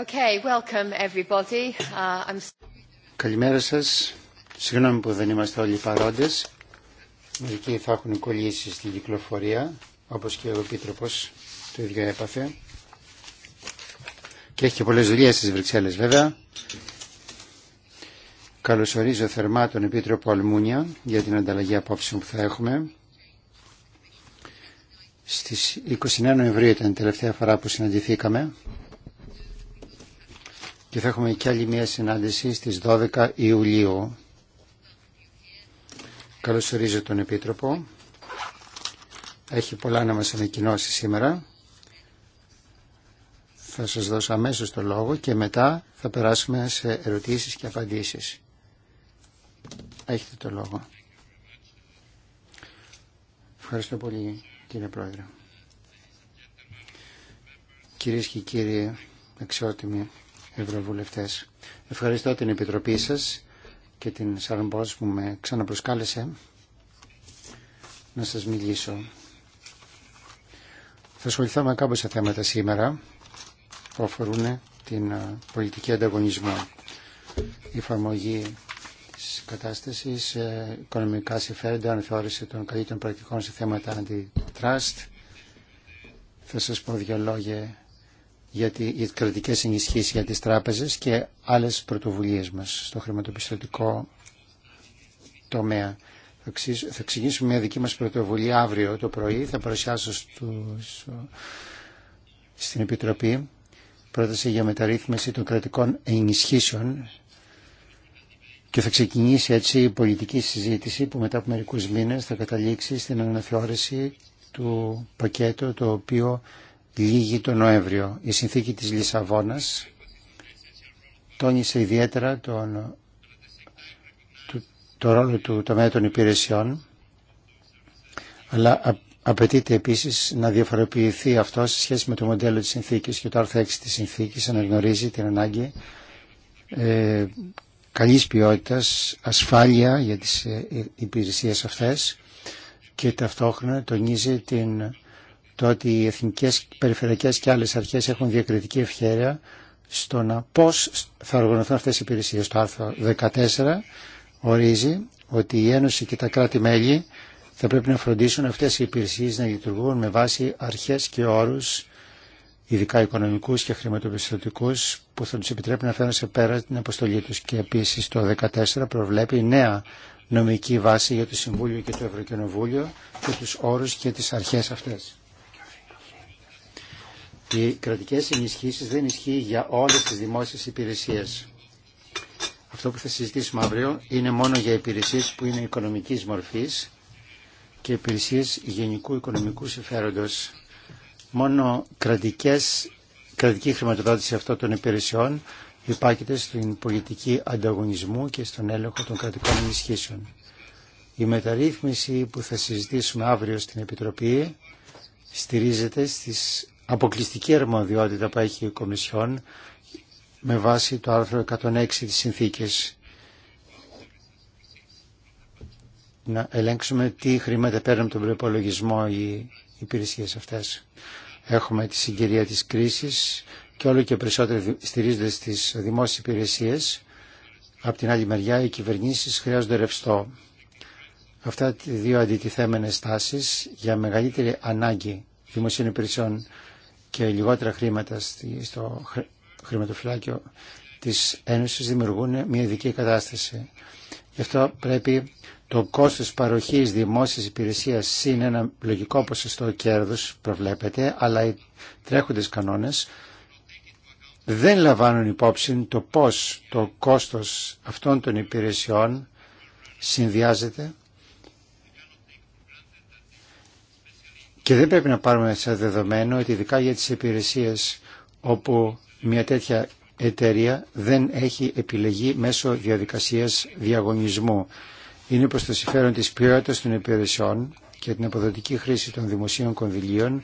Uh, Καλημέρα σας. Συγγνώμη που δεν είμαστε όλοι παρόντες. Μερικοί θα έχουν κολλήσει στην κυκλοφορία, όπως και ο Επίτροπος το ίδιο έπαθε. Και έχει και πολλές δουλειές στις Βρυξέλλες βέβαια. Καλωσορίζω θερμά τον Επίτροπο Αλμούνια για την ανταλλαγή απόψεων που θα έχουμε. Στις 29 Νοεμβρίου ήταν η τελευταία φορά που συναντηθήκαμε και θα έχουμε και άλλη μια συνάντηση στις 12 Ιουλίου. Καλωσορίζω τον Επίτροπο. Έχει πολλά να μας ανακοινώσει σήμερα. Θα σας δώσω αμέσως το λόγο και μετά θα περάσουμε σε ερωτήσεις και απαντήσεις. Έχετε το λόγο. Ευχαριστώ πολύ κύριε Πρόεδρε. Κυρίες και κύριοι αξιότιμοι ευρωβουλευτές. Ευχαριστώ την Επιτροπή σας και την Σαρμπός που με ξαναπροσκάλεσε να σας μιλήσω. Θα ασχοληθώ με θέματα σήμερα που αφορούν την ε, πολιτική ανταγωνισμό. Η εφαρμογή της κατάστασης, ε, οικονομικά συμφέροντα, αναθεώρηση των καλύτερων πρακτικών σε θέματα αντιτράστ. Θα σας πω δύο λόγια για τις κρατικές ενισχύσεις για τις τράπεζες και άλλες πρωτοβουλίες μας στο χρηματοπιστωτικό τομέα. Θα ξεκινήσουμε μια δική μας πρωτοβουλία αύριο το πρωί. Θα παρουσιάσω στους, στην Επιτροπή πρόταση για μεταρρύθμιση των κρατικών ενισχύσεων και θα ξεκινήσει έτσι η πολιτική συζήτηση που μετά από μερικούς μήνες θα καταλήξει στην αναθεώρηση του πακέτου το οποίο λίγη τον Νοέμβριο. Η συνθήκη της Λισαβόνας τόνισε ιδιαίτερα τον, το, το ρόλο του τομέα των υπηρεσιών αλλά απαιτείται επίσης να διαφοροποιηθεί αυτό σε σχέση με το μοντέλο της συνθήκης και το άρθρο 6 της συνθήκης αναγνωρίζει την ανάγκη ε, καλής ποιότητας, ασφάλεια για τις ε, υπηρεσίες αυτές και ταυτόχρονα τονίζει την το ότι οι εθνικές, περιφερειακές και άλλες αρχές έχουν διακριτική ευχαίρεια στο να πώς θα οργανωθούν αυτές οι υπηρεσίες. Το άρθρο 14 ορίζει ότι η Ένωση και τα κράτη-μέλη θα πρέπει να φροντίσουν αυτές οι υπηρεσίες να λειτουργούν με βάση αρχές και όρους ειδικά οικονομικούς και χρηματοπιστωτικούς που θα τους επιτρέπει να φέρουν σε πέρα την αποστολή τους. Και επίσης το 14 προβλέπει νέα νομική βάση για το Συμβούλιο και το Ευρωκοινοβούλιο και τους όρους και τις αρχές αυτές οι κρατικέ ενισχύσει δεν ισχύει για όλε τι δημόσιες υπηρεσίε. Αυτό που θα συζητήσουμε αύριο είναι μόνο για υπηρεσίε που είναι οικονομική μορφή και υπηρεσίε γενικού οικονομικού συμφέροντο. Μόνο κρατικές, κρατική χρηματοδότηση αυτών των υπηρεσιών υπάρχει στην πολιτική ανταγωνισμού και στον έλεγχο των κρατικών ενισχύσεων. Η μεταρρύθμιση που θα συζητήσουμε αύριο στην Επιτροπή στηρίζεται στις αποκλειστική αρμοδιότητα που έχει η Κομισιόν με βάση το άρθρο 106 της συνθήκης. Να ελέγξουμε τι χρήματα παίρνουν τον προπολογισμό οι υπηρεσίες αυτές. Έχουμε τη συγκυρία της κρίσης και όλο και περισσότερο στηρίζονται στις δημόσιες υπηρεσίες. Απ' την άλλη μεριά οι κυβερνήσεις χρειάζονται ρευστό. Αυτά οι δύο αντιτιθέμενες τάσεις για μεγαλύτερη ανάγκη δημοσίων υπηρεσιών και λιγότερα χρήματα στο χρηματοφυλάκιο της Ένωσης δημιουργούν μια ειδική κατάσταση. Γι' αυτό πρέπει το κόστος παροχής δημόσιας υπηρεσίας είναι ένα λογικό ποσοστό κέρδους προβλέπεται, αλλά οι τρέχοντες κανόνες δεν λαμβάνουν υπόψη το πώς το κόστος αυτών των υπηρεσιών συνδυάζεται Και δεν πρέπει να πάρουμε σαν δεδομένο ότι ειδικά για τις υπηρεσίες όπου μια τέτοια εταιρεία δεν έχει επιλεγεί μέσω διαδικασίας διαγωνισμού. Είναι προς το συμφέρον της ποιότητας των υπηρεσιών και την αποδοτική χρήση των δημοσίων κονδυλίων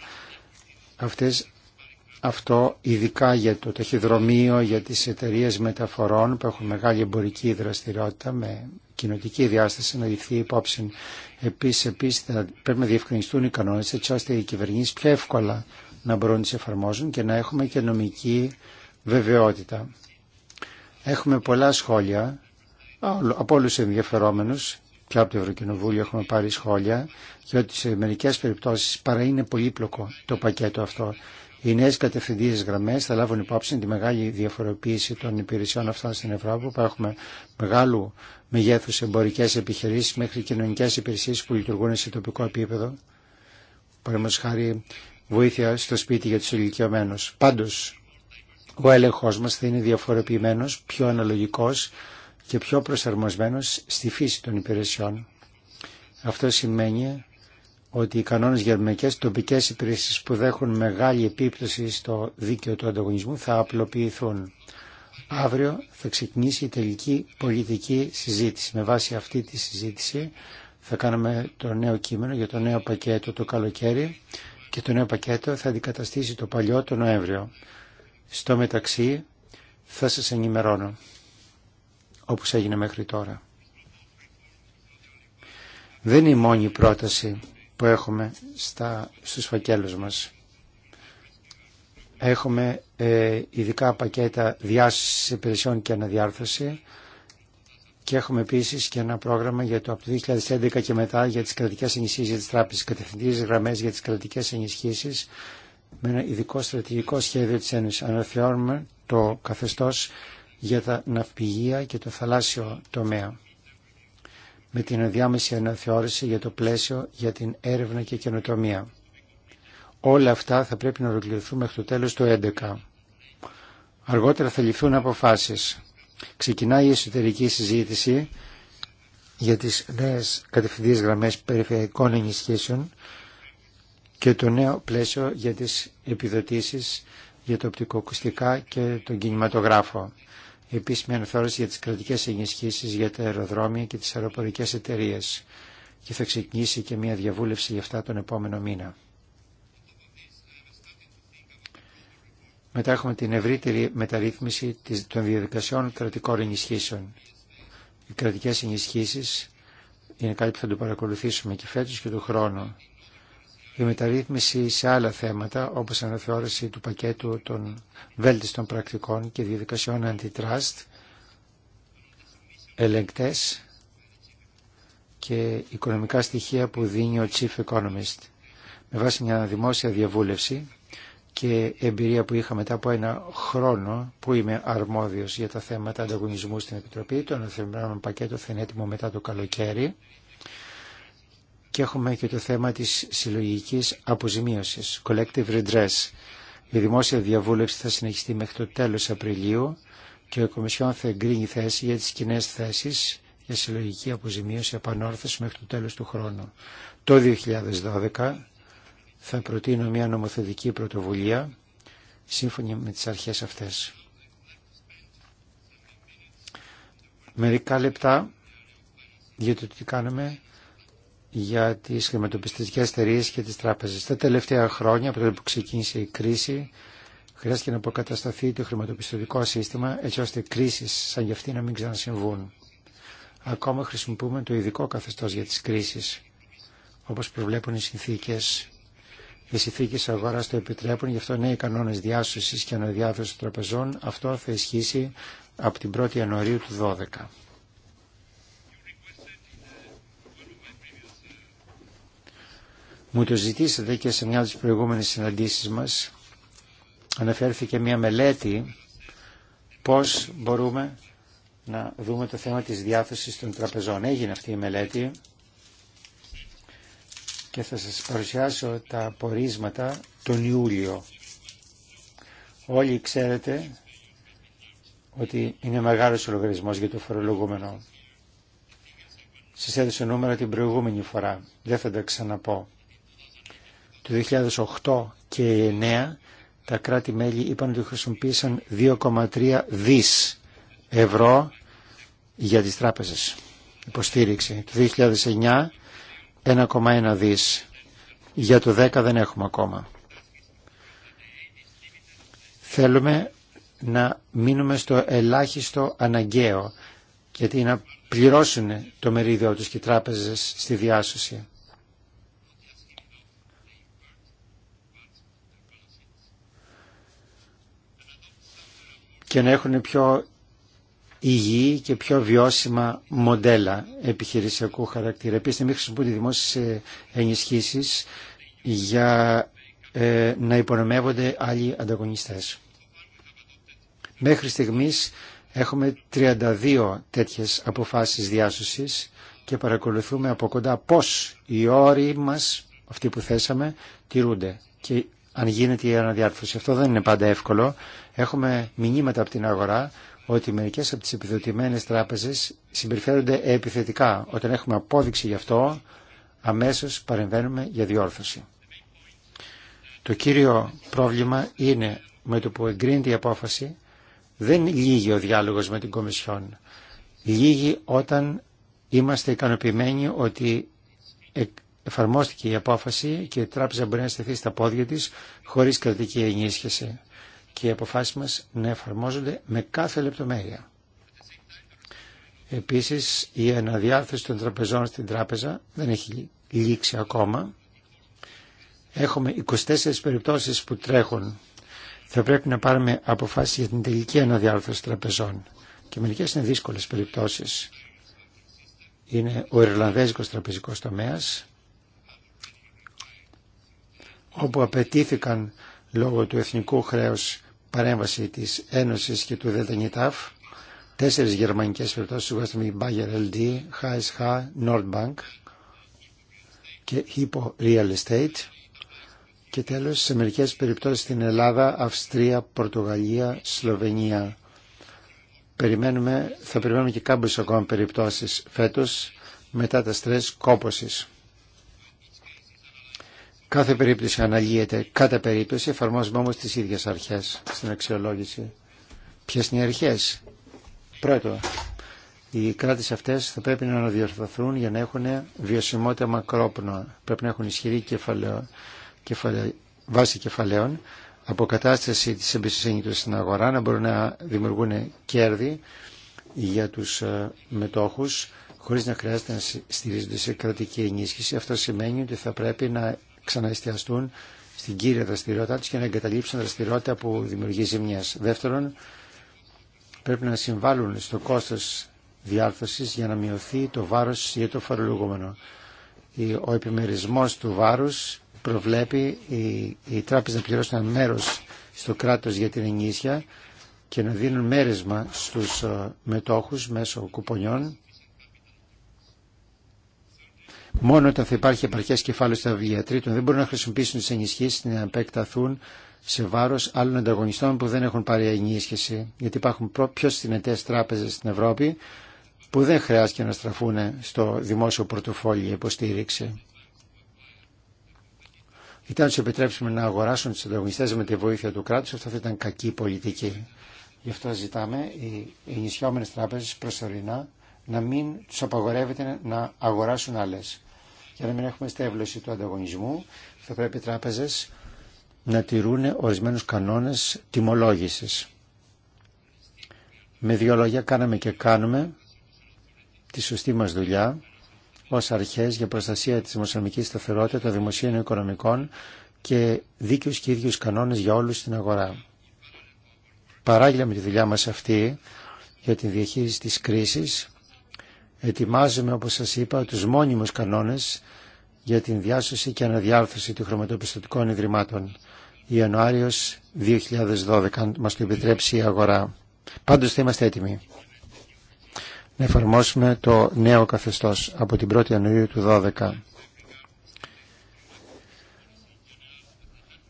αυτές, αυτό ειδικά για το ταχυδρομείο, για τις εταιρείες μεταφορών που έχουν μεγάλη εμπορική δραστηριότητα με κοινοτική διάσταση να ληφθεί υπόψη. Επίση, επίσης, πρέπει να διευκρινιστούν οι κανόνε έτσι ώστε οι κυβερνήσει πιο εύκολα να μπορούν να τι εφαρμόζουν και να έχουμε και νομική βεβαιότητα. Έχουμε πολλά σχόλια από όλου του ενδιαφερόμενου και από το Ευρωκοινοβούλιο έχουμε πάρει σχόλια, διότι σε μερικέ περιπτώσει παρά είναι πολύπλοκο το πακέτο αυτό. Οι νέε κατευθυντήριε γραμμέ θα λάβουν υπόψη τη μεγάλη διαφοροποίηση των υπηρεσιών αυτών στην Ευρώπη, που έχουμε μεγάλου μεγέθου εμπορικέ επιχειρήσει μέχρι κοινωνικέ υπηρεσίε που λειτουργούν σε τοπικό επίπεδο. Παραδείγματο χάρη βοήθεια στο σπίτι για του ηλικιωμένου. Πάντω, ο έλεγχό μα θα είναι διαφοροποιημένο, πιο αναλογικό και πιο προσαρμοσμένο στη φύση των υπηρεσιών. Αυτό σημαίνει ότι οι κανόνες για τοπικές υπηρεσίες που δέχουν μεγάλη επίπτωση στο δίκαιο του ανταγωνισμού θα απλοποιηθούν. Αύριο θα ξεκινήσει η τελική πολιτική συζήτηση. Με βάση αυτή τη συζήτηση θα κάνουμε το νέο κείμενο για το νέο πακέτο το καλοκαίρι και το νέο πακέτο θα αντικαταστήσει το παλιό το Νοέμβριο. Στο μεταξύ θα σας ενημερώνω όπως έγινε μέχρι τώρα. Δεν είναι η μόνη πρόταση που έχουμε στα, στους φακέλους μας. Έχουμε ε, ειδικά πακέτα διάσωσης υπηρεσιών και αναδιάρθρωση και έχουμε επίσης και ένα πρόγραμμα για το από το 2011 και μετά για τις κρατικές ενισχύσεις για τις τράπεζες, κατευθυντήριες γραμμές για τις κρατικές ενισχύσεις με ένα ειδικό στρατηγικό σχέδιο της Ένωσης. Αναφερούμε το καθεστώς για τα ναυπηγεία και το θαλάσσιο τομέα με την ενδιάμεση αναθεώρηση για το πλαίσιο για την έρευνα και καινοτομία. Όλα αυτά θα πρέπει να ολοκληρωθούν μέχρι το τέλος του 2011. Αργότερα θα ληφθούν αποφάσεις. Ξεκινάει η εσωτερική συζήτηση για τις νέες κατευθυντήριες γραμμές περιφερειακών ενισχύσεων και το νέο πλαίσιο για τις επιδοτήσεις για το οπτικοκουστικά και τον κινηματογράφο επίσημη αναθεώρηση για τις κρατικές ενισχύσεις για τα αεροδρόμια και τις αεροπορικές εταιρείες και θα ξεκινήσει και μια διαβούλευση για αυτά τον επόμενο μήνα. Μετά έχουμε την ευρύτερη μεταρρύθμιση των διαδικασιών κρατικών ενισχύσεων. Οι κρατικές ενισχύσεις είναι κάτι που θα το παρακολουθήσουμε και φέτος και του χρόνου η μεταρρύθμιση σε άλλα θέματα όπως αναθεώρηση του πακέτου των βέλτιστων πρακτικών και διαδικασιών αντιτράστ, ελεγκτές και οικονομικά στοιχεία που δίνει ο Chief Economist με βάση μια δημόσια διαβούλευση και εμπειρία που είχα μετά από ένα χρόνο που είμαι αρμόδιος για τα θέματα ανταγωνισμού στην Επιτροπή. Το αναθεωρημένο πακέτο θα είναι έτοιμο μετά το καλοκαίρι και έχουμε και το θέμα της συλλογικής αποζημίωσης, collective redress. Η δημόσια διαβούλευση θα συνεχιστεί μέχρι το τέλος Απριλίου και η Κομισιόν θα εγκρίνει θέση για τις κοινέ θέσεις για συλλογική αποζημίωση επανόρθωση μέχρι το τέλος του χρόνου. Το 2012 θα προτείνω μια νομοθετική πρωτοβουλία σύμφωνα με τις αρχές αυτές. Μερικά λεπτά για το τι κάνουμε για τις χρηματοπιστωτικές εταιρείε και τις τράπεζες. Τα τελευταία χρόνια, από τότε που ξεκίνησε η κρίση, χρειάστηκε να αποκατασταθεί το χρηματοπιστωτικό σύστημα έτσι ώστε κρίσεις σαν γι' αυτή να μην ξανασυμβούν. Ακόμα χρησιμοποιούμε το ειδικό καθεστώς για τις κρίσεις, όπως προβλέπουν οι συνθήκες. Οι συνθήκε αγορά το επιτρέπουν, γι' αυτό νέοι κανόνε διάσωση και αναδιάρθρωση των τραπεζών. Αυτό θα ισχύσει από την 1η Ιανουαρίου του 2012. Μου το ζητήσατε και σε μια από τις προηγούμενες συναντήσεις μας. Αναφέρθηκε μια μελέτη πώς μπορούμε να δούμε το θέμα της διάθεσης των τραπεζών. Έγινε αυτή η μελέτη και θα σας παρουσιάσω τα πορίσματα τον Ιούλιο. Όλοι ξέρετε ότι είναι μεγάλος ο λογαριασμός για το φορολογούμενο. Σας έδωσε νούμερα την προηγούμενη φορά. Δεν θα τα ξαναπώ. Το 2008 και 2009 τα κράτη-μέλη είπαν ότι χρησιμοποίησαν 2,3 δις ευρώ για τις τράπεζες. Υποστήριξη. Το 2009 1,1 δις. Για το 10 δεν έχουμε ακόμα. Θέλουμε να μείνουμε στο ελάχιστο αναγκαίο γιατί να πληρώσουν το μερίδιο τους και οι τράπεζες στη διάσωση. και να έχουν πιο υγιή και πιο βιώσιμα μοντέλα επιχειρησιακού χαρακτήρα. Επίσης, μην χρησιμοποιούνται δημόσιες ενισχύσεις για ε, να υπονομεύονται άλλοι ανταγωνιστές. Μέχρι στιγμής έχουμε 32 τέτοιες αποφάσεις διάσωσης και παρακολουθούμε από κοντά πώς οι όροι μας, αυτοί που θέσαμε, τηρούνται αν γίνεται η αναδιάρθρωση. Αυτό δεν είναι πάντα εύκολο. Έχουμε μηνύματα από την αγορά ότι μερικέ από τι επιδοτημένε τράπεζε συμπεριφέρονται επιθετικά. Όταν έχουμε απόδειξη γι' αυτό, αμέσω παρεμβαίνουμε για διόρθωση. Το κύριο πρόβλημα είναι με το που εγκρίνεται η απόφαση, δεν λύγει ο διάλογος με την Κομισιόν. Λύγει όταν είμαστε ικανοποιημένοι ότι εφαρμόστηκε η απόφαση και η τράπεζα μπορεί να στεθεί στα πόδια της χωρίς κρατική ενίσχυση και οι αποφάσεις μας να εφαρμόζονται με κάθε λεπτομέρεια. Επίσης, η αναδιάρθρωση των τραπεζών στην τράπεζα δεν έχει λήξει ακόμα. Έχουμε 24 περιπτώσεις που τρέχουν. Θα πρέπει να πάρουμε αποφάσεις για την τελική αναδιάρθρωση τραπεζών. Και μερικές είναι δύσκολες περιπτώσεις. Είναι ο Ιρλανδέζικος τραπεζικός τομέας, όπου απαιτήθηκαν λόγω του εθνικού χρέους παρέμβαση της Ένωσης και του ΔΕΤΑΝΙΤΑΦ, τέσσερις γερμανικές περιπτώσεις του Western Bayer LD, HSH, Nordbank και Hippo Real Estate και τέλος σε μερικές περιπτώσεις στην Ελλάδα, Αυστρία, Πορτογαλία, Σλοβενία. Περιμένουμε, θα περιμένουμε και κάποιες ακόμα περιπτώσεις φέτος μετά τα στρες κόπωσης. Κάθε περίπτωση αναλύεται Κάθε περίπτωση, εφαρμόζουμε όμως τις ίδιες αρχές στην αξιολόγηση. Ποιες είναι οι αρχές. Πρώτο, οι κράτες αυτές θα πρέπει να αναδιορθωθούν για να έχουν βιωσιμότητα μακρόπνοα. Πρέπει να έχουν ισχυρή κεφαλαιο, κεφαλαι, βάση κεφαλαίων, αποκατάσταση της εμπιστοσύνη τους στην αγορά, να μπορούν να δημιουργούν κέρδη για τους ε, μετόχους χωρίς να χρειάζεται να στηρίζονται σε κρατική ενίσχυση. Αυτό σημαίνει ότι θα πρέπει να ξαναεστιαστούν στην κύρια δραστηριότητά του και να εγκαταλείψουν δραστηριότητα που δημιουργεί ζημιά. Δεύτερον, πρέπει να συμβάλλουν στο κόστος διάρθρωση για να μειωθεί το βάρος για το φορολογούμενο. Ο επιμερισμό του βάρους προβλέπει η, η τράπεζα να πληρώσει ένα μέρος στο κράτος για την ενίσχυα και να δίνουν μέρισμα στους ε, μετόχους μέσω κουπονιών Μόνο όταν θα υπάρχει επαρκέ κεφάλαιο στα βιβλία δεν μπορούν να χρησιμοποιήσουν τι ενισχύσει να επεκταθούν σε βάρο άλλων ανταγωνιστών που δεν έχουν πάρει ενίσχυση. Γιατί υπάρχουν πιο συνετέ τράπεζε στην Ευρώπη που δεν χρειάζεται να στραφούν στο δημόσιο πορτοφόλι υποστήριξη. Ήταν αν του επιτρέψουμε να αγοράσουν του ανταγωνιστέ με τη βοήθεια του κράτου, αυτό θα ήταν κακή πολιτική. Γι' αυτό ζητάμε οι ενισχυόμενε τράπεζε προσωρινά να μην του απαγορεύεται να αγοράσουν άλλε για να μην έχουμε στέβλωση του ανταγωνισμού, θα πρέπει οι τράπεζες να τηρούν ορισμένους κανόνες τιμολόγηση. Με δύο λόγια κάναμε και κάνουμε τη σωστή μας δουλειά ως αρχές για προστασία της δημοσιονομική σταθερότητα, των δημοσίων οικονομικών και δίκαιους και ίδιου κανόνες για όλους στην αγορά. Παράγγελα με τη δουλειά μας αυτή για την διαχείριση της κρίση ετοιμάζουμε όπως σας είπα τους μόνιμους κανόνες για την διάσωση και αναδιάρθρωση των χρηματοπιστωτικών ιδρυμάτων. Ιανουάριος 2012, αν μας το επιτρέψει η αγορά. Πάντως θα είμαστε έτοιμοι να εφαρμόσουμε το νέο καθεστώς από την 1η Ιανουαρίου του 2012.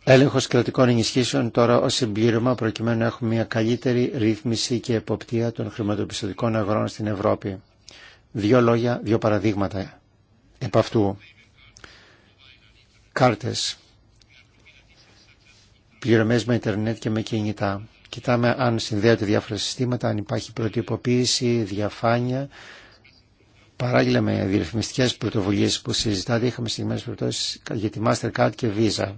Έλεγχος κρατικών ενισχύσεων τώρα ως συμπλήρωμα προκειμένου να έχουμε μια καλύτερη ρύθμιση και εποπτεία των χρηματοπιστωτικών αγορών στην Ευρώπη. Δύο λόγια, δύο παραδείγματα επ' αυτού. Κάρτες, πληρωμές με ίντερνετ και με κινητά. Κοιτάμε αν συνδέονται διάφορα συστήματα, αν υπάρχει προτυποποίηση, διαφάνεια. Παράλληλα με διερευνητικές πρωτοβουλίες που συζητάτε, είχαμε στιγμές προτώσεις για τη Mastercard και Visa.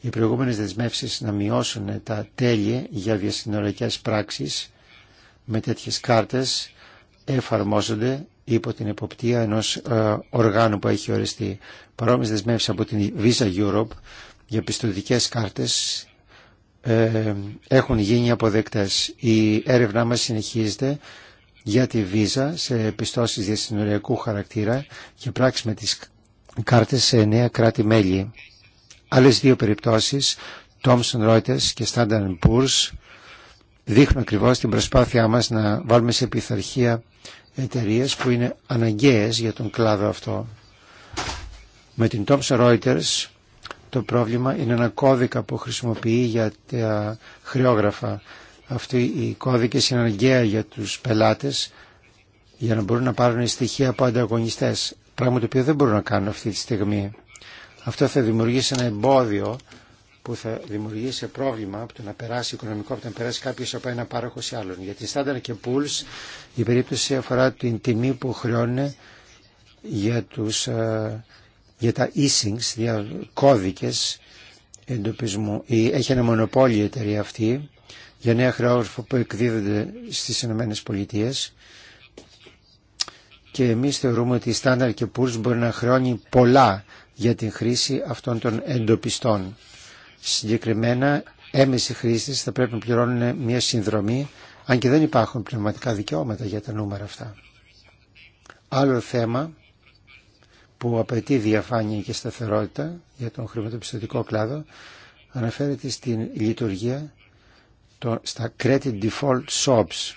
Οι προηγούμενες δεσμεύσεις να μειώσουν τα τέλη για διασυνοριακές πράξεις με τέτοιες κάρτες εφαρμόζονται υπό την εποπτεία ενός ε, οργάνου που έχει οριστεί. Παρόμοιες δεσμεύσεις από την Visa Europe για πιστοτικές κάρτες ε, έχουν γίνει αποδεκτές. Η έρευνά μας συνεχίζεται για τη Visa σε πιστώσεις διασυνοριακού χαρακτήρα και πράξη με τις κάρτες σε νέα κράτη-μέλη. Άλλες δύο περιπτώσεις, Thomson Reuters και Standard Poor's, δείχνουν ακριβώς την προσπάθειά μας να βάλουμε σε πειθαρχία εταιρείες που είναι αναγκαίες για τον κλάδο αυτό. Με την Thomson Reuters το πρόβλημα είναι ένα κώδικα που χρησιμοποιεί για τα χρεόγραφα. Αυτοί οι κώδικες είναι αναγκαία για τους πελάτες για να μπορούν να πάρουν στοιχεία από ανταγωνιστές. Πράγμα το οποίο δεν μπορούν να κάνουν αυτή τη στιγμή. Αυτό θα δημιουργήσει ένα εμπόδιο που θα δημιουργήσει πρόβλημα από το να περάσει οικονομικό, από το να περάσει κάποιο από ένα πάροχο σε άλλον. Για την Standard και η περίπτωση αφορά την τιμή που χρεώνουν για, τους, ε, για τα e sings για κώδικες εντοπισμού. Έχει ένα μονοπόλιο η εταιρεία αυτή για νέα χρεόγραφα που εκδίδονται στις ΗΠΑ και εμείς θεωρούμε ότι η Standard και Poor's μπορεί να χρεώνει πολλά για την χρήση αυτών των εντοπιστών. Συγκεκριμένα, έμεση χρήστες θα πρέπει να πληρώνουν μια συνδρομή, αν και δεν υπάρχουν πνευματικά δικαιώματα για τα νούμερα αυτά. Άλλο θέμα που απαιτεί διαφάνεια και σταθερότητα για τον χρηματοπιστωτικό κλάδο αναφέρεται στην λειτουργία στα credit default shops.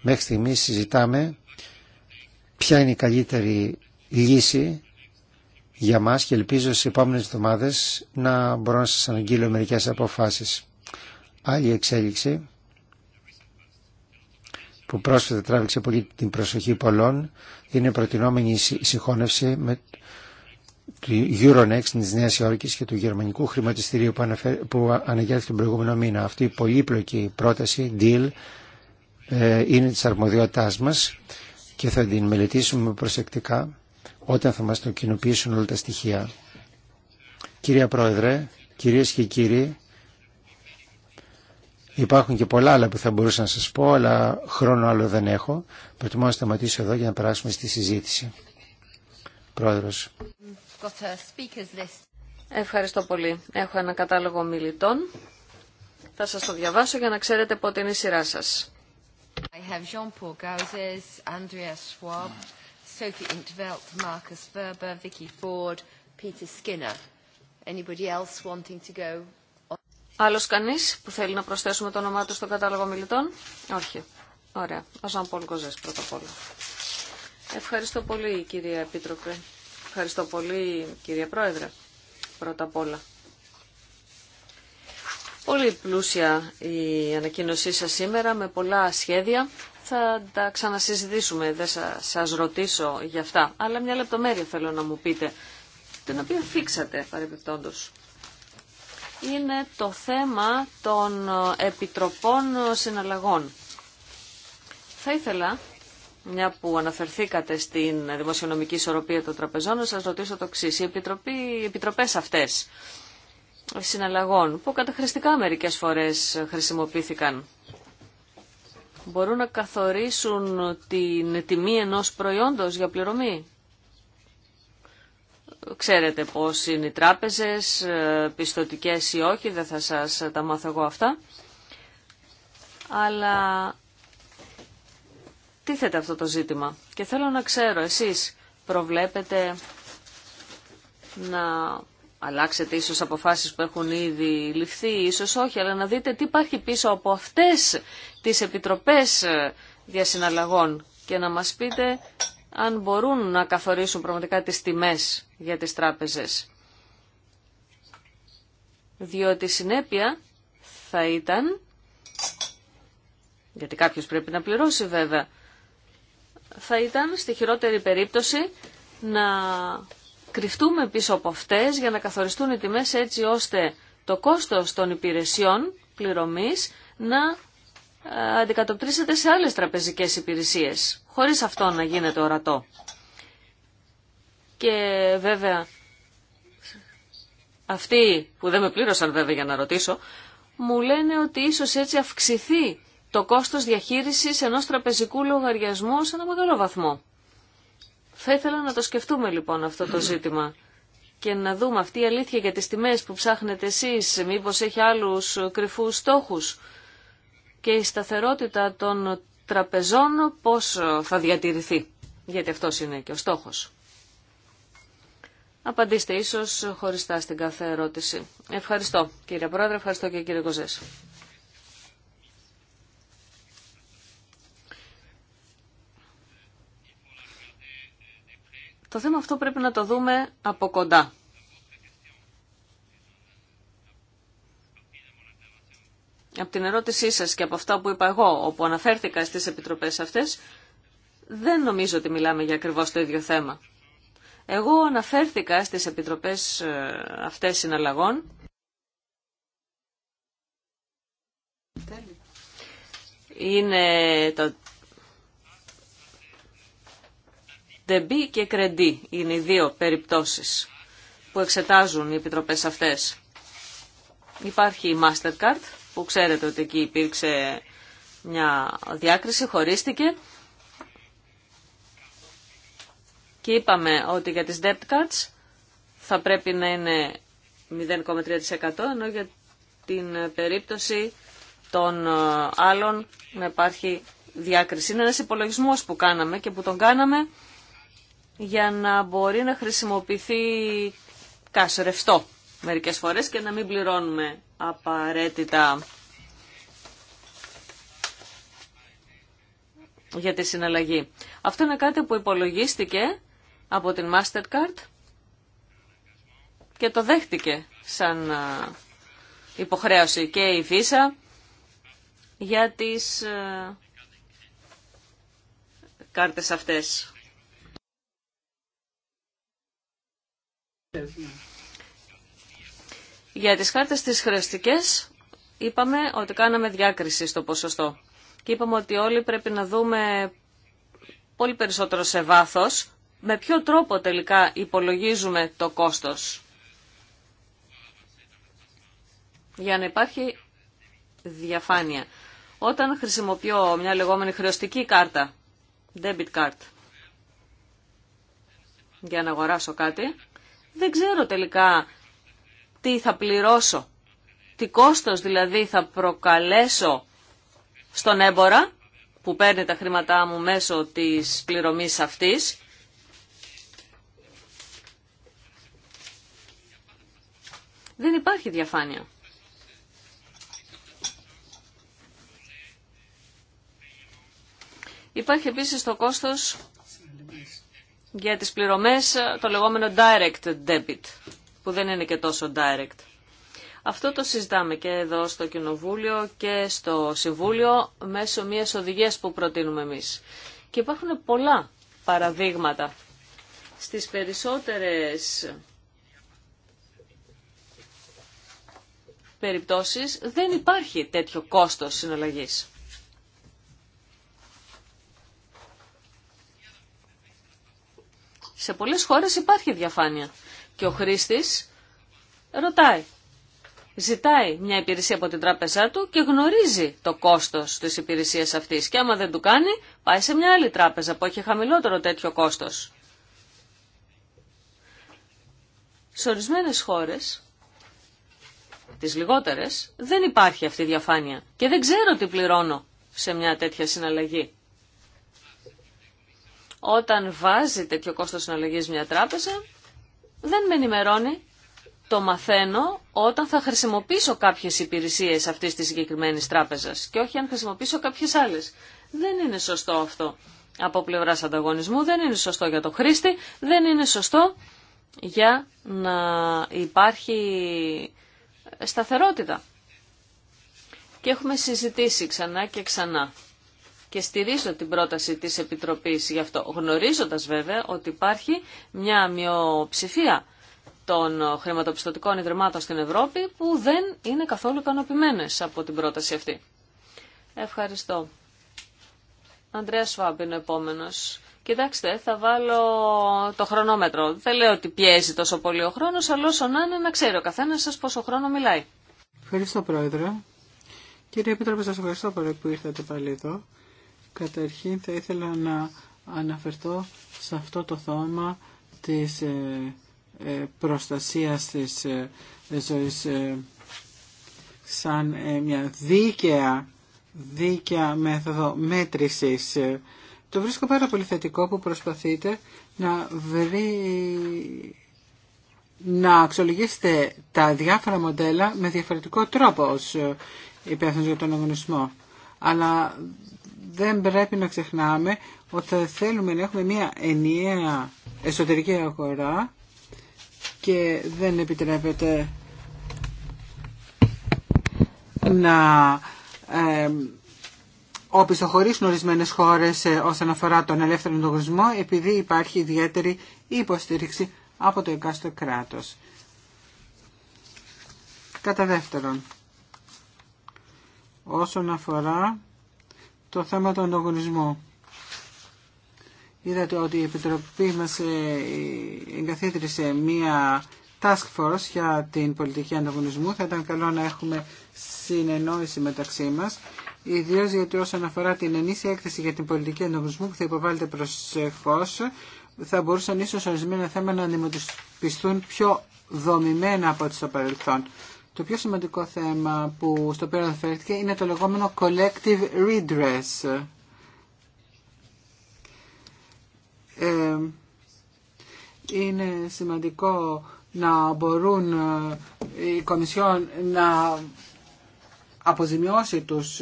Μέχρι στιγμής συζητάμε ποια είναι η καλύτερη λύση για μας και ελπίζω στις επόμενες εβδομάδες να μπορώ να σας αναγγείλω μερικές αποφάσεις. Άλλη εξέλιξη που πρόσφατα τράβηξε πολύ την προσοχή πολλών είναι η προτινόμενη συγχώνευση με του Euronext της Νέας Υόρκης και του Γερμανικού Χρηματιστηρίου που, αναφέρ, που αναγγέλθηκε τον προηγούμενο μήνα. Αυτή η πολύπλοκη πρόταση, deal, ε, είναι της αρμοδιότητάς μας και θα την μελετήσουμε προσεκτικά όταν θα μας το κοινοποιήσουν όλα τα στοιχεία. Κυρία Πρόεδρε, κυρίες και κύριοι, υπάρχουν και πολλά άλλα που θα μπορούσα να σας πω, αλλά χρόνο άλλο δεν έχω. Προτιμώ να σταματήσω εδώ για να περάσουμε στη συζήτηση. Πρόεδρος. Ευχαριστώ πολύ. Έχω ένα κατάλογο μιλητών. Θα σας το διαβάσω για να ξέρετε πότε είναι η σειρά σας. I have Jean Paul Gauzes, Andreas Schwab, Sophie Intveld, Marcus Verber, Vicky Ford, Peter Skinner. Anybody else wanting to go? Άλλος κανείς που θέλει να προσθέσουμε το όνομά του στον κατάλογο μιλητών. Όχι. Ωραία. Ο Ζαν Πολ Κοζές πρώτα απ' όλα. Ευχαριστώ πολύ κυρία Επίτροπε. Ευχαριστώ πολύ κυρία Πρόεδρε. Πρώτα απ' όλα. Πολύ πλούσια η ανακοίνωσή σας σήμερα με πολλά σχέδια θα τα ξανασυζητήσουμε, δεν σα, σας ρωτήσω για αυτά. Αλλά μια λεπτομέρεια θέλω να μου πείτε, την οποία φίξατε παρεμπιπτόντως. Είναι το θέμα των επιτροπών συναλλαγών. Θα ήθελα, μια που αναφερθήκατε στην δημοσιονομική ισορροπία των τραπεζών, να σας ρωτήσω το εξή. Οι, οι επιτροπές αυτές συναλλαγών, που καταχρηστικά μερικές φορές χρησιμοποιήθηκαν μπορούν να καθορίσουν την τιμή ενός προϊόντος για πληρωμή. Ξέρετε πώς είναι οι τράπεζες, ε, πιστοτικές ή όχι, δεν θα σας τα μάθω εγώ αυτά. Αλλά τι θέτε αυτό το ζήτημα. Και θέλω να ξέρω, εσείς προβλέπετε να αλλάξετε ίσως αποφάσεις που έχουν ήδη ληφθεί, ίσως όχι, αλλά να δείτε τι υπάρχει πίσω από αυτές τις επιτροπές ε, διασυναλλαγών και να μας πείτε αν μπορούν να καθορίσουν πραγματικά τις τιμές για τις τράπεζες. Διότι συνέπεια θα ήταν, γιατί κάποιος πρέπει να πληρώσει βέβαια, θα ήταν στη χειρότερη περίπτωση να κρυφτούμε πίσω από αυτές για να καθοριστούν οι τιμές έτσι ώστε το κόστος των υπηρεσιών πληρωμής να ε, αντικατοπτρίσεται σε άλλες τραπεζικές υπηρεσίες, χωρίς αυτό να γίνεται ορατό. Και βέβαια, αυτοί που δεν με πλήρωσαν βέβαια για να ρωτήσω, μου λένε ότι ίσως έτσι αυξηθεί το κόστος διαχείρισης ενός τραπεζικού λογαριασμού σε ένα μεγάλο βαθμό. Θα ήθελα να το σκεφτούμε λοιπόν αυτό το ζήτημα και να δούμε αυτή η αλήθεια για τις τιμές που ψάχνετε εσείς, μήπως έχει άλλους κρυφούς στόχους και η σταθερότητα των τραπεζών πώς θα διατηρηθεί, γιατί αυτός είναι και ο στόχος. Απαντήστε ίσως χωριστά στην κάθε ερώτηση. Ευχαριστώ κύριε Πρόεδρε, ευχαριστώ και κύριε Κοζές. Το θέμα αυτό πρέπει να το δούμε από κοντά. Από την ερώτησή σας και από αυτά που είπα εγώ, όπου αναφέρθηκα στις επιτροπές αυτές, δεν νομίζω ότι μιλάμε για ακριβώς το ίδιο θέμα. Εγώ αναφέρθηκα στις επιτροπές ε, αυτές συναλλαγών είναι το Δεμπή και Κρεντή είναι οι δύο περιπτώσεις που εξετάζουν οι επιτροπές αυτές. Υπάρχει η Mastercard που ξέρετε ότι εκεί υπήρξε μια διάκριση, χωρίστηκε και είπαμε ότι για τις debt cards θα πρέπει να είναι 0,3% ενώ για την περίπτωση των ε, άλλων να υπάρχει διάκριση. Είναι ένας υπολογισμός που κάναμε και που τον κάναμε για να μπορεί να χρησιμοποιηθεί κάσο μερικές φορές και να μην πληρώνουμε απαραίτητα για τη συναλλαγή. Αυτό είναι κάτι που υπολογίστηκε από την Mastercard και το δέχτηκε σαν υποχρέωση και η Visa για τις κάρτες αυτές Ναι. Για τις χάρτες τις χρεωστικές είπαμε ότι κάναμε διάκριση στο ποσοστό και είπαμε ότι όλοι πρέπει να δούμε πολύ περισσότερο σε βάθος με ποιο τρόπο τελικά υπολογίζουμε το κόστος για να υπάρχει διαφάνεια. Όταν χρησιμοποιώ μια λεγόμενη χρεωστική κάρτα, debit card, για να αγοράσω κάτι, δεν ξέρω τελικά τι θα πληρώσω, τι κόστος δηλαδή θα προκαλέσω στον έμπορα που παίρνει τα χρήματά μου μέσω της πληρωμής αυτής. Δεν υπάρχει διαφάνεια. Υπάρχει επίσης το κόστος για τις πληρωμές ε, το λεγόμενο direct debit, που δεν είναι και τόσο direct. Αυτό το συζητάμε και εδώ στο Κοινοβούλιο και στο Συμβούλιο μέσω μιας οδηγίας που προτείνουμε εμείς. Και υπάρχουν πολλά παραδείγματα. Στις περισσότερες περιπτώσεις δεν υπάρχει τέτοιο κόστος συναλλαγής. Σε πολλές χώρες υπάρχει διαφάνεια και ο χρήστης ρωτάει. Ζητάει μια υπηρεσία από την τράπεζά του και γνωρίζει το κόστος της υπηρεσίας αυτής. Και άμα δεν του κάνει, πάει σε μια άλλη τράπεζα που έχει χαμηλότερο τέτοιο κόστος. Σε ορισμένε χώρες, τις λιγότερες, δεν υπάρχει αυτή η διαφάνεια. Και δεν ξέρω τι πληρώνω σε μια τέτοια συναλλαγή όταν βάζει τέτοιο κόστος συναλλαγής μια τράπεζα, δεν με ενημερώνει. Το μαθαίνω όταν θα χρησιμοποιήσω κάποιες υπηρεσίες αυτής της συγκεκριμένης τράπεζας και όχι αν χρησιμοποιήσω κάποιες άλλες. Δεν είναι σωστό αυτό από πλευράς ανταγωνισμού, δεν είναι σωστό για το χρήστη, δεν είναι σωστό για να υπάρχει σταθερότητα. Και έχουμε συζητήσει ξανά και ξανά και στηρίζω την πρόταση της Επιτροπής γι' αυτό, γνωρίζοντας βέβαια ότι υπάρχει μια μειοψηφία των χρηματοπιστωτικών ιδρυμάτων στην Ευρώπη που δεν είναι καθόλου ικανοποιημένε από την πρόταση αυτή. Ευχαριστώ. Αντρέα Σφάμπ είναι ο επόμενος. Κοιτάξτε, θα βάλω το χρονόμετρο. Δεν λέω ότι πιέζει τόσο πολύ ο χρόνος, αλλά όσο να είναι να ξέρει ο καθένας σας πόσο χρόνο μιλάει. Ευχαριστώ Πρόεδρε. Κύριε Επίτροπε, σας ευχαριστώ πολύ που ήρθατε πάλι εδώ Καταρχήν θα ήθελα να αναφερθώ σε αυτό το θέμα της ε, ε, προστασίας της ε, ζωής σαν μια δίκαια, δίκαια μέθοδο μέτρησης. Το βρίσκω πάρα πολύ θετικό που προσπαθείτε να βρει να αξιολογήσετε τα διάφορα μοντέλα με διαφορετικό τρόπο ως υπεύθυνος για τον αγωνισμό. Αλλά δεν πρέπει να ξεχνάμε ότι θέλουμε να έχουμε μια ενιαία εσωτερική αγορά και δεν επιτρέπεται να ε, οπισθοχωρήσουν ορισμένες χώρες ε, όσον αφορά τον ελεύθερο ανταγωνισμό επειδή υπάρχει ιδιαίτερη υποστήριξη από το εκάστο κράτος. Κατά δεύτερον, όσον αφορά το θέμα του ανταγωνισμού. Είδατε ότι η Επιτροπή μας ε, εγκαθίδρυσε μία task force για την πολιτική ανταγωνισμού. Θα ήταν καλό να έχουμε συνεννόηση μεταξύ μας, Ιδίω γιατί όσον αφορά την ενίσχυση έκθεση για την πολιτική ανταγωνισμού που θα υποβάλλεται προσεχώ, θα μπορούσαν ίσως ορισμένα θέματα να αντιμετωπιστούν πιο δομημένα από ό,τι στο παρελθόν. Το πιο σημαντικό θέμα που στο πέρα αναφέρθηκε είναι το λεγόμενο collective redress. Ε, είναι σημαντικό να μπορούν ε, η Κομισιόν να αποζημιώσει τους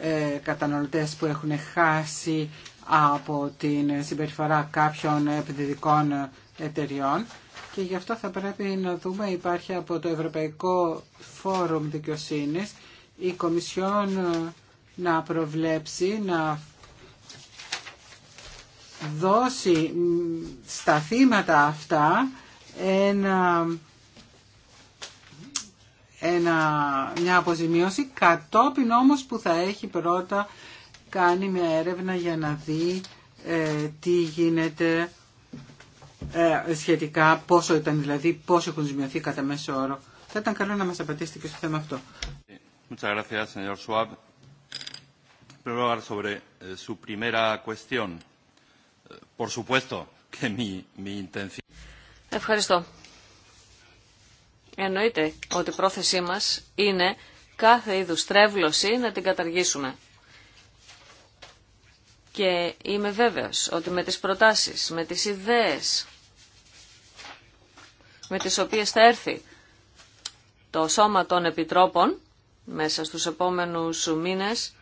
ε, καταναλωτές που έχουν χάσει από την συμπεριφορά κάποιων επενδυτικών εταιριών και γι' αυτό θα πρέπει να δούμε υπάρχει από το Ευρωπαϊκό Φόρουμ Δικαιοσύνης η Κομισιόν ε, να προβλέψει, να δώσει στα θύματα αυτά ένα, ένα, μια αποζημίωση κατόπιν όμως που θα έχει πρώτα κάνει μια έρευνα για να δει ε, τι γίνεται ε, σχετικά πόσο ήταν δηλαδή, πόσο έχουν ζημιωθεί κατά μέσο όρο. Θα ήταν καλό να μας απαντήσετε και στο θέμα αυτό. Ευχαριστώ. Εννοείται ότι η πρόθεσή μας είναι κάθε είδους τρέβλωση να την καταργήσουμε. Και είμαι βέβαιος ότι με τις προτάσεις, με τις ιδέες με τις οποίες θα έρθει το Σώμα των Επιτρόπων μέσα στους επόμενους μήνες,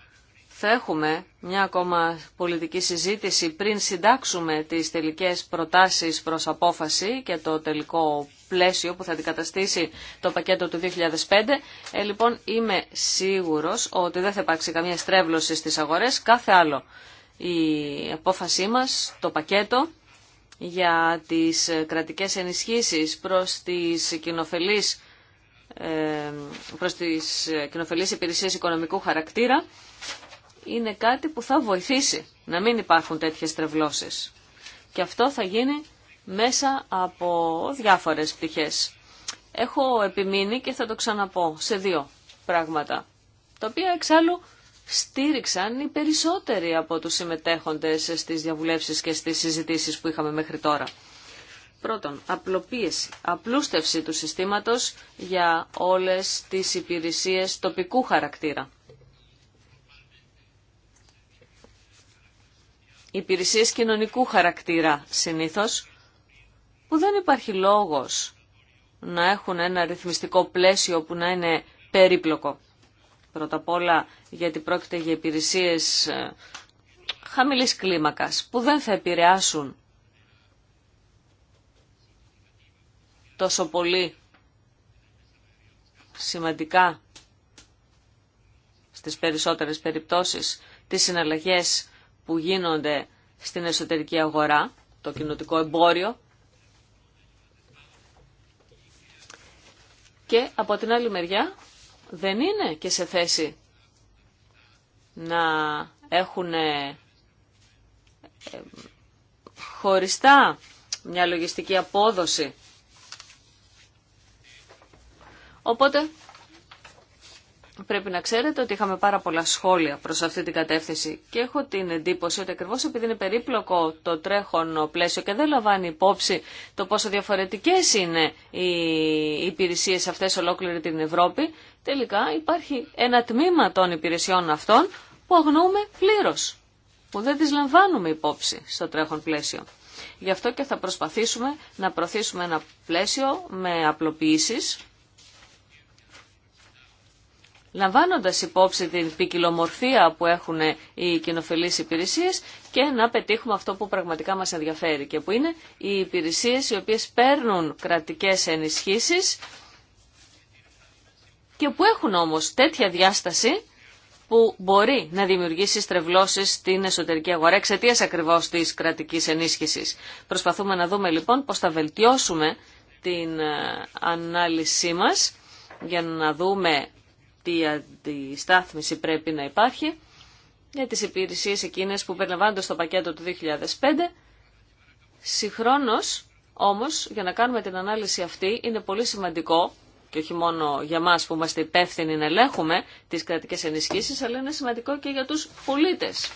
θα έχουμε μια ακόμα πολιτική συζήτηση πριν συντάξουμε τις τελικές προτάσεις προς απόφαση και το τελικό πλαίσιο που θα αντικαταστήσει το πακέτο του 2005. Ε, λοιπόν, είμαι σίγουρος ότι δεν θα υπάρξει καμία στρέβλωση στις αγορές, κάθε άλλο η απόφασή μας, το πακέτο για τις κρατικές ενισχύσεις προς τις κοινοφελείς, ε, προς τις κοινοφελείς υπηρεσίες οικονομικού χαρακτήρα είναι κάτι που θα βοηθήσει να μην υπάρχουν τέτοιες τρευλώσεις. Και αυτό θα γίνει μέσα από διάφορες πτυχές. Έχω επιμείνει και θα το ξαναπώ σε δύο πράγματα, τα οποία εξάλλου στήριξαν οι περισσότεροι από τους συμμετέχοντες στις διαβουλεύσεις και στις συζητήσεις που είχαμε μέχρι τώρα. Πρώτον, απλοποίηση, απλούστευση του συστήματος για όλες τις υπηρεσίες τοπικού χαρακτήρα. Υπηρεσίες κοινωνικού χαρακτήρα συνήθως, που δεν υπάρχει λόγος να έχουν ένα ρυθμιστικό πλαίσιο που να είναι περίπλοκο. Πρώτα απ' όλα γιατί πρόκειται για υπηρεσίες ε, χαμηλής κλίμακας που δεν θα επηρεάσουν τόσο πολύ σημαντικά στις περισσότερες περιπτώσεις τις συναλλαγές που γίνονται στην εσωτερική αγορά, το κοινοτικό εμπόριο. Και από την άλλη μεριά δεν είναι και σε θέση να έχουν ε, χωριστά μια λογιστική απόδοση. Οπότε πρέπει να ξέρετε ότι είχαμε πάρα πολλά σχόλια προς αυτή την κατεύθυνση και έχω την εντύπωση ότι ακριβώ επειδή είναι περίπλοκο το τρέχον πλαίσιο και δεν λαμβάνει υπόψη το πόσο διαφορετικές είναι οι υπηρεσίες αυτές ολόκληρη την Ευρώπη, τελικά υπάρχει ένα τμήμα των υπηρεσιών αυτών που αγνοούμε πλήρως, που δεν τις λαμβάνουμε υπόψη στο τρέχον πλαίσιο. Γι' αυτό και θα προσπαθήσουμε να προωθήσουμε ένα πλαίσιο με απλοποιήσεις, λαμβάνοντας υπόψη την ποικιλομορφία που έχουν οι κοινοφελείς υπηρεσίες και να πετύχουμε αυτό που πραγματικά μας ενδιαφέρει και που είναι οι υπηρεσίες οι οποίες παίρνουν κρατικές ενισχύσεις και που έχουν όμως τέτοια διάσταση που μπορεί να δημιουργήσει στρεβλώσει στην εσωτερική αγορά εξαιτία ακριβώ τη κρατική ενίσχυση. Προσπαθούμε να δούμε λοιπόν πώ θα βελτιώσουμε την ε, ανάλυση μα για να δούμε η αντιστάθμιση πρέπει να υπάρχει για τις υπηρεσίες εκείνες που περιλαμβάνονται στο πακέτο του 2005. Συγχρόνως, όμως, για να κάνουμε την ανάλυση αυτή, είναι πολύ σημαντικό και όχι μόνο για μας που είμαστε υπεύθυνοι να ελέγχουμε τις κρατικές ενισχύσεις, αλλά είναι σημαντικό και για τους πολίτες.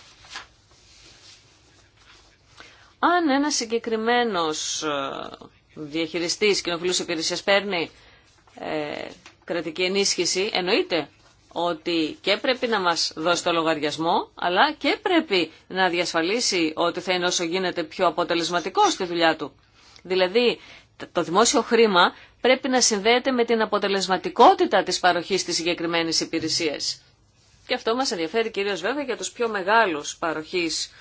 Αν ένα συγκεκριμένος ε, διαχειριστής κοινοφιλούς υπηρεσίας παίρνει ε, κρατική ενίσχυση, εννοείται ότι και πρέπει να μας δώσει το λογαριασμό, αλλά και πρέπει να διασφαλίσει ότι θα είναι όσο γίνεται πιο αποτελεσματικό στη δουλειά του. Δηλαδή, το δημόσιο χρήμα πρέπει να συνδέεται με την αποτελεσματικότητα της παροχής της συγκεκριμένης υπηρεσίας. Και αυτό μας ενδιαφέρει κυρίως βέβαια για τους πιο μεγάλους παροχής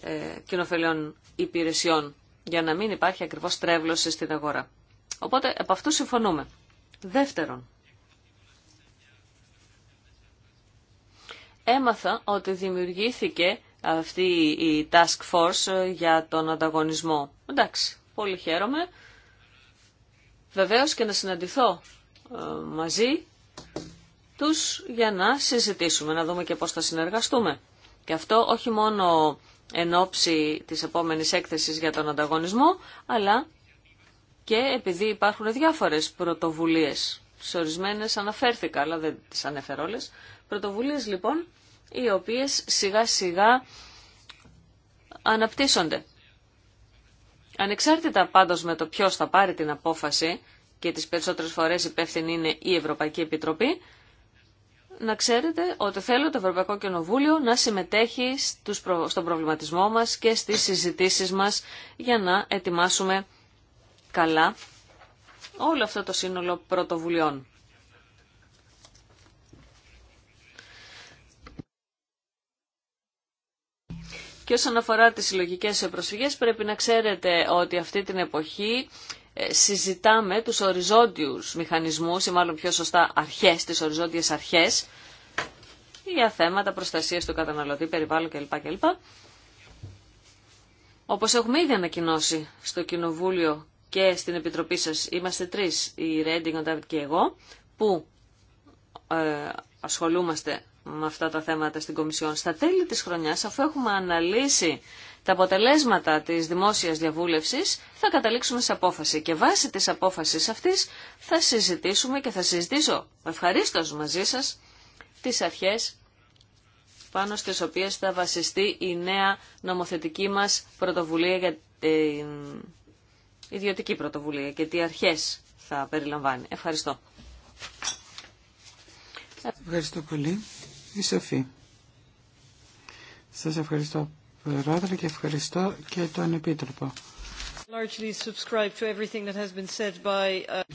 ε, κοινοφελών υπηρεσιών, για να μην υπάρχει ακριβώς τρέβλωση στην αγορά. Οπότε, από αυτού συμφωνούμε. Δεύτερον, έμαθα ότι δημιουργήθηκε αυτή η task force ε, για τον ανταγωνισμό. Εντάξει, πολύ χαίρομαι. Βεβαίως και να συναντηθώ ε, μαζί τους για να συζητήσουμε, να δούμε και πώς θα συνεργαστούμε. Και αυτό όχι μόνο εν ώψη της επόμενης έκθεσης για τον ανταγωνισμό, αλλά και επειδή υπάρχουν διάφορες πρωτοβουλίες. Σε ορισμένες αναφέρθηκα, αλλά δεν τις ανέφερα όλες. Πρωτοβουλίες λοιπόν οι οποίες σιγά σιγά αναπτύσσονται. Ανεξάρτητα πάντως με το ποιος θα πάρει την απόφαση και τις περισσότερες φορές υπεύθυνη είναι η Ευρωπαϊκή Επιτροπή, να ξέρετε ότι θέλω το Ευρωπαϊκό Κοινοβούλιο να συμμετέχει στον προβληματισμό μας και στις συζητήσεις μας για να ετοιμάσουμε καλά όλο αυτό το σύνολο πρωτοβουλειών. Και όσον αφορά τις συλλογικέ προσφυγές πρέπει να ξέρετε ότι αυτή την εποχή ε, συζητάμε τους οριζόντιους μηχανισμούς ή μάλλον πιο σωστά αρχές, τις οριζόντιες αρχές για θέματα προστασίας του καταναλωτή, περιβάλλον κλπ. κλπ. Όπως έχουμε ήδη ανακοινώσει στο Κοινοβούλιο και στην Επιτροπή σας, είμαστε τρεις, η Ρέντινγκ, ο Ντάβιτ και εγώ, που ε, ασχολούμαστε με αυτά τα θέματα στην Κομισιόν. Στα τέλη της χρονιάς, αφού έχουμε αναλύσει τα αποτελέσματα της δημόσιας διαβούλευσης, θα καταλήξουμε σε απόφαση. Και βάσει της απόφασης αυτής θα συζητήσουμε και θα συζητήσω Ευχαριστώ μαζί σας τις αρχές πάνω στις οποίες θα βασιστεί η νέα νομοθετική μας πρωτοβουλία για την ιδιωτική πρωτοβουλία και τι αρχές θα περιλαμβάνει. Ευχαριστώ. Ευχαριστώ πολύ τη σοφή. Σας ευχαριστώ Πρόεδρε και ευχαριστώ και τον Επίτροπο.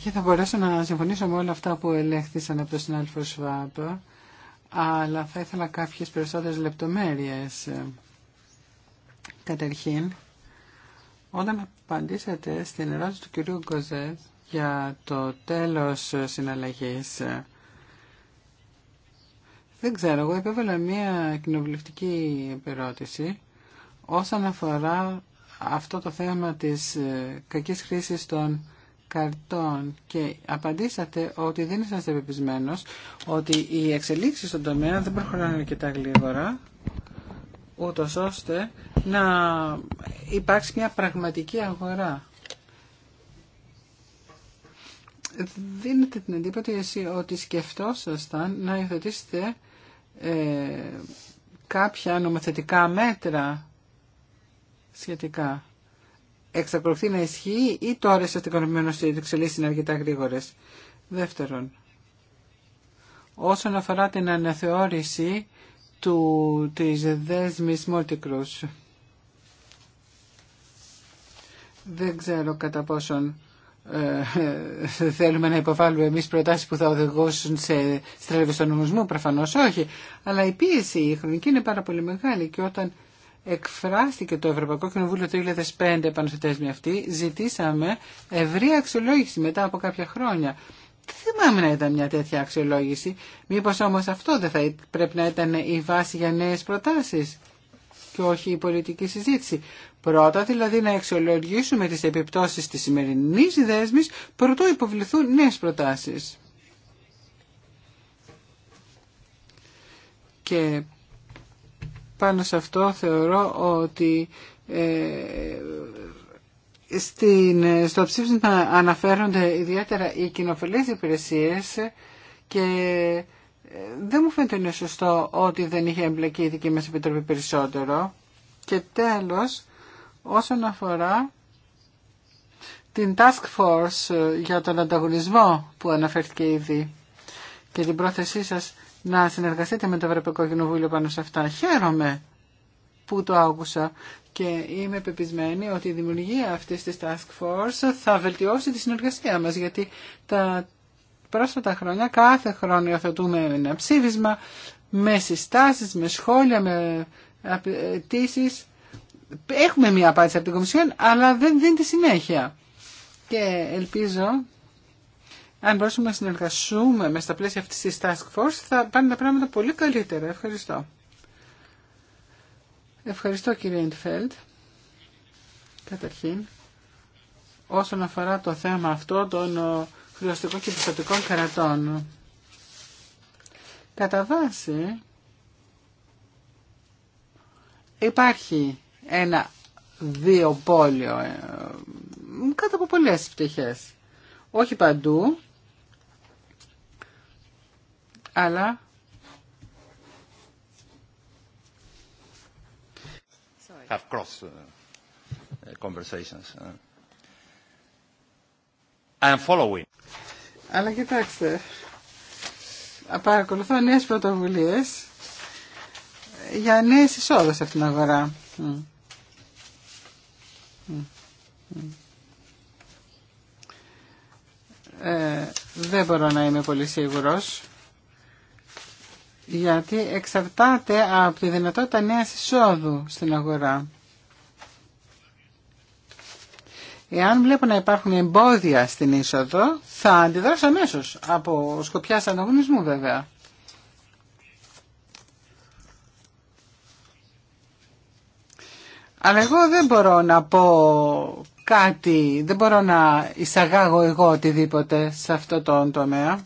Και θα μπορέσω να συμφωνήσω με όλα αυτά που ελέγχθησαν από τον συνάδελφο Σβάπ, αλλά θα ήθελα κάποιες περισσότερες λεπτομέρειες. Καταρχήν, όταν απαντήσατε στην ερώτηση του κυρίου Γκοζέτ για το τέλος συναλλαγής, δεν ξέρω, εγώ υπέβαλα μια κοινοβουλευτική επερώτηση όσον αφορά αυτό το θέμα της ε, κακής χρήσης των καρτών και απαντήσατε ότι δεν είσαστε επεπισμένος ότι οι εξελίξεις στον τομέα δεν προχωράνε αρκετά γλίγορα ούτως ώστε να υπάρξει μια πραγματική αγορά. Δίνετε την εντύπωση ότι σκεφτόσασταν να υιοθετήσετε ε, κάποια νομοθετικά μέτρα σχετικά. Εξακολουθεί να ισχύει ή τώρα σε την εξελίσσει είναι αρκετά γρήγορε. Δεύτερον, όσον αφορά την αναθεώρηση του, της δέσμης μόρτικρους. Δεν ξέρω κατά πόσον ε, θέλουμε να υποβάλουμε εμείς προτάσεις που θα οδηγούσουν σε στρέβλες στον νομισμό, προφανώς όχι. Αλλά η πίεση η χρονική είναι πάρα πολύ μεγάλη και όταν εκφράστηκε το Ευρωπαϊκό Κοινοβούλιο το 2005 πάνω στη θέσμη αυτή, ζητήσαμε ευρία αξιολόγηση μετά από κάποια χρόνια. Δεν θυμάμαι να ήταν μια τέτοια αξιολόγηση. Μήπως όμως αυτό δεν θα πρέπει να ήταν η βάση για νέες προτάσεις και όχι η πολιτική συζήτηση. Πρώτα δηλαδή να αξιολογήσουμε τις επιπτώσεις της σημερινής δέσμης προτού υποβληθούν νέες προτάσεις. Και πάνω σε αυτό θεωρώ ότι ε, στην, στο ψήφισμα αναφέρονται ιδιαίτερα οι κοινοφελείς υπηρεσίες και δεν μου φαίνεται είναι σωστό ότι δεν είχε εμπλεκεί η δική μας Επιτροπή περισσότερο. Και τέλος, όσον αφορά την Task Force ε, για τον ανταγωνισμό που αναφέρθηκε ήδη και την πρόθεσή σας να συνεργαστείτε με το Ευρωπαϊκό Κοινοβούλιο πάνω σε αυτά. Χαίρομαι που το άκουσα και είμαι πεπισμένη ότι η δημιουργία αυτής της Task Force θα βελτιώσει τη συνεργασία μας γιατί τα πρόσφατα χρόνια κάθε χρόνο υιοθετούμε ένα ψήφισμα με συστάσει, με σχόλια, με απαιτήσει. Έχουμε μια απάντηση από την Κομισιόν, αλλά δεν δίνει τη συνέχεια. Και ελπίζω, αν μπορούσαμε να συνεργαστούμε με στα πλαίσια αυτής της Task Force, θα πάνε τα πράγματα πολύ καλύτερα. Ευχαριστώ. Ευχαριστώ κύριε Ιντφέλτ. Καταρχήν, όσον αφορά το θέμα αυτό τον γλωστικών και πιστοτικών κρατών. Κατά βάση υπάρχει ένα δύο πόλιο ε, κάτω από πολλές πτυχές. Όχι παντού, αλλά have cross uh, conversations. I uh, am following. Αλλά κοιτάξτε, παρακολουθώ νέε πρωτοβουλίε για νέε εισόδου σε την αγορά. Ε, δεν μπορώ να είμαι πολύ σίγουρος γιατί εξαρτάται από τη δυνατότητα νέας εισόδου στην αγορά. Εάν βλέπω να υπάρχουν εμπόδια στην είσοδο, θα αντιδράσω αμέσω από σκοπιά ανταγωνισμού βέβαια. Αλλά εγώ δεν μπορώ να πω κάτι, δεν μπορώ να εισαγάγω εγώ οτιδήποτε σε αυτό το τομέα.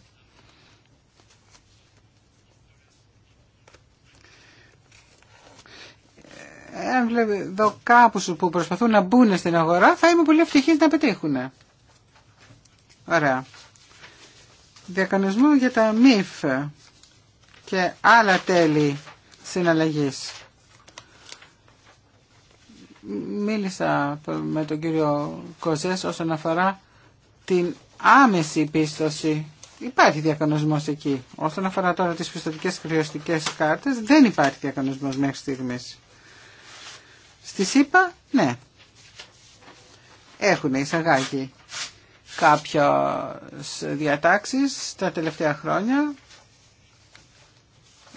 αν βλέπω κάπου που προσπαθούν να μπουν στην αγορά, θα είμαι πολύ ευτυχή να πετύχουν. Ωραία. Διακανονισμό για τα μυφ και άλλα τέλη συναλλαγή. Μίλησα με τον κύριο Κοζές όσον αφορά την άμεση πίστοση. Υπάρχει διακανονισμός εκεί. Όσον αφορά τώρα τις πιστοτικές χρεωστικές κάρτες, δεν υπάρχει διακανονισμός μέχρι στιγμής. Στη ΣΥΠΑ, ναι. Έχουν εισαγάγει κάποια διατάξεις τα τελευταία χρόνια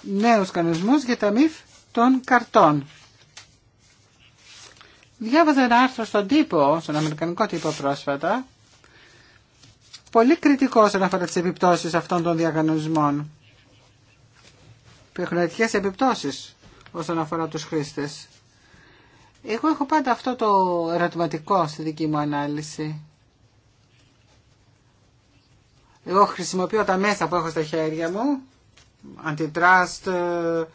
νέους κανονισμούς για τα μυφ των καρτών. Διάβαζα ένα άρθρο στον τύπο, στον Αμερικανικό τύπο πρόσφατα, πολύ κριτικό όσον αφορά τις επιπτώσεις αυτών των διακανονισμών. Που έχουν επιπτώσεις όσον αφορά τους χρήστες. Εγώ έχω πάντα αυτό το ερωτηματικό στη δική μου ανάλυση. Εγώ χρησιμοποιώ τα μέσα που έχω στα χέρια μου, αντιτράστ, ε,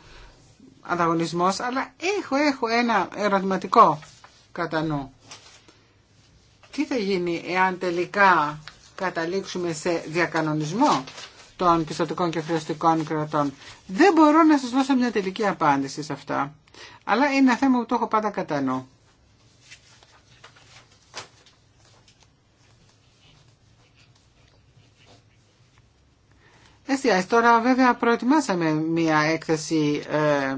ανταγωνισμός, αλλά έχω, έχω ένα ερωτηματικό κατά νου. Τι θα γίνει εάν τελικά καταλήξουμε σε διακανονισμό των πιστοτικών και χρεωστικών κρατών. Δεν μπορώ να σας δώσω μια τελική απάντηση σε αυτά. Αλλά είναι ένα θέμα που το έχω πάντα κατά νου. Εστιάζει. Τώρα βέβαια προετοιμάσαμε μία έκθεση ε,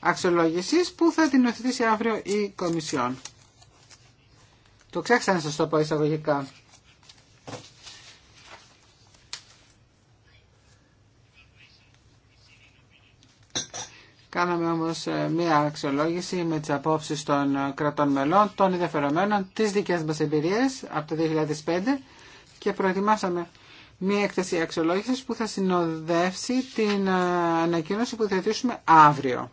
αξιολόγησης που θα την οθετήσει αύριο η Κομισιόν. Το ξέχασα να σας το πω εισαγωγικά. Κάναμε όμως ε, μία αξιολόγηση με τις απόψεις των ε, κρατών μελών, των ενδιαφερομένων, τις δικές μας εμπειρίες από το 2005 και προετοιμάσαμε μία έκθεση αξιολόγησης που θα συνοδεύσει την ε, ανακοίνωση που θα αύριο.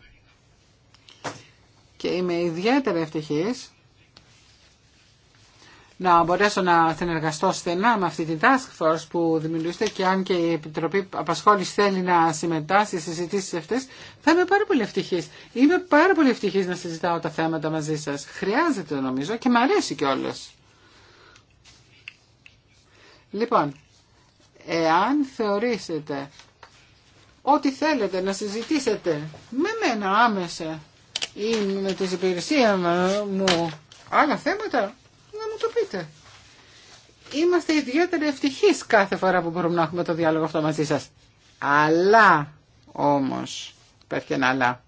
Και είμαι ιδιαίτερα ευτυχής να μπορέσω να συνεργαστώ στενά με αυτή την task force που δημιουργήσετε και αν και η Επιτροπή Απασχόληση θέλει να συμμετάσχει σε συζητήσει αυτές, θα είμαι πάρα πολύ ευτυχής. Είμαι πάρα πολύ ευτυχής να συζητάω τα θέματα μαζί σα. Χρειάζεται νομίζω και μ' αρέσει κιόλα. Λοιπόν, εάν θεωρήσετε ό,τι θέλετε να συζητήσετε με μένα άμεσα ή με τις υπηρεσίες μου άλλα θέματα, να μου το πείτε. Είμαστε ιδιαίτερα ευτυχεί κάθε φορά που μπορούμε να έχουμε το διάλογο αυτό μαζί σα. Αλλά όμως υπάρχει ένα αλλά.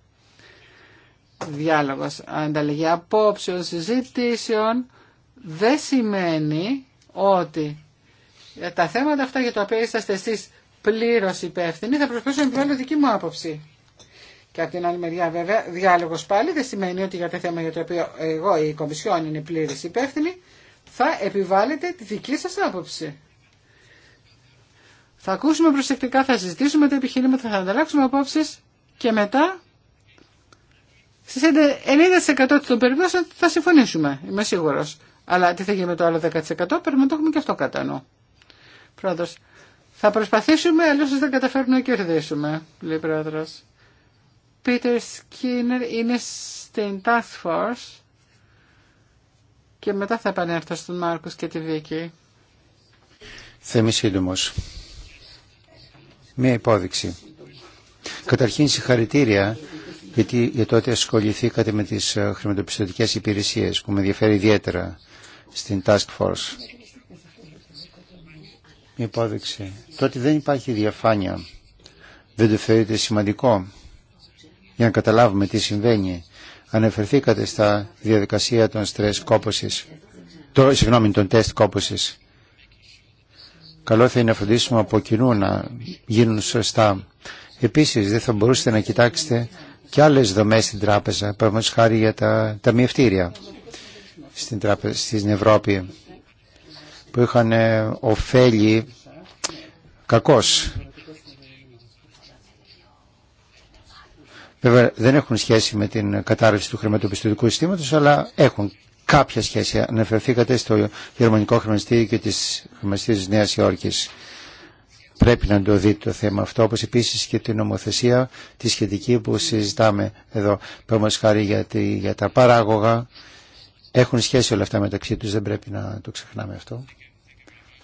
Διάλογος, ανταλλαγή απόψεων, συζητήσεων δεν σημαίνει ότι ε, τα θέματα αυτά για τα οποία είσαστε εσεί πλήρως υπεύθυνοι θα προσπαθήσω να επιβάλλω δική μου άποψη. Και από την άλλη μεριά βέβαια διάλογο πάλι δεν σημαίνει ότι για το θέμα για το οποίο εγώ η Κομισιόν είναι πλήρη υπεύθυνη θα επιβάλλετε τη δική σα άποψη. Θα ακούσουμε προσεκτικά, θα συζητήσουμε τα επιχειρήματα, θα ανταλλάξουμε απόψει και μετά στι 90% των περιπτώσεων θα συμφωνήσουμε, είμαι σίγουρο. Αλλά τι θα γίνει με το άλλο 10% πρέπει να το έχουμε και αυτό κατά νου. Πρόεδρος, θα προσπαθήσουμε, αλλιώς δεν καταφέρουμε να κερδίσουμε, λέει πρόεδρος. Πίτερ Σκίνερ είναι στην Task Force και μετά θα επανέλθω στον Μάρκος και τη Βίκη. Θα σύντομο. Μία υπόδειξη. Καταρχήν συγχαρητήρια γιατί για τότε ασχοληθήκατε με τις ε, χρηματοπιστωτικές υπηρεσίες που με ενδιαφέρει ιδιαίτερα στην Task Force. Μία υπόδειξη. Το δεν υπάρχει διαφάνεια δεν το θεωρείτε σημαντικό για να καταλάβουμε τι συμβαίνει. Αναφερθήκατε στα διαδικασία των στρες κόπωσης, το, συγγνώμη, των τεστ κόπωσης. Καλό θα είναι να φροντίσουμε από κοινού να γίνουν σωστά. Επίσης, δεν θα μπορούσατε να κοιτάξετε και άλλες δομές στην τράπεζα, παραδείγματος χάρη για τα ταμιευτήρια στην, τράπεζα, στην Ευρώπη, που είχαν ε, ωφέλη κακώς Βέβαια δεν έχουν σχέση με την κατάρρευση του χρηματοπιστωτικού συστήματος, αλλά έχουν κάποια σχέση. Αναφερθήκατε στο γερμανικό χρηματιστήριο και τις χρηματιστήριες της Νέας Υόρκης. Πρέπει να το δείτε το θέμα αυτό, όπως επίσης και την νομοθεσία τη σχετική που συζητάμε εδώ. Πρέπει χάρη για, για τα παράγωγα. Έχουν σχέση όλα αυτά μεταξύ τους, δεν πρέπει να το ξεχνάμε αυτό.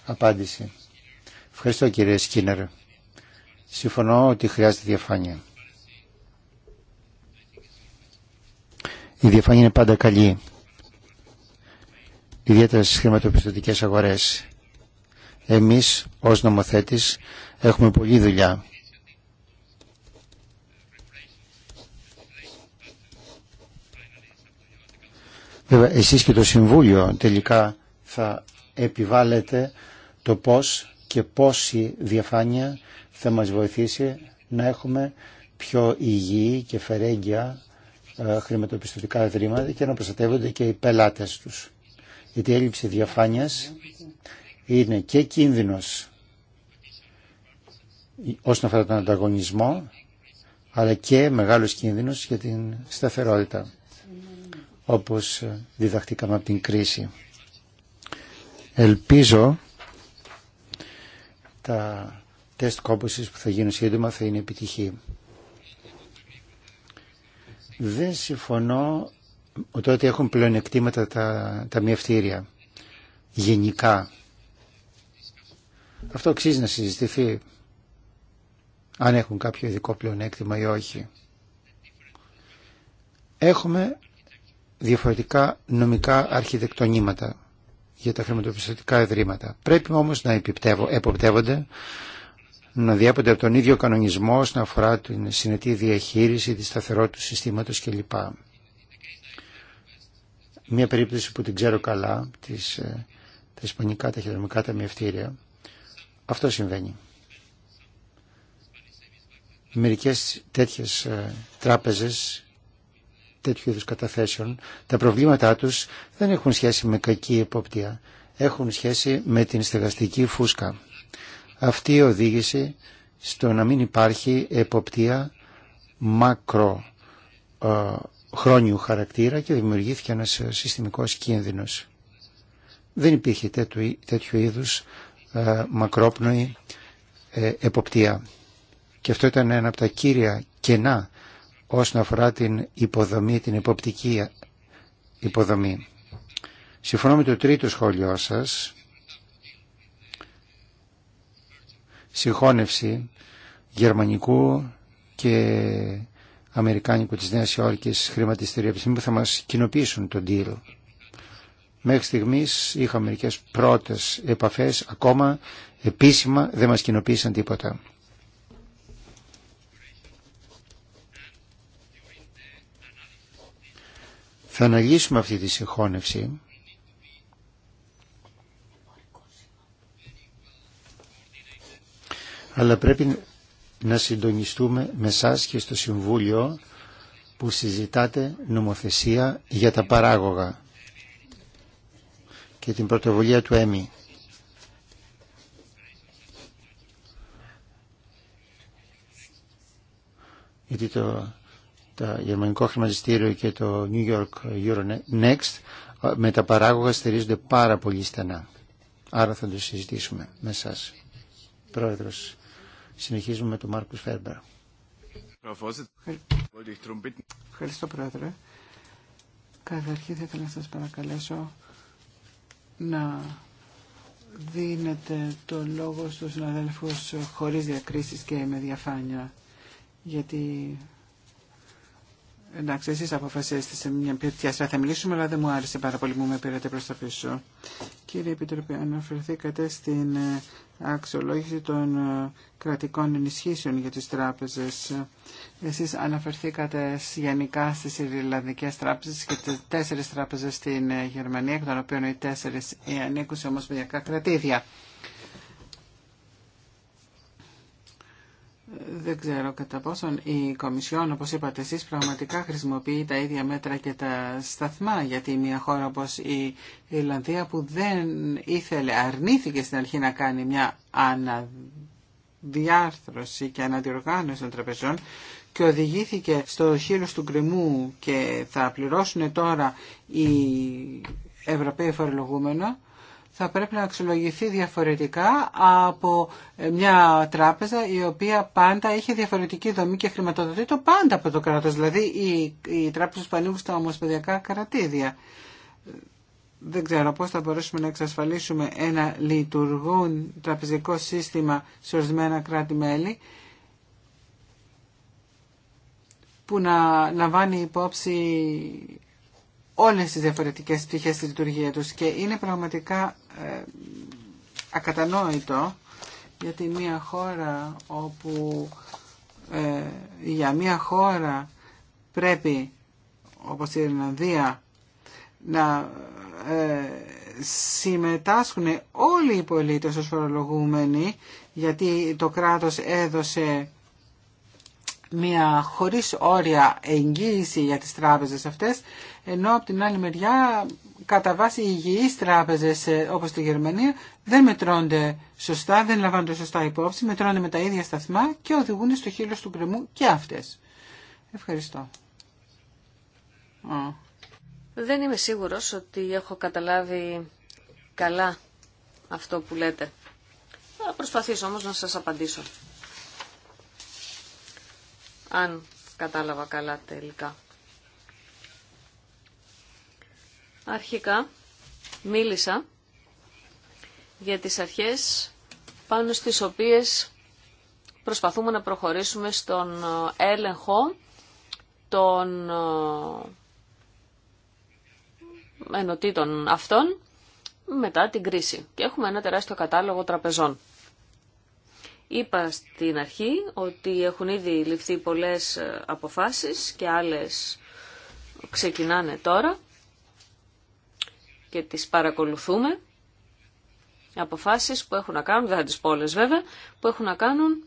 Απάντηση. Ευχαριστώ κύριε Σκίνερ. Συμφωνώ ότι χρειάζεται διαφάνεια. η διαφάνεια είναι πάντα καλή. Ιδιαίτερα στις χρηματοπιστωτικές αγορές. Εμείς ως νομοθέτης έχουμε πολλή δουλειά. Βέβαια, εσείς και το Συμβούλιο τελικά θα επιβάλλετε το πώς και πόση διαφάνεια θα μας βοηθήσει να έχουμε πιο υγιή και φερέγγια ε, χρηματοπιστωτικά ιδρύματα και να προστατεύονται και οι πελάτες τους. Γιατί η έλλειψη διαφάνειας είναι και κίνδυνος όσον αφορά τον ανταγωνισμό αλλά και μεγάλος κίνδυνος για την σταθερότητα όπως διδαχτήκαμε από την κρίση. Ελπίζω τα τεστ κόμπωσης που θα γίνουν σύντομα θα είναι επιτυχή. Δεν συμφωνώ ότι ότι έχουν πλεονεκτήματα τα, τα Γενικά. Αυτό αξίζει να συζητηθεί αν έχουν κάποιο ειδικό πλεονέκτημα ή όχι. Έχουμε διαφορετικά νομικά αρχιτεκτονήματα για τα χρηματοπιστωτικά εδρήματα. Πρέπει όμως να επιπτεύω, εποπτεύονται να διέπονται από τον ίδιο κανονισμό όσον αφορά την συνετή διαχείριση, τη σταθερότητα του συστήματος κλπ. Μία περίπτωση που την ξέρω καλά, τις, ε, τα ισπανικά τα ταμιευτήρια, αυτό συμβαίνει. Μερικές τέτοιες ε, τράπεζες τέτοιου είδους καταθέσεων, τα προβλήματά τους δεν έχουν σχέση με κακή εποπτεία. Έχουν σχέση με την στεγαστική φούσκα. Αυτή οδήγησε στο να μην υπάρχει εποπτεία μακρο ε, χρόνιου χαρακτήρα και δημιουργήθηκε ένας συστημικός κίνδυνος. Δεν υπήρχε τέτοιου, τέτοιου είδους ε, μακρόπνοη ε, εποπτεία. Και αυτό ήταν ένα από τα κύρια κενά όσον αφορά την υποδομή, την εποπτική υποδομή. Συμφωνώ με το τρίτο σχόλιο σας συγχώνευση γερμανικού και αμερικάνικου της Νέας Υόρκης χρηματιστηρίου επιθυμίου που θα μας κοινοποιήσουν τον deal. Μέχρι στιγμής είχαμε μερικές πρώτες επαφές, ακόμα επίσημα δεν μας κοινοποίησαν τίποτα. Θα αναλύσουμε αυτή τη συγχώνευση αλλά πρέπει να συντονιστούμε με σας και στο Συμβούλιο που συζητάτε νομοθεσία για τα παράγωγα και την πρωτοβουλία του ΕΜΗ. Γιατί το, το Γερμανικό Χρηματιστήριο και το New York Euronext με τα παράγωγα στηρίζονται πάρα πολύ στενά. Άρα θα το συζητήσουμε με εσάς. Πρόεδρος, Συνεχίζουμε με τον Μάρκο Φέρμπερ. Ευχαριστώ Πρόεδρε. Καταρχήν θα ήθελα να σας παρακαλέσω να δίνετε το λόγο στους συναδέλφους χωρίς διακρίσεις και με διαφάνεια. Γιατί εντάξει, εσείς αποφασίσετε σε μια ποια θα μιλήσουμε, αλλά δεν μου άρεσε πάρα πολύ Μου με πήρατε προς τα πίσω. Κύριε Επιτροπή, αναφερθήκατε στην αξιολόγηση των ε, κρατικών ενισχύσεων για τις τράπεζες. Εσείς αναφερθήκατε γενικά στις Ιρλανδικές τράπεζες και τις τέσσερις τράπεζες στην ε, Γερμανία, εκ των οποίων οι τέσσερις ε, ανήκουν σε ομοσπονδιακά κρατήδια. Δεν ξέρω κατά πόσον η Κομισιόν, όπως είπατε εσείς, πραγματικά χρησιμοποιεί τα ίδια μέτρα και τα σταθμά, γιατί μια χώρα όπως η Ιρλανδία που δεν ήθελε, αρνήθηκε στην αρχή να κάνει μια αναδιάρθρωση και αναδιοργάνωση των τραπεζών και οδηγήθηκε στο χείλος του γκρεμού και θα πληρώσουν τώρα οι Ευρωπαίοι φορολογούμενοι θα πρέπει να αξιολογηθεί διαφορετικά από μια τράπεζα η οποία πάντα είχε διαφορετική δομή και χρηματοδοτεί το πάντα από το κράτος. Δηλαδή οι, οι τράπεζες που ανήκουν στα ομοσπονδιακά κρατήδια. Δεν ξέρω πώς θα μπορέσουμε να εξασφαλίσουμε ένα λειτουργούν τραπεζικό σύστημα σε ορισμένα κράτη-μέλη που να λαμβάνει υπόψη όλες τις διαφορετικές πτυχές στη λειτουργία τους και είναι πραγματικά ε, ακατανόητο γιατί μια χώρα όπου ε, για μια χώρα πρέπει όπως η Ιρλανδία να ε, συμμετάσχουν όλοι οι πολίτες ως φορολογούμενοι γιατί το κράτος έδωσε μια χωρίς όρια εγγύηση για τις τράπεζες αυτές, ενώ από την άλλη μεριά κατά βάση υγιείς τράπεζες ε, όπως τη Γερμανία δεν μετρώνται σωστά, δεν λαμβάνονται σωστά υπόψη, μετρώνται με τα ίδια σταθμά και οδηγούν στο χείλο του κρεμού και αυτές. Ευχαριστώ. Δεν είμαι σίγουρος ότι έχω καταλάβει καλά αυτό που λέτε. Θα προσπαθήσω όμως να σας απαντήσω αν κατάλαβα καλά τελικά. Αρχικά μίλησα για τις αρχές πάνω στις οποίες προσπαθούμε να προχωρήσουμε στον ε, έλεγχο των ε, ενωτήτων αυτών μετά την κρίση. Και έχουμε ένα τεράστιο κατάλογο τραπεζών. Είπα στην αρχή ότι έχουν ήδη ληφθεί πολλές ε, αποφάσεις και άλλες ξεκινάνε τώρα και τις παρακολουθούμε. Αποφάσεις που έχουν να κάνουν, δεν θα τις πω βέβαια, που έχουν να κάνουν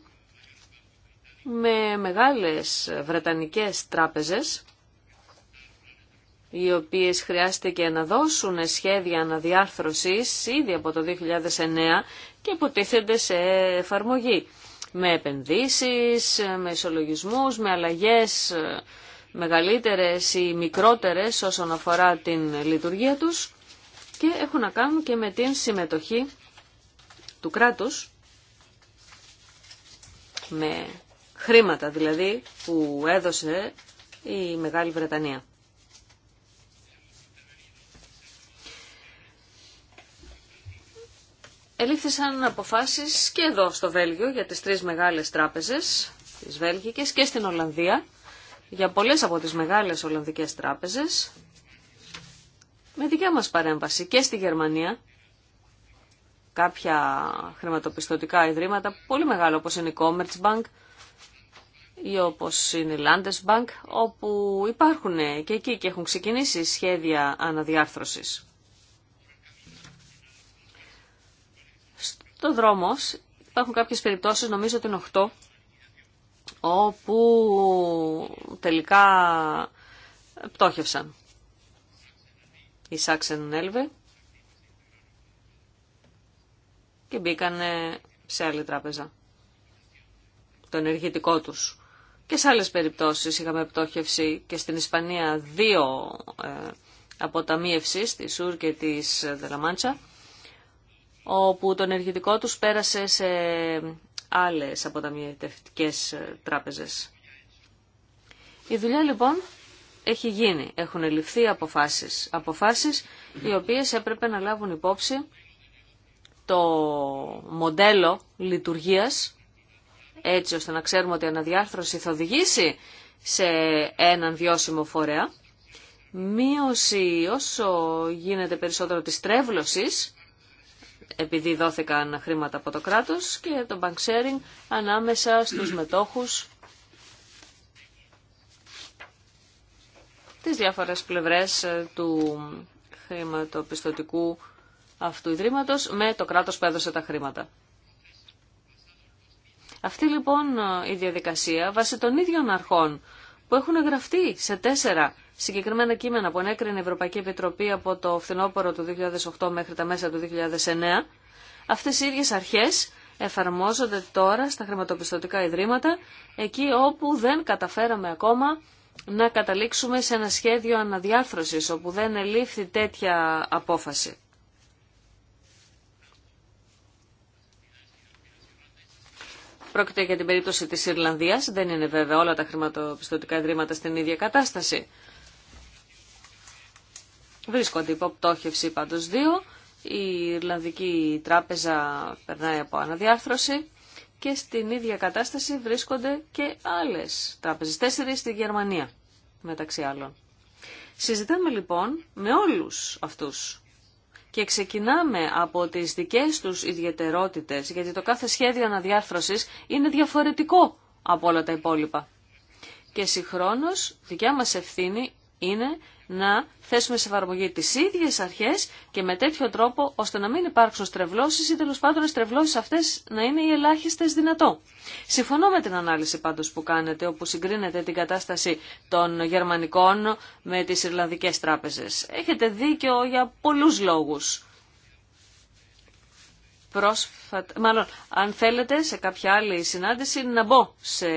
με μεγάλες βρετανικές τράπεζες οι οποίες χρειάστηκε να δώσουν σχέδια αναδιάρθρωσης ήδη από το 2009 και υποτίθενται σε εφαρμογή με επενδύσεις, με ισολογισμούς, με αλλαγές ε, μεγαλύτερες ή μικρότερες όσον αφορά την λειτουργία τους και έχουν να κάνουν και με την συμμετοχή του κράτους με χρήματα δηλαδή που έδωσε η Μεγάλη Βρετανία. ελήφθησαν αποφάσεις και εδώ στο Βέλγιο για τις τρεις μεγάλες τράπεζες, τις Βέλγικες και στην Ολλανδία, για πολλές από τις μεγάλες Ολλανδικές τράπεζες, με δικιά μας παρέμβαση και στη Γερμανία, κάποια χρηματοπιστωτικά ιδρύματα, πολύ μεγάλο όπως είναι η Commerzbank ή όπως είναι η Landesbank, όπου υπάρχουν και εκεί και έχουν ξεκινήσει σχέδια αναδιάρθρωσης. Το δρόμος, υπάρχουν κάποιες περιπτώσεις, νομίζω ότι είναι 8, όπου τελικά πτώχευσαν. Η Σάξεν έλβε και μπήκαν σε άλλη τράπεζα. Το ενεργητικό τους. Και σε άλλες περιπτώσεις είχαμε πτώχευση και στην Ισπανία δύο ε, αποταμίευσεις, τη Σουρ και της Δελαμάντσα όπου το ενεργητικό τους πέρασε σε άλλες αποταμιευτικές ε, τράπεζες. Η δουλειά λοιπόν έχει γίνει. Έχουν ληφθεί αποφάσεις. Αποφάσεις οι οποίες έπρεπε να λάβουν υπόψη το μοντέλο λειτουργίας έτσι ώστε να ξέρουμε ότι η αναδιάρθρωση θα οδηγήσει σε έναν βιώσιμο φορέα. Μείωση όσο γίνεται περισσότερο της τρέβλωσης επειδή δόθηκαν χρήματα από το κράτος και το bank sharing ανάμεσα στους μετόχους τις διάφορες πλευρές ε, του χρηματοπιστωτικού αυτού ιδρύματος με το κράτος που έδωσε τα χρήματα. Αυτή λοιπόν ε, η διαδικασία βάσει των ίδιων αρχών που έχουν γραφτεί σε τέσσερα συγκεκριμένα κείμενα που ενέκρινε η Ευρωπαϊκή Επιτροπή από το φθινόπωρο του 2008 μέχρι τα μέσα του 2009, αυτές οι ίδιες αρχές εφαρμόζονται τώρα στα χρηματοπιστωτικά ιδρύματα, εκεί όπου δεν καταφέραμε ακόμα να καταλήξουμε σε ένα σχέδιο αναδιάρθρωσης, όπου δεν ελήφθη τέτοια απόφαση. Πρόκειται για την περίπτωση της Ιρλανδίας, δεν είναι βέβαια όλα τα χρηματοπιστωτικά ιδρύματα στην ίδια κατάσταση. Βρίσκονται υπό πτώχευση πάντως δύο. Η Ιρλανδική τράπεζα περνάει από αναδιάρθρωση και στην ίδια κατάσταση βρίσκονται και άλλες τράπεζες, τέσσερις στη Γερμανία μεταξύ άλλων. Συζητάμε λοιπόν με όλους αυτούς και ξεκινάμε από τις δικές τους ιδιαιτερότητες, γιατί το κάθε σχέδιο αναδιάρθρωσης είναι διαφορετικό από όλα τα υπόλοιπα. Και συγχρόνως δικιά μας ευθύνη είναι να θέσουμε σε εφαρμογή τις ίδιες αρχές και με τέτοιο τρόπο ώστε να μην υπάρξουν στρεβλώσεις ή τέλος πάντων οι στρεβλώσεις αυτές να είναι οι ελάχιστες δυνατό. Συμφωνώ με την ανάλυση πάντως που κάνετε όπου συγκρίνετε την κατάσταση των γερμανικών με τις Ιρλανδικές τράπεζες. Έχετε δίκιο για πολλού λόγου. μάλλον αν θέλετε σε κάποια άλλη συνάντηση να μπω σε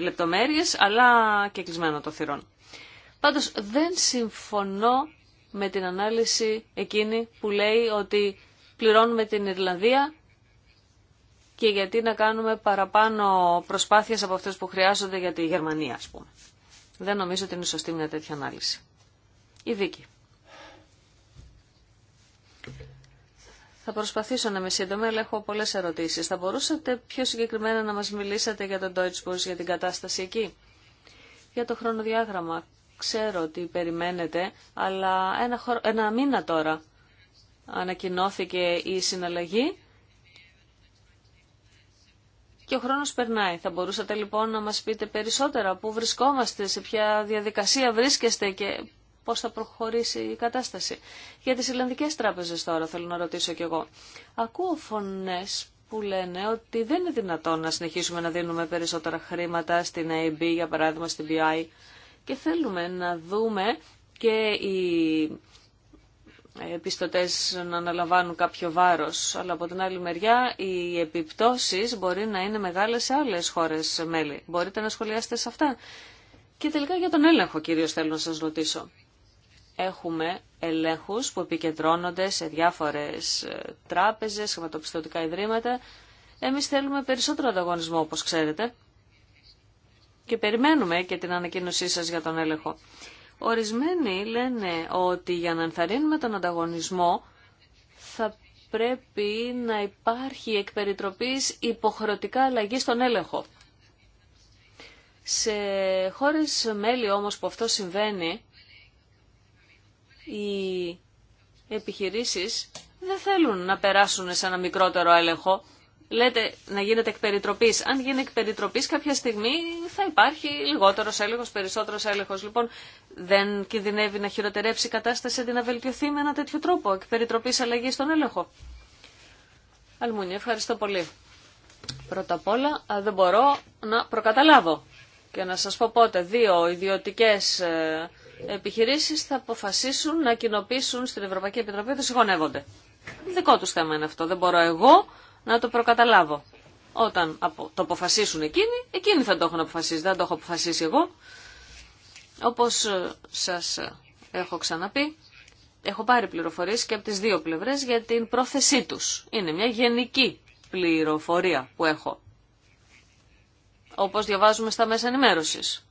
λεπτομέρειες αλλά και κλεισμένο το θυρών. Πάντως δεν συμφωνώ με την ανάλυση εκείνη που λέει ότι πληρώνουμε την Ιρλανδία και γιατί να κάνουμε παραπάνω προσπάθειες από αυτές που χρειάζονται για τη Γερμανία, ας πούμε. Δεν νομίζω ότι είναι σωστή μια τέτοια ανάλυση. Η δίκη. Θα προσπαθήσω να είμαι σύντομη, αλλά έχω πολλές ερωτήσεις. Θα μπορούσατε πιο συγκεκριμένα να μας μιλήσατε για τον Deutsche για την κατάσταση εκεί. Για το χρονοδιάγραμμα. Ξέρω ότι περιμένετε, αλλά ένα, ένα μήνα τώρα ανακοινώθηκε η συναλλαγή και ο χρόνος περνάει. Θα μπορούσατε λοιπόν να μας πείτε περισσότερα πού βρισκόμαστε, σε ποια διαδικασία βρίσκεστε και πώς θα προχωρήσει η κατάσταση. Για τις Ιλλανδικές τράπεζες τώρα θέλω να ρωτήσω κι εγώ. Ακούω φωνές που λένε ότι δεν είναι δυνατόν να συνεχίσουμε να δίνουμε περισσότερα χρήματα στην AB, για παράδειγμα στην BI, και θέλουμε να δούμε και οι ε, πιστωτές να αναλαμβάνουν κάποιο βάρος. Αλλά από την άλλη μεριά οι επιπτώσεις μπορεί να είναι μεγάλες σε άλλες χώρες μέλη. Μπορείτε να σχολιάσετε σε αυτά. Και τελικά για τον έλεγχο κυρίως θέλω να σας ρωτήσω. Έχουμε ελέγχους που επικεντρώνονται σε διάφορες ε, τράπεζες, χρηματοπιστωτικά ιδρύματα. Εμείς θέλουμε περισσότερο ανταγωνισμό όπως ξέρετε και περιμένουμε και την ανακοίνωσή σας για τον έλεγχο. Ορισμένοι λένε ότι για να ενθαρρύνουμε τον ανταγωνισμό θα πρέπει να υπάρχει εκ περιτροπής υποχρεωτικά αλλαγή στον έλεγχο. Σε χώρες μέλη όμως που αυτό συμβαίνει, οι επιχειρήσεις δεν θέλουν να περάσουν σε ένα μικρότερο έλεγχο λέτε να γίνεται εκ Αν γίνει εκ κάποια στιγμή θα υπάρχει Λιγότερο έλεγχο, περισσότερο έλεγχο Λοιπόν, δεν κινδυνεύει να χειροτερέψει η κατάσταση αντί να βελτιωθεί με ένα τέτοιο τρόπο, εκ αλλαγή στον έλεγχο. Αλμούνια, ευχαριστώ πολύ. Πρώτα απ' όλα δεν μπορώ να προκαταλάβω και να σας πω πότε δύο ιδιωτικές ε, επιχειρήσεις θα αποφασίσουν να κοινοποιήσουν στην Ευρωπαϊκή Επιτροπή ότι συγχωνεύονται. Δικό του θέμα είναι αυτό. Δεν μπορώ εγώ να το προκαταλάβω. Όταν το αποφασίσουν εκείνοι, εκείνοι θα το έχουν αποφασίσει, δεν το έχω αποφασίσει εγώ. Όπως ε, σας ε, έχω ξαναπεί, έχω πάρει πληροφορίες και από τις δύο πλευρές για την πρόθεσή τους. Είναι μια γενική πληροφορία που έχω, όπως διαβάζουμε στα μέσα ενημέρωσης.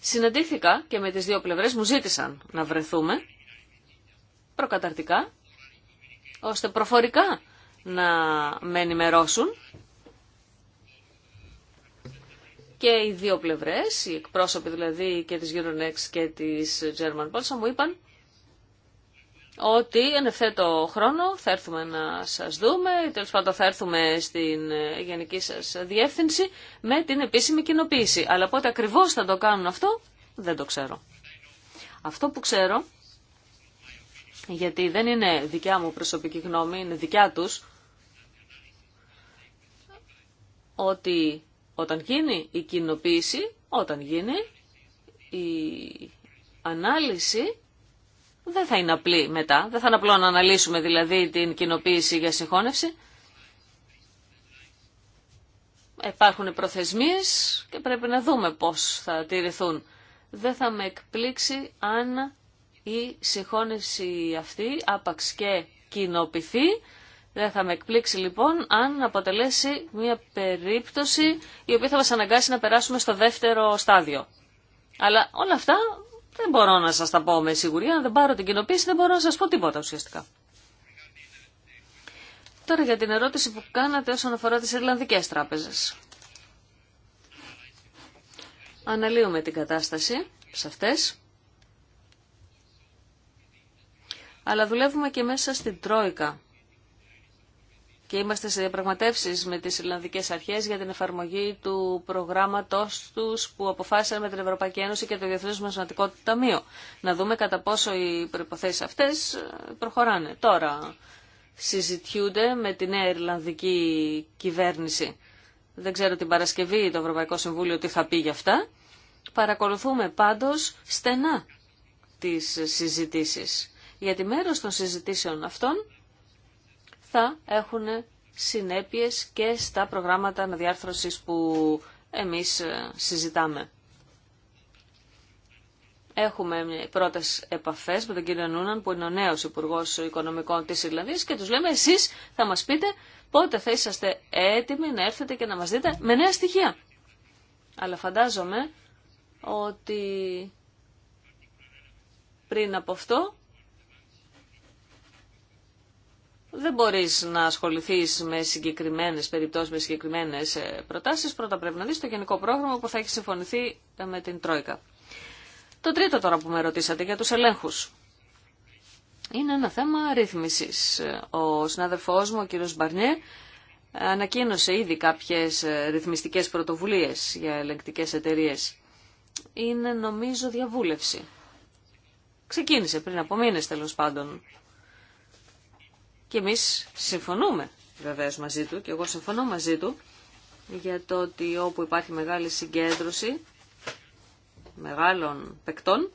Συναντήθηκα και με τις δύο πλευρές μου ζήτησαν να βρεθούμε προκαταρτικά, ώστε προφορικά να με ενημερώσουν και οι δύο πλευρές, οι εκπρόσωποι δηλαδή και της Euronext και της German Bolsa μου είπαν ότι εν ευθέτω χρόνο θα έρθουμε να σας δούμε, τέλος πάντων θα έρθουμε στην γενική σας διεύθυνση με την επίσημη κοινοποίηση. Αλλά πότε ακριβώς θα το κάνουν αυτό δεν το ξέρω. Αυτό που ξέρω, γιατί δεν είναι δικιά μου προσωπική γνώμη, είναι δικιά τους, ότι όταν γίνει η κοινοποίηση, όταν γίνει η ανάλυση, δεν θα είναι απλή μετά. Δεν θα είναι απλό να αναλύσουμε δηλαδή την κοινοποίηση για συγχώνευση. Υπάρχουν προθεσμίες και πρέπει να δούμε πώς θα τηρηθούν. Δεν θα με εκπλήξει αν η συγχώνευση αυτή άπαξ και κοινοποιηθεί δεν θα με εκπλήξει λοιπόν αν αποτελέσει μια περίπτωση η οποία θα μας αναγκάσει να περάσουμε στο δεύτερο στάδιο. Αλλά όλα αυτά δεν μπορώ να σας τα πω με σιγουριά, αν δεν πάρω την κοινοποίηση δεν μπορώ να σας πω τίποτα ουσιαστικά. Τώρα για την ερώτηση που κάνατε όσον αφορά τις Ιρλανδικές τράπεζες. Αναλύουμε την κατάσταση σε αυτές. Αλλά δουλεύουμε και μέσα στην Τρόικα και είμαστε σε διαπραγματεύσεις με τις Ιρλανδικές Αρχές για την εφαρμογή του προγράμματος του που αποφάσισαν με την Ευρωπαϊκή Ένωση και το Διεθνέ Μασματικό Ταμείο. Να δούμε κατά πόσο οι προποθέσει αυτές προχωράνε. Τώρα συζητιούνται με την νέα Ιρλανδική κυβέρνηση. Δεν ξέρω την Παρασκευή το Ευρωπαϊκό Συμβούλιο τι θα πει γι' αυτά. Παρακολουθούμε πάντως στενά τις συζητήσεις. Γιατί μέρο των συζητήσεων αυτών θα έχουν συνέπειες και στα προγράμματα αναδιάρθρωσης που εμείς ε, συζητάμε. Έχουμε πρώτε επαφέ με τον κύριο Νούναν, που είναι ο νέο Υπουργό Οικονομικών τη Ιρλανδία, και του λέμε: Εσεί θα μα πείτε πότε θα είσαστε έτοιμοι να έρθετε και να μα δείτε με νέα στοιχεία. Αλλά φαντάζομαι ότι πριν από αυτό δεν μπορείς να ασχοληθείς με συγκεκριμένες περιπτώσεις, με συγκεκριμένες ε, προτάσεις. Πρώτα πρέπει να δεις το γενικό πρόγραμμα που θα έχει συμφωνηθεί ε, με την Τρόικα. Το τρίτο τώρα που με ρωτήσατε για τους ελέγχους. Είναι ένα θέμα ρύθμισης. Ο συνάδελφός μου, ο κύριος Μπαρνιέ, ανακοίνωσε ήδη κάποιες ε, ρυθμιστικές πρωτοβουλίες για ελεγκτικές εταιρείε. Είναι νομίζω διαβούλευση. Ξεκίνησε πριν από μήνες τέλο πάντων και εμείς συμφωνούμε βεβαίως μαζί του και εγώ συμφωνώ μαζί του για το ότι όπου υπάρχει μεγάλη συγκέντρωση μεγάλων παικτών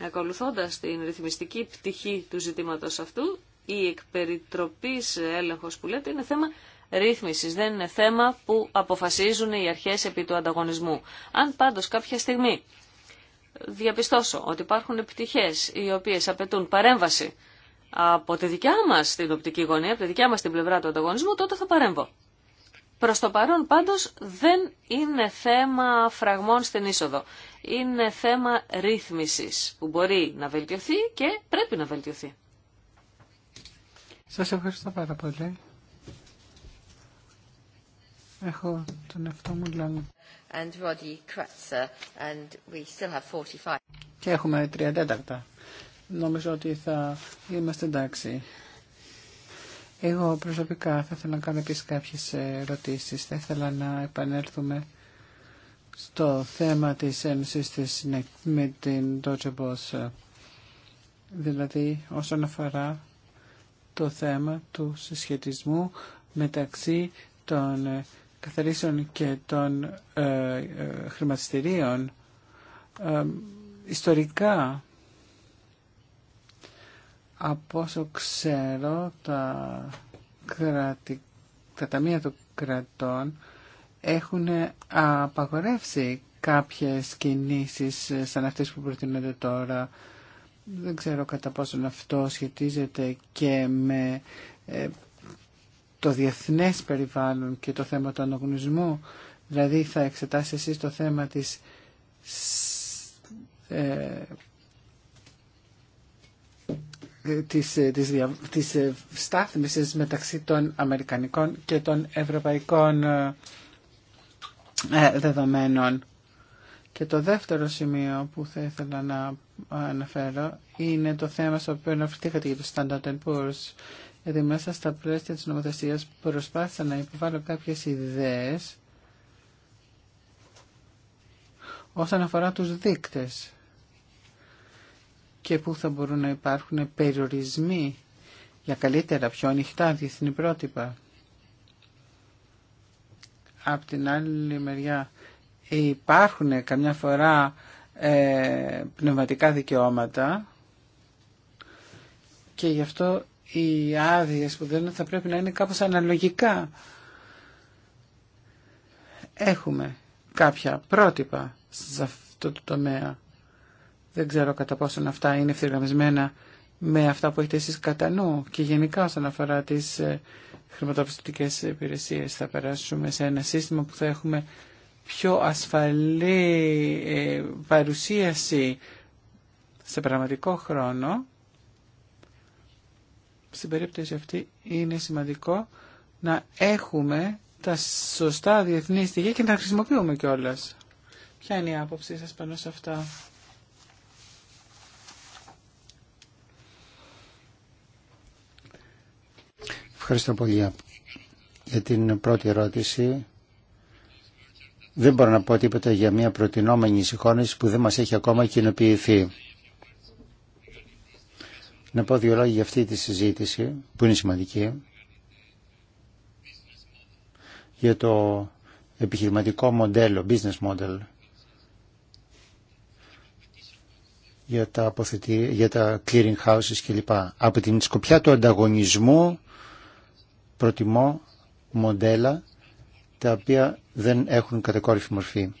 Ακολουθώντας την ρυθμιστική πτυχή του ζητήματος αυτού, η εκπεριτροπής έλεγχος που λέτε είναι θέμα ρύθμισης, δεν είναι θέμα που αποφασίζουν οι αρχές επί του ανταγωνισμού. Αν πάντως κάποια στιγμή διαπιστώσω ότι υπάρχουν επιτυχίες οι οποίες απαιτούν παρέμβαση από τη δικιά μας την οπτική γωνία, από τη δικιά μας την πλευρά του ανταγωνισμού, τότε θα παρέμβω. Προς το παρόν πάντως δεν είναι θέμα φραγμών στην είσοδο. Είναι θέμα ρύθμισης που μπορεί να βελτιωθεί και πρέπει να βελτιωθεί. Σας ευχαριστώ πάρα πολύ. Έχω τον εαυτό μου και έχουμε 34. Νομίζω ότι θα είμαστε εντάξει. Εγώ προσωπικά θα ήθελα να κάνω επίσης κάποιες ερωτήσεις. Θα ήθελα να επανέλθουμε στο θέμα της ένωσης της με την Deutsche Boss. Δηλαδή όσον αφορά το θέμα του συσχετισμού μεταξύ των καθαρίσεων και των ε, ε χρηματιστηρίων ε, ιστορικά από όσο ξέρω τα, κρατη, τα ταμεία των κρατών έχουν απαγορεύσει κάποιες κινήσεις ε, σαν αυτές που προτείνονται τώρα. Δεν ξέρω κατά πόσον αυτό σχετίζεται και με το διεθνές περιβάλλον και το θέμα του αναγνωρισμού, δηλαδή θα εξετάσει εσείς το θέμα της ε, της, ε, της ε, στάθμισης μεταξύ των Αμερικανικών και των Ευρωπαϊκών ε, δεδομένων. Και το δεύτερο σημείο που θα ήθελα να αναφέρω είναι το θέμα στο οποίο αναφερθήκατε για το Standard Poor's γιατί μέσα στα πλαίσια της νομοθεσίας προσπάθησα να υποβάλω κάποιες ιδέες όσον αφορά τους δείκτες και πού θα μπορούν να υπάρχουν περιορισμοί για καλύτερα, πιο ανοιχτά διεθνή πρότυπα. Απ' την άλλη μεριά υπάρχουν καμιά φορά ε, πνευματικά δικαιώματα και γι' αυτό οι άδειε που δεν θα πρέπει να είναι κάπως αναλογικά. Έχουμε κάποια πρότυπα σε αυτό το τομέα. Δεν ξέρω κατά πόσον αυτά είναι ευθυγραμμισμένα με αυτά που έχετε εσείς κατά νου και γενικά όσον αφορά τις ε, χρηματοπιστωτικές υπηρεσίες θα περάσουμε σε ένα σύστημα που θα έχουμε πιο ασφαλή ε, παρουσίαση σε πραγματικό χρόνο στην περίπτωση αυτή είναι σημαντικό να έχουμε τα σωστά διεθνή στοιχεία και να τα χρησιμοποιούμε κιόλα. Ποια είναι η άποψή σας πάνω σε αυτά. Ευχαριστώ πολύ για την πρώτη ερώτηση. Δεν μπορώ να πω τίποτα για μια προτινόμενη συγχώνευση που δεν μας έχει ακόμα κοινοποιηθεί να πω δύο λόγια για αυτή τη συζήτηση που είναι σημαντική για το επιχειρηματικό μοντέλο, business model για τα, αποθετή, για τα clearing houses κλπ. Από την σκοπιά του ανταγωνισμού προτιμώ μοντέλα τα οποία δεν έχουν κατακόρυφη μορφή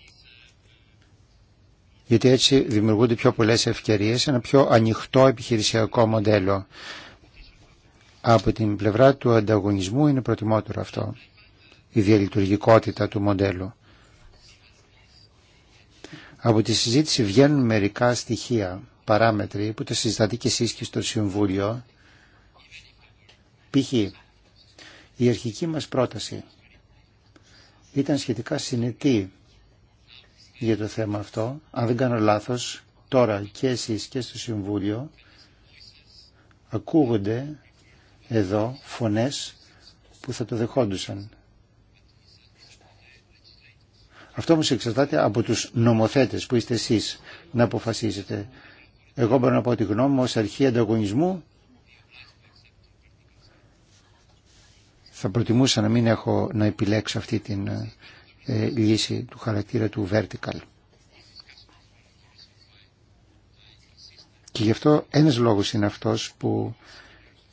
γιατί έτσι δημιουργούνται πιο πολλές ευκαιρίες ένα πιο ανοιχτό επιχειρησιακό μοντέλο. Από την πλευρά του ανταγωνισμού είναι προτιμότερο αυτό, η διαλειτουργικότητα του μοντέλου. Από τη συζήτηση βγαίνουν μερικά στοιχεία, παράμετροι που τα συζητάτε και εσείς και στο Συμβούλιο. Π.χ. η αρχική μας πρόταση ήταν σχετικά συνετή για το θέμα αυτό. Αν δεν κάνω λάθος, τώρα και εσείς και στο Συμβούλιο ακούγονται εδώ φωνές που θα το δεχόντουσαν. Αυτό όμως εξαρτάται από τους νομοθέτες που είστε εσείς να αποφασίσετε. Εγώ μπορώ να πω τη γνώμη μου ως αρχή ανταγωνισμού θα προτιμούσα να μην έχω να επιλέξω αυτή την ε, ε, λύση του χαρακτήρα του vertical. Και γι' αυτό ένας λόγος είναι αυτός που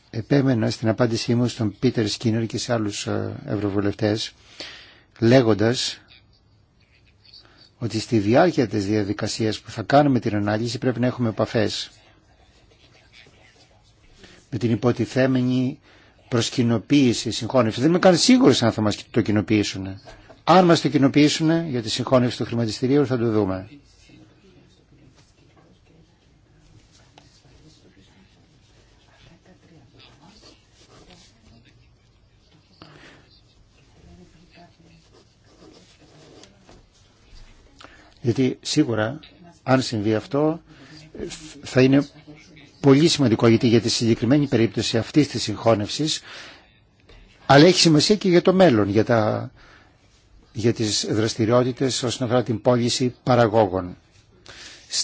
επέμενα στην απάντησή μου στον Πίτερ Σκίνερ και σε άλλους ε, ευρωβουλευτές λέγοντας ότι στη διάρκεια της διαδικασίας που θα κάνουμε την ανάλυση πρέπει να έχουμε επαφές με την υποτιθέμενη προσκοινοποίηση συγχώνευση. Δεν είμαι καν σίγουρος αν θα μας το κοινοποιήσουν. Αν μας το κοινοποιήσουν για τη συγχώνευση του χρηματιστηρίου θα το δούμε. Γιατί σίγουρα αν συμβεί αυτό θα είναι πολύ σημαντικό γιατί για τη συγκεκριμένη περίπτωση αυτής της συγχώνευσης αλλά έχει σημασία και για το μέλλον, για τα για τις δραστηριότητες όσον αφορά την πώληση παραγόγων.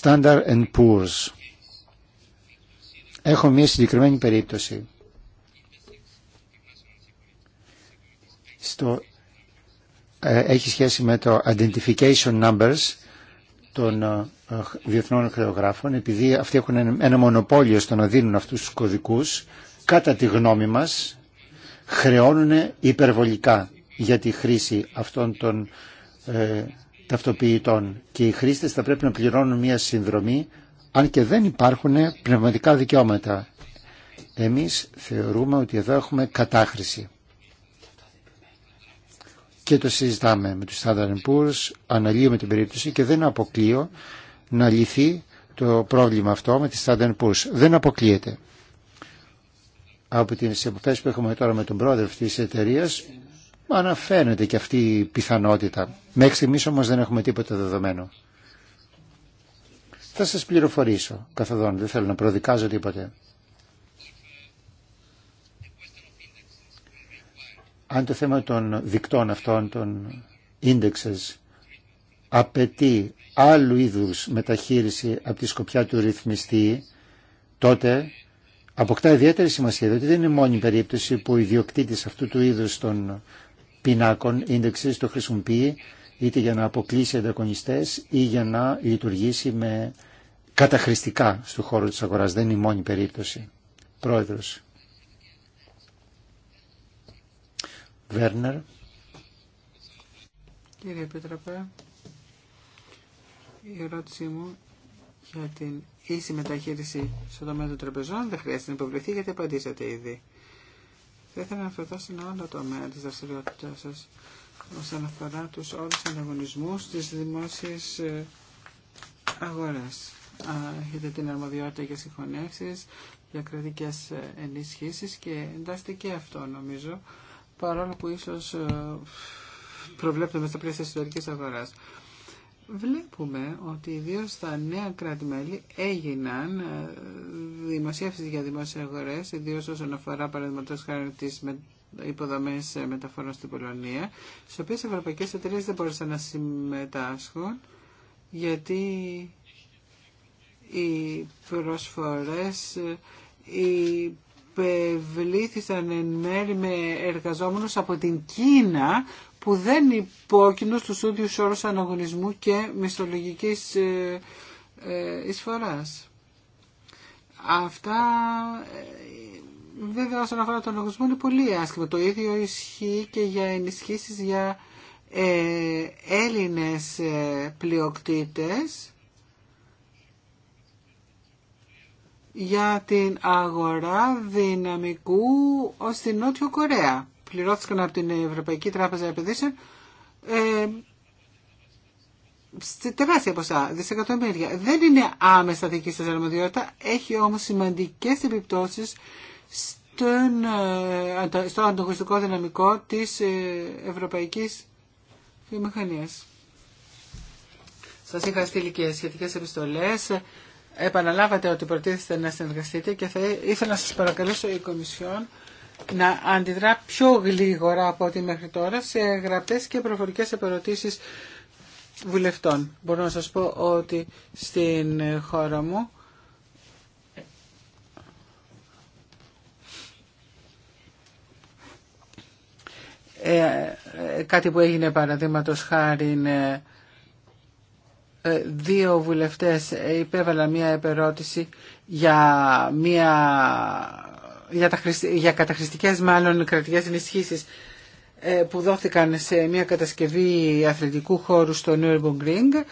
Standard and Poor's. Έχω μια συγκεκριμένη περίπτωση. Στο, ε, έχει σχέση με το identification numbers των ε, διεθνών χρεογράφων, επειδή αυτοί έχουν ένα, ένα μονοπόλιο στο να δίνουν αυτούς τους κωδικούς, κατά τη γνώμη μας, χρεώνουν υπερβολικά για τη χρήση αυτών των ε, ταυτοποιητών και οι χρήστες θα πρέπει να πληρώνουν μια συνδρομή αν και δεν υπάρχουν πνευματικά δικαιώματα. Εμείς θεωρούμε ότι εδώ έχουμε κατάχρηση. Και το συζητάμε με τους Standard Poor's, αναλύουμε την περίπτωση και δεν αποκλείω να λυθεί το πρόβλημα αυτό με τις Standard Poor's. Δεν αποκλείεται. Από τις επαφές που έχουμε τώρα με τον πρόεδρο αυτής της εταιρείας Μα αναφέρεται και αυτή η πιθανότητα. Μέχρι στιγμής όμως δεν έχουμε τίποτα δεδομένο. Θα σας πληροφορήσω καθοδόν, δεν θέλω να προδικάζω τίποτε. Αν το θέμα των δικτών αυτών, των indexes, απαιτεί άλλου είδους μεταχείριση από τη σκοπιά του ρυθμιστή, τότε αποκτά ιδιαίτερη σημασία, διότι δεν είναι μόνη περίπτωση που ο ιδιοκτήτης αυτού του είδους των πινάκων ίντεξης το χρησιμοποιεί είτε για να αποκλείσει ανταγωνιστές ή για να λειτουργήσει με καταχρηστικά στον χώρο της αγοράς. Δεν είναι η μόνη περίπτωση. Πρόεδρος. Βέρνερ. Κύριε Επίτροπε, η ερώτησή μου για την ίση μεταχείριση στον τομέα των τραπεζών δεν χρειάζεται να υποβληθεί γιατί απαντήσατε ήδη. Θα ήθελα να αναφερθώ ένα άλλο τομέα της δραστηριότητά σας όσον αφορά τους όλους τους ανταγωνισμούς της δημόσιας ε, αγοράς. Έχετε την αρμοδιότητα για συγχωνεύσεις, για κρατικές ε, ενισχύσεις και εντάξει και αυτό νομίζω, παρόλο που ίσως ε, προβλέπτουμε στα πλαίσια της ιστορικής αγοράς. Βλέπουμε ότι ιδίω στα νέα κράτη-μέλη έγιναν ε, δημοσίευσεις για δημόσιες αγορές, ιδίως όσον αφορά παραδείγματος χάρη τι υποδομέ ε, μεταφορών στην Πολωνία, στι οποίε οι ευρωπαϊκέ εταιρείε δεν μπορούσαν να συμμετάσχουν γιατί οι προσφορές ε, υπευλήθησαν εν μέρη με εργαζόμενους από την Κίνα που δεν υπόκεινουν στου ίδιου όρου αναγωνισμού και μισθολογικής ε, ε, εισφορά. Αυτά ε, βέβαια όσον αφορά τον λογισμό είναι πολύ άσχημα. Το ίδιο ισχύει και για ενισχύσει για ε, Έλληνες για την αγορά δυναμικού ως την Νότιο Κορέα πληρώθηκαν από την Ευρωπαϊκή Τράπεζα Επενδύσεων σε τεράστια ποσά, δισεκατομμύρια. Δεν είναι άμεσα δική σας αρμοδιότητα, έχει όμως σημαντικές επιπτώσεις στον, ε, στο ανταγωνιστικό δυναμικό της ε, ευρωπαϊκής Βιομηχανία. Σας είχα στείλει και σχετικές επιστολές. Επαναλάβατε ότι προτίθεστε να συνεργαστείτε και θα ήθελα να σας παρακαλέσω η Κομισιόν να αντιδρά πιο γλίγορα από ό,τι μέχρι τώρα σε γραπτές και προφορικές επερωτήσεις βουλευτών. Μπορώ να σας πω ότι στην χώρα μου ε, ε, κάτι που έγινε παραδείγματο χάρη ε, δύο βουλευτές υπέβαλα μία επερώτηση για μία για, τα για καταχρηστικές μάλλον κρατικές ενισχύσεις ε, που δόθηκαν σε μια κατασκευή αθλητικού χώρου στο Nürburgring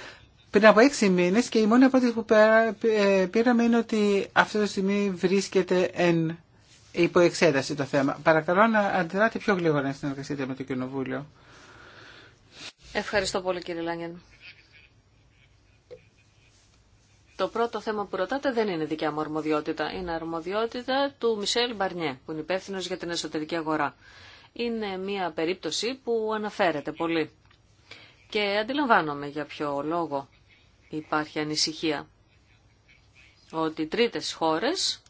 πριν από έξι μήνες και η μόνη απάντηση που ε, πήραμε είναι ότι αυτή τη στιγμή βρίσκεται εν υπό εξέταση το θέμα. Παρακαλώ να αντιδράτε πιο γλίγορα να συνεργαστείτε με το Κοινοβούλιο. Ευχαριστώ πολύ κύριε Λάγκεν. Το πρώτο θέμα που ρωτάτε δεν είναι δικιά μου αρμοδιότητα. Είναι αρμοδιότητα του Μισελ Μπαρνιέ, που είναι υπεύθυνο για την εσωτερική αγορά. Είναι μια περίπτωση που αναφέρεται πολύ. Και αντιλαμβάνομαι για ποιο λόγο υπάρχει ανησυχία. Ότι τρίτες χώρες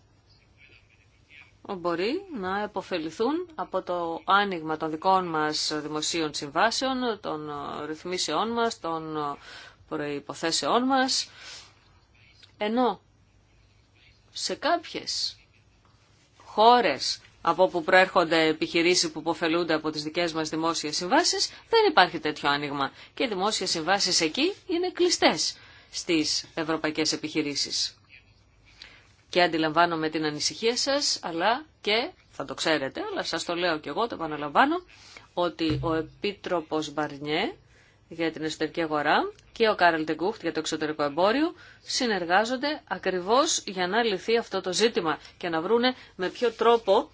μπορεί να επωφεληθούν από το άνοιγμα των δικών μας δημοσίων συμβάσεων, των ρυθμίσεών μας, των προϋποθέσεών μας ενώ σε κάποιες χώρες από όπου προέρχονται επιχειρήσεις που υποφελούνται από τις δικές μας δημόσιες συμβάσεις, δεν υπάρχει τέτοιο άνοιγμα. Και οι δημόσιες συμβάσεις εκεί είναι κλειστές στις ευρωπαϊκές επιχειρήσεις. Και αντιλαμβάνομαι την ανησυχία σας, αλλά και, θα το ξέρετε, αλλά σας το λέω και εγώ, το επαναλαμβάνω, ότι ο Επίτροπος Μπαρνιέ για την εσωτερική αγορά και ο Κάρελ Τεγκούχτ για το εξωτερικό εμπόριο συνεργάζονται ακριβώς για να λυθεί αυτό το ζήτημα και να βρούνε με ποιο τρόπο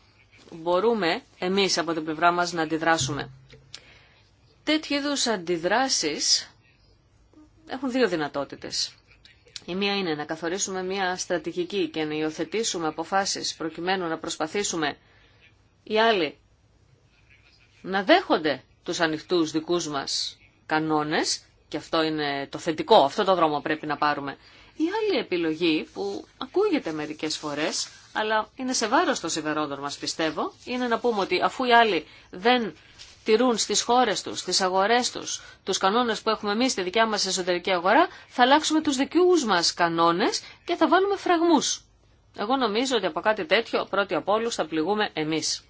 μπορούμε εμείς από την πλευρά μας να αντιδράσουμε. Τέτοιου είδου αντιδράσεις έχουν δύο δυνατότητες. Η μία είναι να καθορίσουμε μία στρατηγική και να υιοθετήσουμε αποφάσεις προκειμένου να προσπαθήσουμε οι άλλοι να δέχονται τους ανοιχτούς δικούς μας κανόνες και αυτό είναι το θετικό, αυτό το δρόμο πρέπει να πάρουμε. Η άλλη επιλογή που ακούγεται μερικές φορές, αλλά είναι σε βάρος των σιδερόντων μας πιστεύω, είναι να πούμε ότι αφού οι άλλοι δεν τηρούν στις χώρες τους, στις αγορές τους, τους κανόνες που έχουμε εμείς στη δικιά μας εσωτερική αγορά, θα αλλάξουμε τους δικιούς μας κανόνες και θα βάλουμε φραγμούς. Εγώ νομίζω ότι από κάτι τέτοιο πρώτοι από όλους θα πληγούμε εμείς.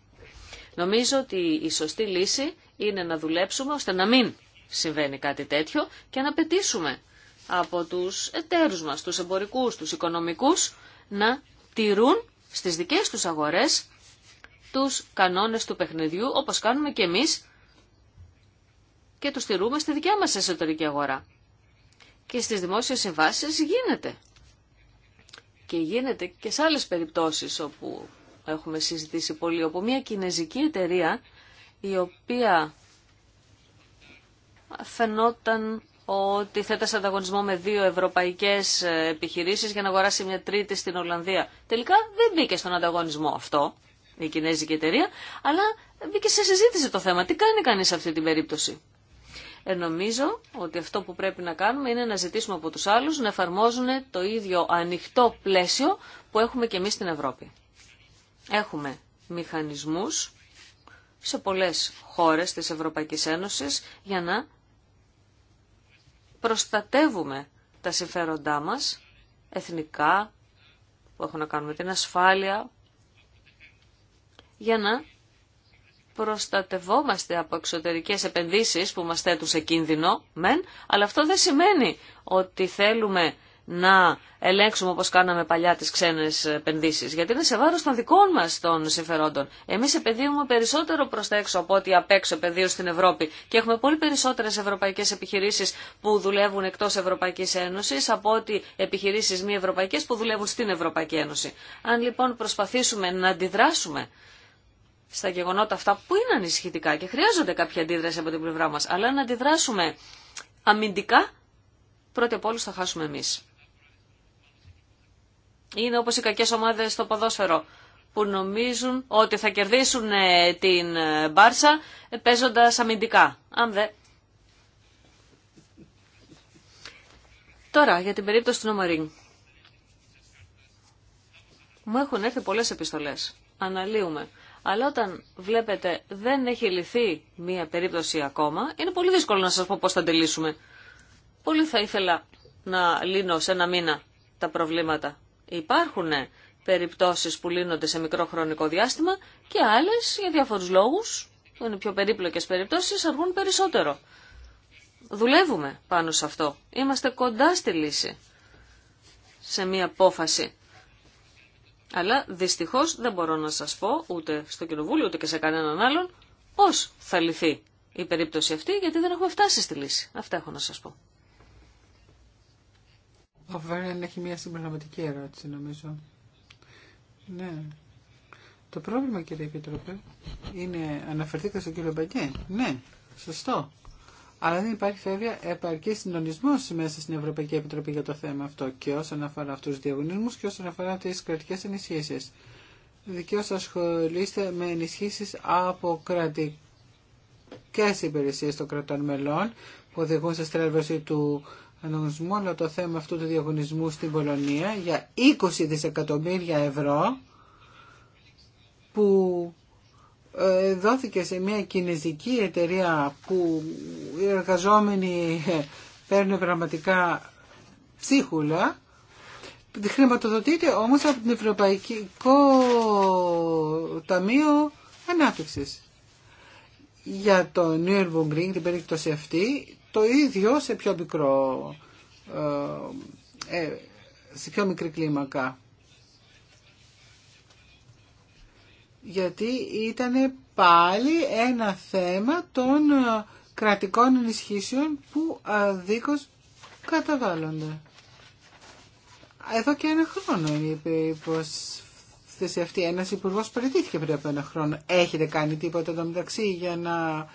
Νομίζω ότι η σωστή λύση είναι να δουλέψουμε ώστε να μην συμβαίνει κάτι τέτοιο και να από τους εταίρους μας, τους εμπορικούς, τους οικονομικούς, να τηρούν στις δικές τους αγορές τους κανόνες του παιχνιδιού, όπως κάνουμε και εμείς και τους τηρούμε στη δικιά μας εσωτερική αγορά. Και στις δημόσιες συμβάσεις γίνεται. Και γίνεται και σε άλλες περιπτώσεις όπου έχουμε συζητήσει πολύ, όπου μια κινέζικη εταιρεία η οποία φαινόταν ότι θέτασε σε ανταγωνισμό με δύο ευρωπαϊκές ε, επιχειρήσεις για να αγοράσει μια τρίτη στην Ολλανδία. Τελικά δεν μπήκε στον ανταγωνισμό αυτό η κινέζικη εταιρεία, αλλά μπήκε σε συζήτηση το θέμα. Τι κάνει κανείς σε αυτή την περίπτωση. Ε, νομίζω ότι αυτό που πρέπει να κάνουμε είναι να ζητήσουμε από τους άλλους να εφαρμόζουν το ίδιο ανοιχτό πλαίσιο που έχουμε και εμείς στην Ευρώπη. Έχουμε μηχανισμούς σε πολλές χώρες της Ευρωπαϊκής Ένωσης για να προστατεύουμε τα συμφέροντά μας, εθνικά, που έχουν να κάνουν με την ασφάλεια, για να προστατευόμαστε από εξωτερικές επενδύσεις που μας θέτουν σε κίνδυνο, μεν, αλλά αυτό δεν σημαίνει ότι θέλουμε να ελέγξουμε όπως κάναμε παλιά τις ξένες επενδύσει. γιατί είναι σε βάρος των δικών μας των συμφερόντων. Εμείς επενδύουμε περισσότερο προς τα έξω από ό,τι απ' έξω επενδύουν στην Ευρώπη και έχουμε πολύ περισσότερες ευρωπαϊκές επιχειρήσεις που δουλεύουν εκτός Ευρωπαϊκής Ένωσης από ό,τι επιχειρήσεις μη ευρωπαϊκές που δουλεύουν στην Ευρωπαϊκή Ένωση. Αν λοιπόν προσπαθήσουμε να αντιδράσουμε στα γεγονότα αυτά που είναι ανησυχητικά και χρειάζονται κάποια αντίδραση από την πλευρά μας, αλλά να αντιδράσουμε αμυντικά, πρώτα απ' όλους θα χάσουμε εμείς είναι όπως οι κακές ομάδες στο ποδόσφαιρο που νομίζουν ότι θα κερδίσουν ε, την ε, Μπάρσα ε, παίζοντας αμυντικά. Αν δεν. Τώρα για την περίπτωση του Νομαρίν. Μου έχουν έρθει πολλές επιστολές. Αναλύουμε. Αλλά όταν βλέπετε δεν έχει λυθεί μία περίπτωση ακόμα, είναι πολύ δύσκολο να σας πω πώς θα τελείσουμε. Πολύ θα ήθελα να λύνω σε ένα μήνα τα προβλήματα υπάρχουν περιπτώσεις που λύνονται σε μικρό χρονικό διάστημα και άλλες για διάφορους λόγους, που είναι πιο περίπλοκες περιπτώσεις, αργούν περισσότερο. Δουλεύουμε πάνω σε αυτό. Είμαστε κοντά στη λύση σε μία απόφαση. Αλλά δυστυχώς δεν μπορώ να σας πω ούτε στο Κοινοβούλιο ούτε και σε κανέναν άλλον πώς θα λυθεί η περίπτωση αυτή γιατί δεν έχουμε φτάσει στη λύση. Αυτά έχω να σας πω. Ο Βάρεν έχει μια συμπραγματική ερώτηση νομίζω. Ναι. Το πρόβλημα κύριε Επίτροπε είναι, αναφερθήκα στον κύριο Μπαγκέ. Ναι, σωστό. Αλλά δεν υπάρχει βέβαια επαρκή συντονισμό μέσα στην Ευρωπαϊκή Επιτροπή για το θέμα αυτό και όσον αφορά αυτού του διαγωνισμού και όσον αφορά τι κρατικέ ενισχύσει. Δικαίω ασχολείστε με ενισχύσει από κρατικέ υπηρεσίε των κρατών μελών που οδηγούν σε στρέβλωση του ανταγωνισμού, αλλά το θέμα αυτού του διαγωνισμού στην Πολωνία για 20 δισεκατομμύρια ευρώ που ε, δόθηκε σε μια κινέζικη εταιρεία που οι εργαζόμενοι ε, παίρνουν πραγματικά ψίχουλα χρηματοδοτείται όμως από την Ευρωπαϊκό Ταμείο Ανάπτυξης. Για το Nürburgring, την περίπτωση αυτή, το ίδιο σε πιο μικρό ε, ε, σε πιο μικρή κλίμακα. Γιατί ήταν πάλι ένα θέμα των ε, κρατικών ενισχύσεων που αδίκως καταβάλλονται. Εδώ και ένα χρόνο είπε πως υπόσχεση αυτή ένας υπουργός παραιτήθηκε πριν από ένα χρόνο. Έχετε κάνει τίποτα το μεταξύ για να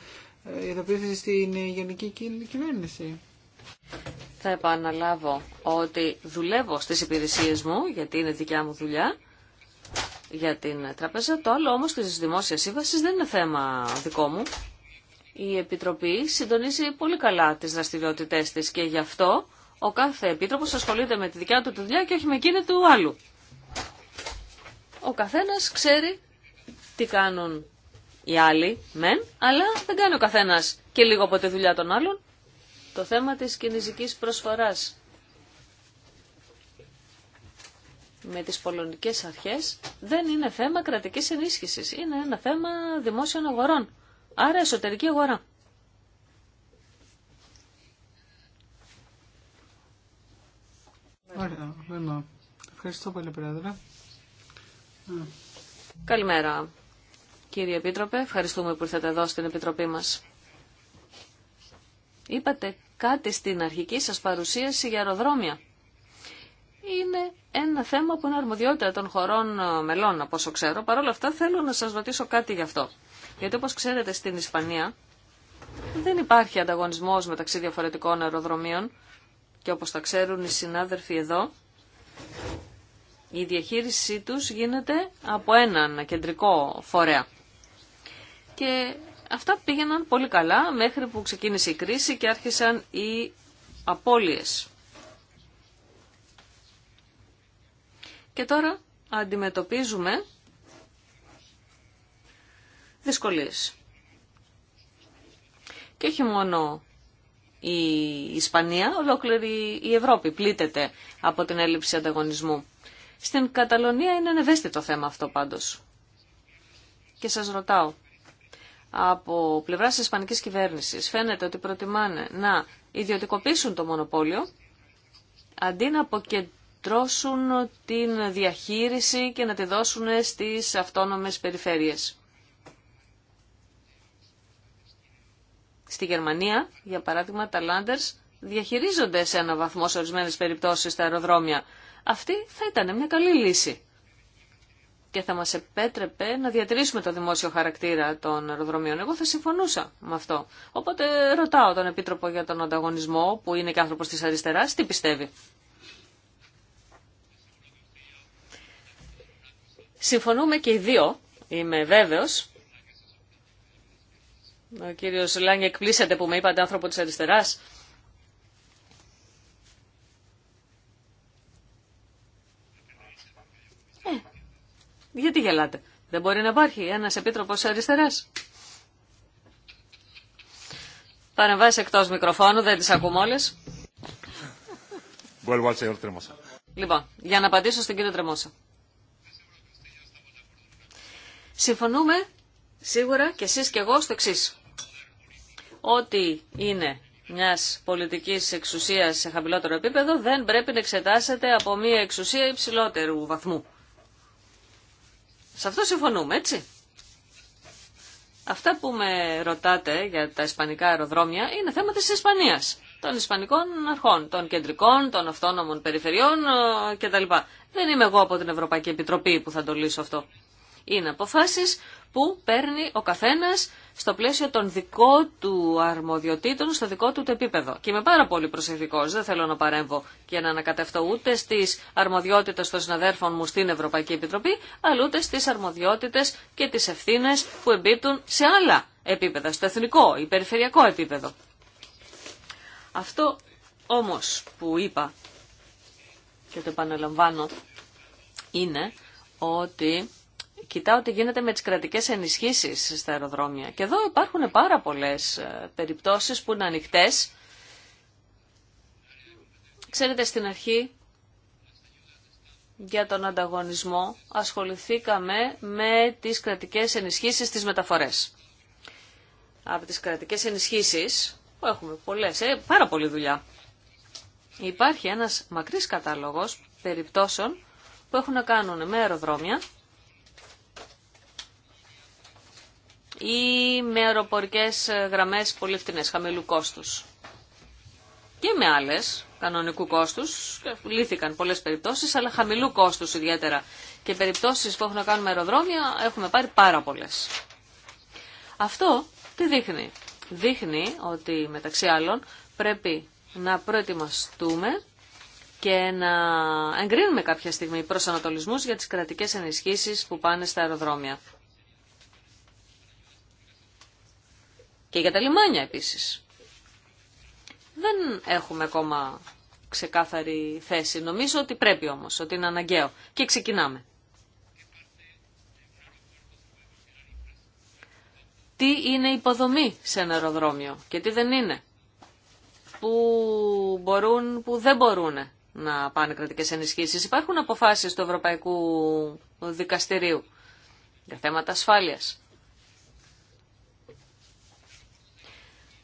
η ειδοποίηση στην γενική κυβέρνηση. Θα επαναλάβω ότι δουλεύω στις υπηρεσίες μου, γιατί είναι δικιά μου δουλειά, για την τραπέζα. Το άλλο όμως της δημόσιας σύμβασης δεν είναι θέμα δικό μου. Η Επιτροπή συντονίζει πολύ καλά τις δραστηριότητε της και γι' αυτό ο κάθε Επίτροπος ασχολείται με τη δικιά του δουλειά και όχι με εκείνη του άλλου. Ο καθένας ξέρει τι κάνουν οι άλλοι, μεν, αλλά δεν κάνει ο καθένας και λίγο από τη δουλειά των άλλων. Το θέμα της κινηζικής προσφοράς με τις πολωνικές αρχές δεν είναι θέμα κρατικής ενίσχυσης, είναι ένα θέμα δημόσιων αγορών, άρα εσωτερική αγορά. Καλημέρα, Κύριε Επίτροπε, ευχαριστούμε που ήρθατε εδώ στην Επιτροπή μας. Είπατε κάτι στην αρχική σας παρουσίαση για αεροδρόμια. Είναι ένα θέμα που είναι αρμοδιότητα των χωρών ε, μελών, από όσο ξέρω. Παρ' όλα αυτά θέλω να σας ρωτήσω κάτι γι' αυτό. Γιατί όπως ξέρετε στην Ισπανία δεν υπάρχει ανταγωνισμός μεταξύ διαφορετικών αεροδρομίων και όπως τα ξέρουν οι συνάδελφοι εδώ, η διαχείρισή τους γίνεται από έναν κεντρικό φορέα. Και αυτά πήγαιναν πολύ καλά μέχρι που ξεκίνησε η κρίση και άρχισαν οι απώλειες. Και τώρα αντιμετωπίζουμε δυσκολίες. Και όχι μόνο η Ισπανία, ολόκληρη η Ευρώπη πλήττεται από την έλλειψη ανταγωνισμού. Στην Καταλωνία είναι ευαίσθητο θέμα αυτό πάντως. Και σας ρωτάω, από πλευράς της Ισπανικής κυβέρνησης φαίνεται ότι προτιμάνε να ιδιωτικοποιήσουν το μονοπόλιο αντί να αποκεντρώσουν την διαχείριση και να τη δώσουν στις αυτόνομες περιφέρειες. Στη Γερμανία, για παράδειγμα, τα Λάντερς διαχειρίζονται σε ένα βαθμό σε ορισμένες περιπτώσεις τα αεροδρόμια. Αυτή θα ήταν μια καλή λύση και θα μας επέτρεπε να διατηρήσουμε το δημόσιο χαρακτήρα των αεροδρομίων. Εγώ θα συμφωνούσα με αυτό. Οπότε ρωτάω τον Επίτροπο για τον Ανταγωνισμό, που είναι και άνθρωπος της αριστεράς, τι πιστεύει. Συμφωνούμε και οι δύο, είμαι βέβαιος. Ο κύριος Λάγκ εκπλήσεται που με είπατε άνθρωπο της αριστεράς. Γιατί γελάτε. Δεν μπορεί να υπάρχει ένας επίτροπος αριστεράς. Παρεμβάσει εκτός μικροφώνου, δεν τις ακούμε όλες. Λοιπόν, για να απαντήσω στην κύριο Τρεμόσα. Συμφωνούμε σίγουρα και εσείς και εγώ στο εξή. Ό,τι είναι μιας πολιτικής εξουσίας σε χαμηλότερο επίπεδο δεν πρέπει να εξετάσετε από μια εξουσία υψηλότερου βαθμού. Σε αυτό συμφωνούμε, έτσι. Αυτά που με ρωτάτε για τα ισπανικά αεροδρόμια είναι θέμα της Ισπανίας, των ισπανικών αρχών, των κεντρικών, των αυτόνομων περιφερειών ε, κτλ. Δεν είμαι εγώ από την Ευρωπαϊκή Επιτροπή που θα το λύσω αυτό. Είναι αποφάσεις που παίρνει ο καθένας στο πλαίσιο των δικών του αρμοδιοτήτων, στο δικό του το επίπεδο. Και είμαι πάρα πολύ προσεκτικό, δεν θέλω να παρέμβω και να ανακατευτώ ούτε στις αρμοδιότητες των συναδέρφων μου στην Ευρωπαϊκή Επιτροπή, αλλά ούτε στις αρμοδιότητες και τις ευθύνε που εμπίπτουν σε άλλα επίπεδα, στο εθνικό ή περιφερειακό επίπεδο. Αυτό όμω που είπα και το επαναλαμβάνω είναι ότι κοιτάω τι γίνεται με τις κρατικές ενισχύσεις στα αεροδρόμια. Και εδώ υπάρχουν πάρα πολλές ε, περιπτώσεις που είναι ανοιχτέ. Ξέρετε, στην αρχή για τον ανταγωνισμό ασχοληθήκαμε με τις κρατικές ενισχύσεις στις μεταφορές. Από τις κρατικές ενισχύσεις, που έχουμε πολλές, ε, πάρα πολλή δουλειά, υπάρχει ένας μακρύς κατάλογος περιπτώσεων που έχουν να κάνουν με αεροδρόμια ή με αεροπορικές γραμμές πολύ φτηνές, χαμηλού κόστους. Και με άλλες κανονικού κόστους, λύθηκαν πολλές περιπτώσεις, αλλά χαμηλού κόστους ιδιαίτερα. Και περιπτώσεις που έχουν να κάνουν με αεροδρόμια έχουμε πάρει πάρα πολλές. Αυτό τι δείχνει. Δείχνει ότι μεταξύ άλλων πρέπει να προετοιμαστούμε και να εγκρίνουμε κάποια στιγμή προσανατολισμούς για τις κρατικές ενισχύσεις που πάνε στα αεροδρόμια. Και για τα λιμάνια επίσης. Δεν έχουμε ακόμα ξεκάθαρη θέση. Νομίζω ότι πρέπει όμως, ότι είναι αναγκαίο. Και ξεκινάμε. Τι είναι υποδομή σε ένα αεροδρόμιο και τι δεν είναι. Που μπορούν, που δεν μπορούν να πάνε κρατικές ενισχύσεις. Υπάρχουν αποφάσεις του Ευρωπαϊκού Δικαστηρίου για θέματα ασφάλειας.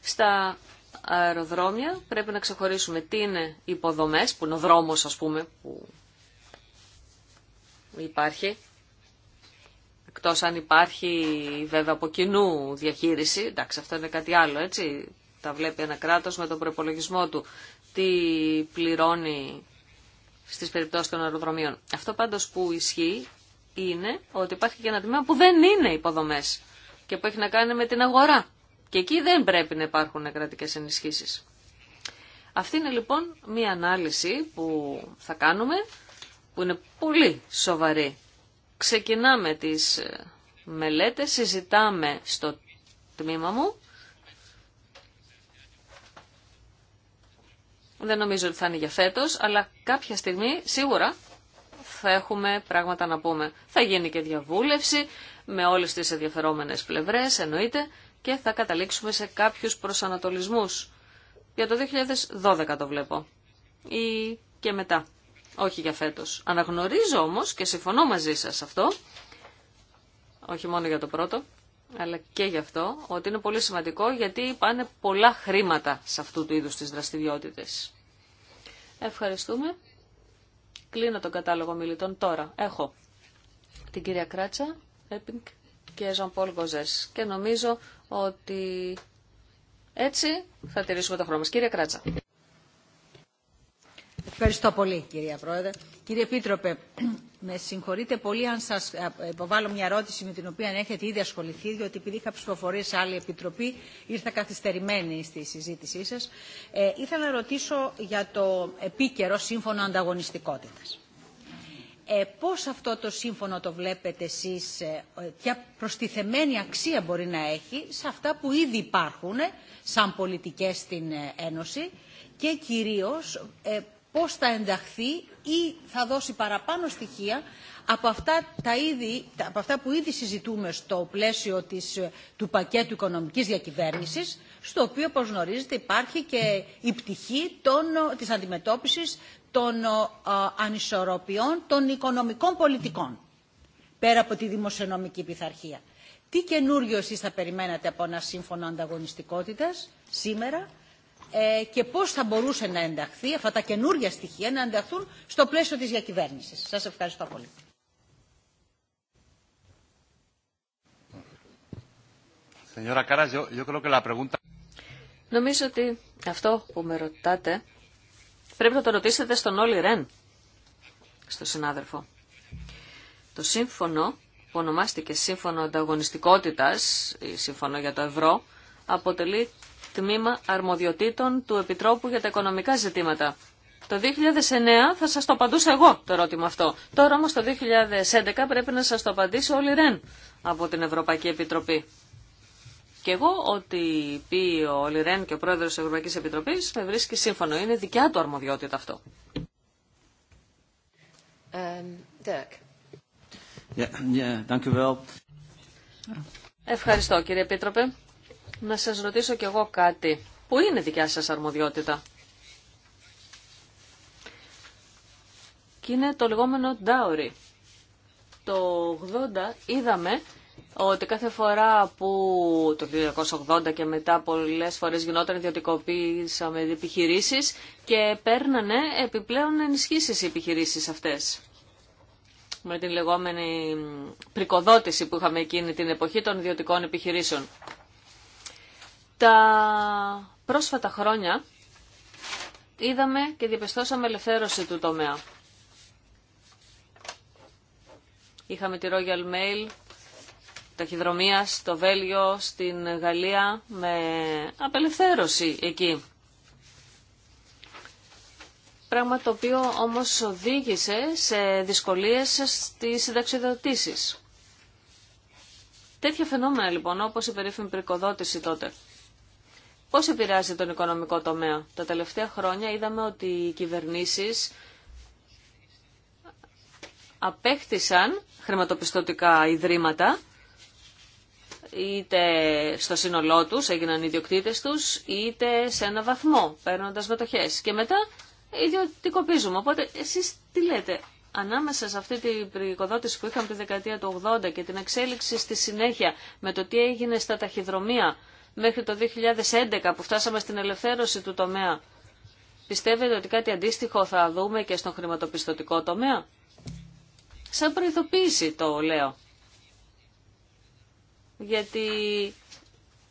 Στα αεροδρόμια πρέπει να ξεχωρίσουμε τι είναι υποδομές, που είναι ο δρόμος ας πούμε που υπάρχει. Εκτός αν υπάρχει βέβαια από κοινού διαχείριση, εντάξει αυτό είναι κάτι άλλο έτσι, τα βλέπει ένα κράτος με τον προπολογισμό του, τι πληρώνει στις περιπτώσεις των αεροδρομίων. Αυτό πάντως που ισχύει είναι ότι υπάρχει και ένα τμήμα που δεν είναι υποδομές και που έχει να κάνει με την αγορά. Και εκεί δεν πρέπει να υπάρχουν κρατικές ενισχύσεις. Αυτή είναι λοιπόν μία ανάλυση που θα κάνουμε, που είναι πολύ σοβαρή. Ξεκινάμε τις ε, μελέτες, συζητάμε στο τμήμα μου. Δεν νομίζω ότι θα είναι για φέτος, αλλά κάποια στιγμή σίγουρα θα έχουμε πράγματα να πούμε. Θα γίνει και διαβούλευση με όλες τις ενδιαφερόμενες πλευρές, εννοείται, και θα καταλήξουμε σε κάποιους προσανατολισμούς. Για το 2012 το βλέπω ή και μετά, όχι για φέτος. Αναγνωρίζω όμως και συμφωνώ μαζί σας αυτό, όχι μόνο για το πρώτο, αλλά και γι' αυτό, ότι είναι πολύ σημαντικό γιατί πάνε πολλά χρήματα σε αυτού του είδους τις δραστηριότητες. Ευχαριστούμε. Κλείνω τον κατάλογο μιλητών τώρα. Έχω την κυρία Κράτσα, και Ζαν Πολ Και νομίζω ότι έτσι θα τηρήσουμε το χρόνο μας. Κύριε Κράτσα. Ευχαριστώ πολύ κυρία Πρόεδρε. Κύριε Επίτροπε, με συγχωρείτε πολύ αν σας ε, υποβάλω μια ερώτηση με την οποία έχετε ήδη ασχοληθεί, διότι επειδή είχα ψηφοφορίε σε άλλη επιτροπή, ήρθα καθυστερημένη στη συζήτησή σας. Ε, ήθελα να ρωτήσω για το επίκαιρο σύμφωνο ανταγωνιστικότητας. Ε, πώς αυτό το σύμφωνο το βλέπετε εσείς, ε, ποια προστιθεμένη αξία μπορεί να έχει σε αυτά που ήδη υπάρχουν ε, σαν πολιτικές στην ε, Ένωση και κυρίως ε, πώς θα ενταχθεί ή θα δώσει παραπάνω στοιχεία από αυτά, τα ήδη, από αυτά που ήδη συζητούμε στο πλαίσιο της, του πακέτου οικονομικής διακυβέρνησης, στο οποίο, όπως γνωρίζετε, υπάρχει και η πτυχή των, της αντιμετώπισης των ε, ανισορροπιών των οικονομικών πολιτικών, πέρα από τη δημοσιονομική πειθαρχία. Τι καινούριο εσείς θα περιμένατε από ένα σύμφωνο ανταγωνιστικότητας σήμερα ε, και πώς θα μπορούσε να ενταχθεί αυτά τα καινούργια στοιχεία να ενταχθούν στο πλαίσιο της διακυβέρνησης. Σας ευχαριστώ πολύ. Νομίζω ότι αυτό που με ρωτάτε Πρέπει να το ρωτήσετε στον Όλυ Ρεν, στο συνάδελφο. Το σύμφωνο που ονομάστηκε Σύμφωνο Ανταγωνιστικότητας, ή Σύμφωνο για το Ευρώ, αποτελεί τμήμα αρμοδιοτήτων του Επιτρόπου για τα οικονομικά ζητήματα. Το 2009 θα σας το απαντούσα εγώ το ερώτημα αυτό. Τώρα όμως το 2011 πρέπει να σας το απαντήσει όλοι Ρεν από την Ευρωπαϊκή Επιτροπή. Και εγώ ό,τι πει ο Λιρέν και ο πρόεδρος της Ευρωπαϊκής Επιτροπής με βρίσκει σύμφωνο. Είναι δικιά του αρμοδιότητα αυτό. Ευχαριστώ κύριε Επίτροπε. Να σας ρωτήσω κι εγώ κάτι. Πού είναι δικιά σας αρμοδιότητα. Και είναι το λεγόμενο Dowry. Το 80 είδαμε ότι κάθε φορά που το 1980 και μετά πολλές φορές γινόταν ιδιωτικοποίησαμε με επιχειρήσει και παίρνανε επιπλέον ενισχύσεις οι επιχειρήσεις αυτές. Με την λεγόμενη πρικοδότηση που είχαμε εκείνη την εποχή των ιδιωτικών επιχειρήσεων. Τα πρόσφατα χρόνια είδαμε και διαπιστώσαμε ελευθέρωση του τομέα. Είχαμε τη Royal Mail ταχυδρομεία στο Βέλγιο, στην Γαλλία με απελευθέρωση εκεί. Πράγμα το οποίο όμως οδήγησε σε δυσκολίες στις συνταξιδοτήσεις. Τέτοια φαινόμενα λοιπόν όπως η περίφημη πρικοδότηση τότε. Πώς επηρεάζει τον οικονομικό τομέα. Τα τελευταία χρόνια είδαμε ότι οι κυβερνήσεις απέκτησαν χρηματοπιστωτικά ιδρύματα είτε στο σύνολό του έγιναν ιδιοκτήτε τους, είτε σε ένα βαθμό, παίρνοντα μετοχέ. Και μετά ιδιωτικοποιούμε. Οπότε εσείς τι λέτε, ανάμεσα σε αυτή την πυρηνικοδότηση που είχαμε τη δεκαετία του 80 και την εξέλιξη στη συνέχεια με το τι έγινε στα ταχυδρομεία μέχρι το 2011 που φτάσαμε στην ελευθέρωση του τομέα, πιστεύετε ότι κάτι αντίστοιχο θα δούμε και στον χρηματοπιστωτικό τομέα. Σαν προειδοποίηση το λέω γιατί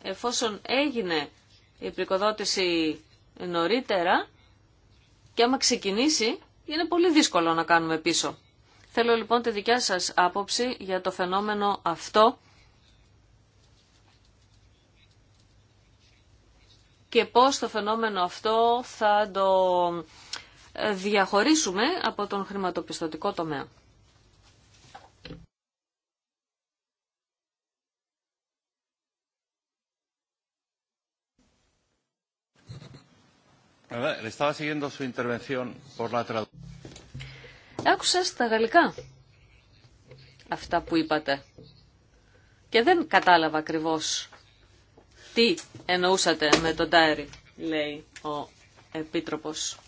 εφόσον έγινε η πρικοδότηση νωρίτερα και άμα ξεκινήσει είναι πολύ δύσκολο να κάνουμε πίσω. Θέλω λοιπόν τη δικιά σας άποψη για το φαινόμενο αυτό και πώς το φαινόμενο αυτό θα το διαχωρίσουμε από τον χρηματοπιστωτικό τομέα. Άκουσα στα γαλλικά αυτά που είπατε και δεν κατάλαβα ακριβώς τι εννοούσατε με τον Τάιρι, λέει ο Επίτροπος.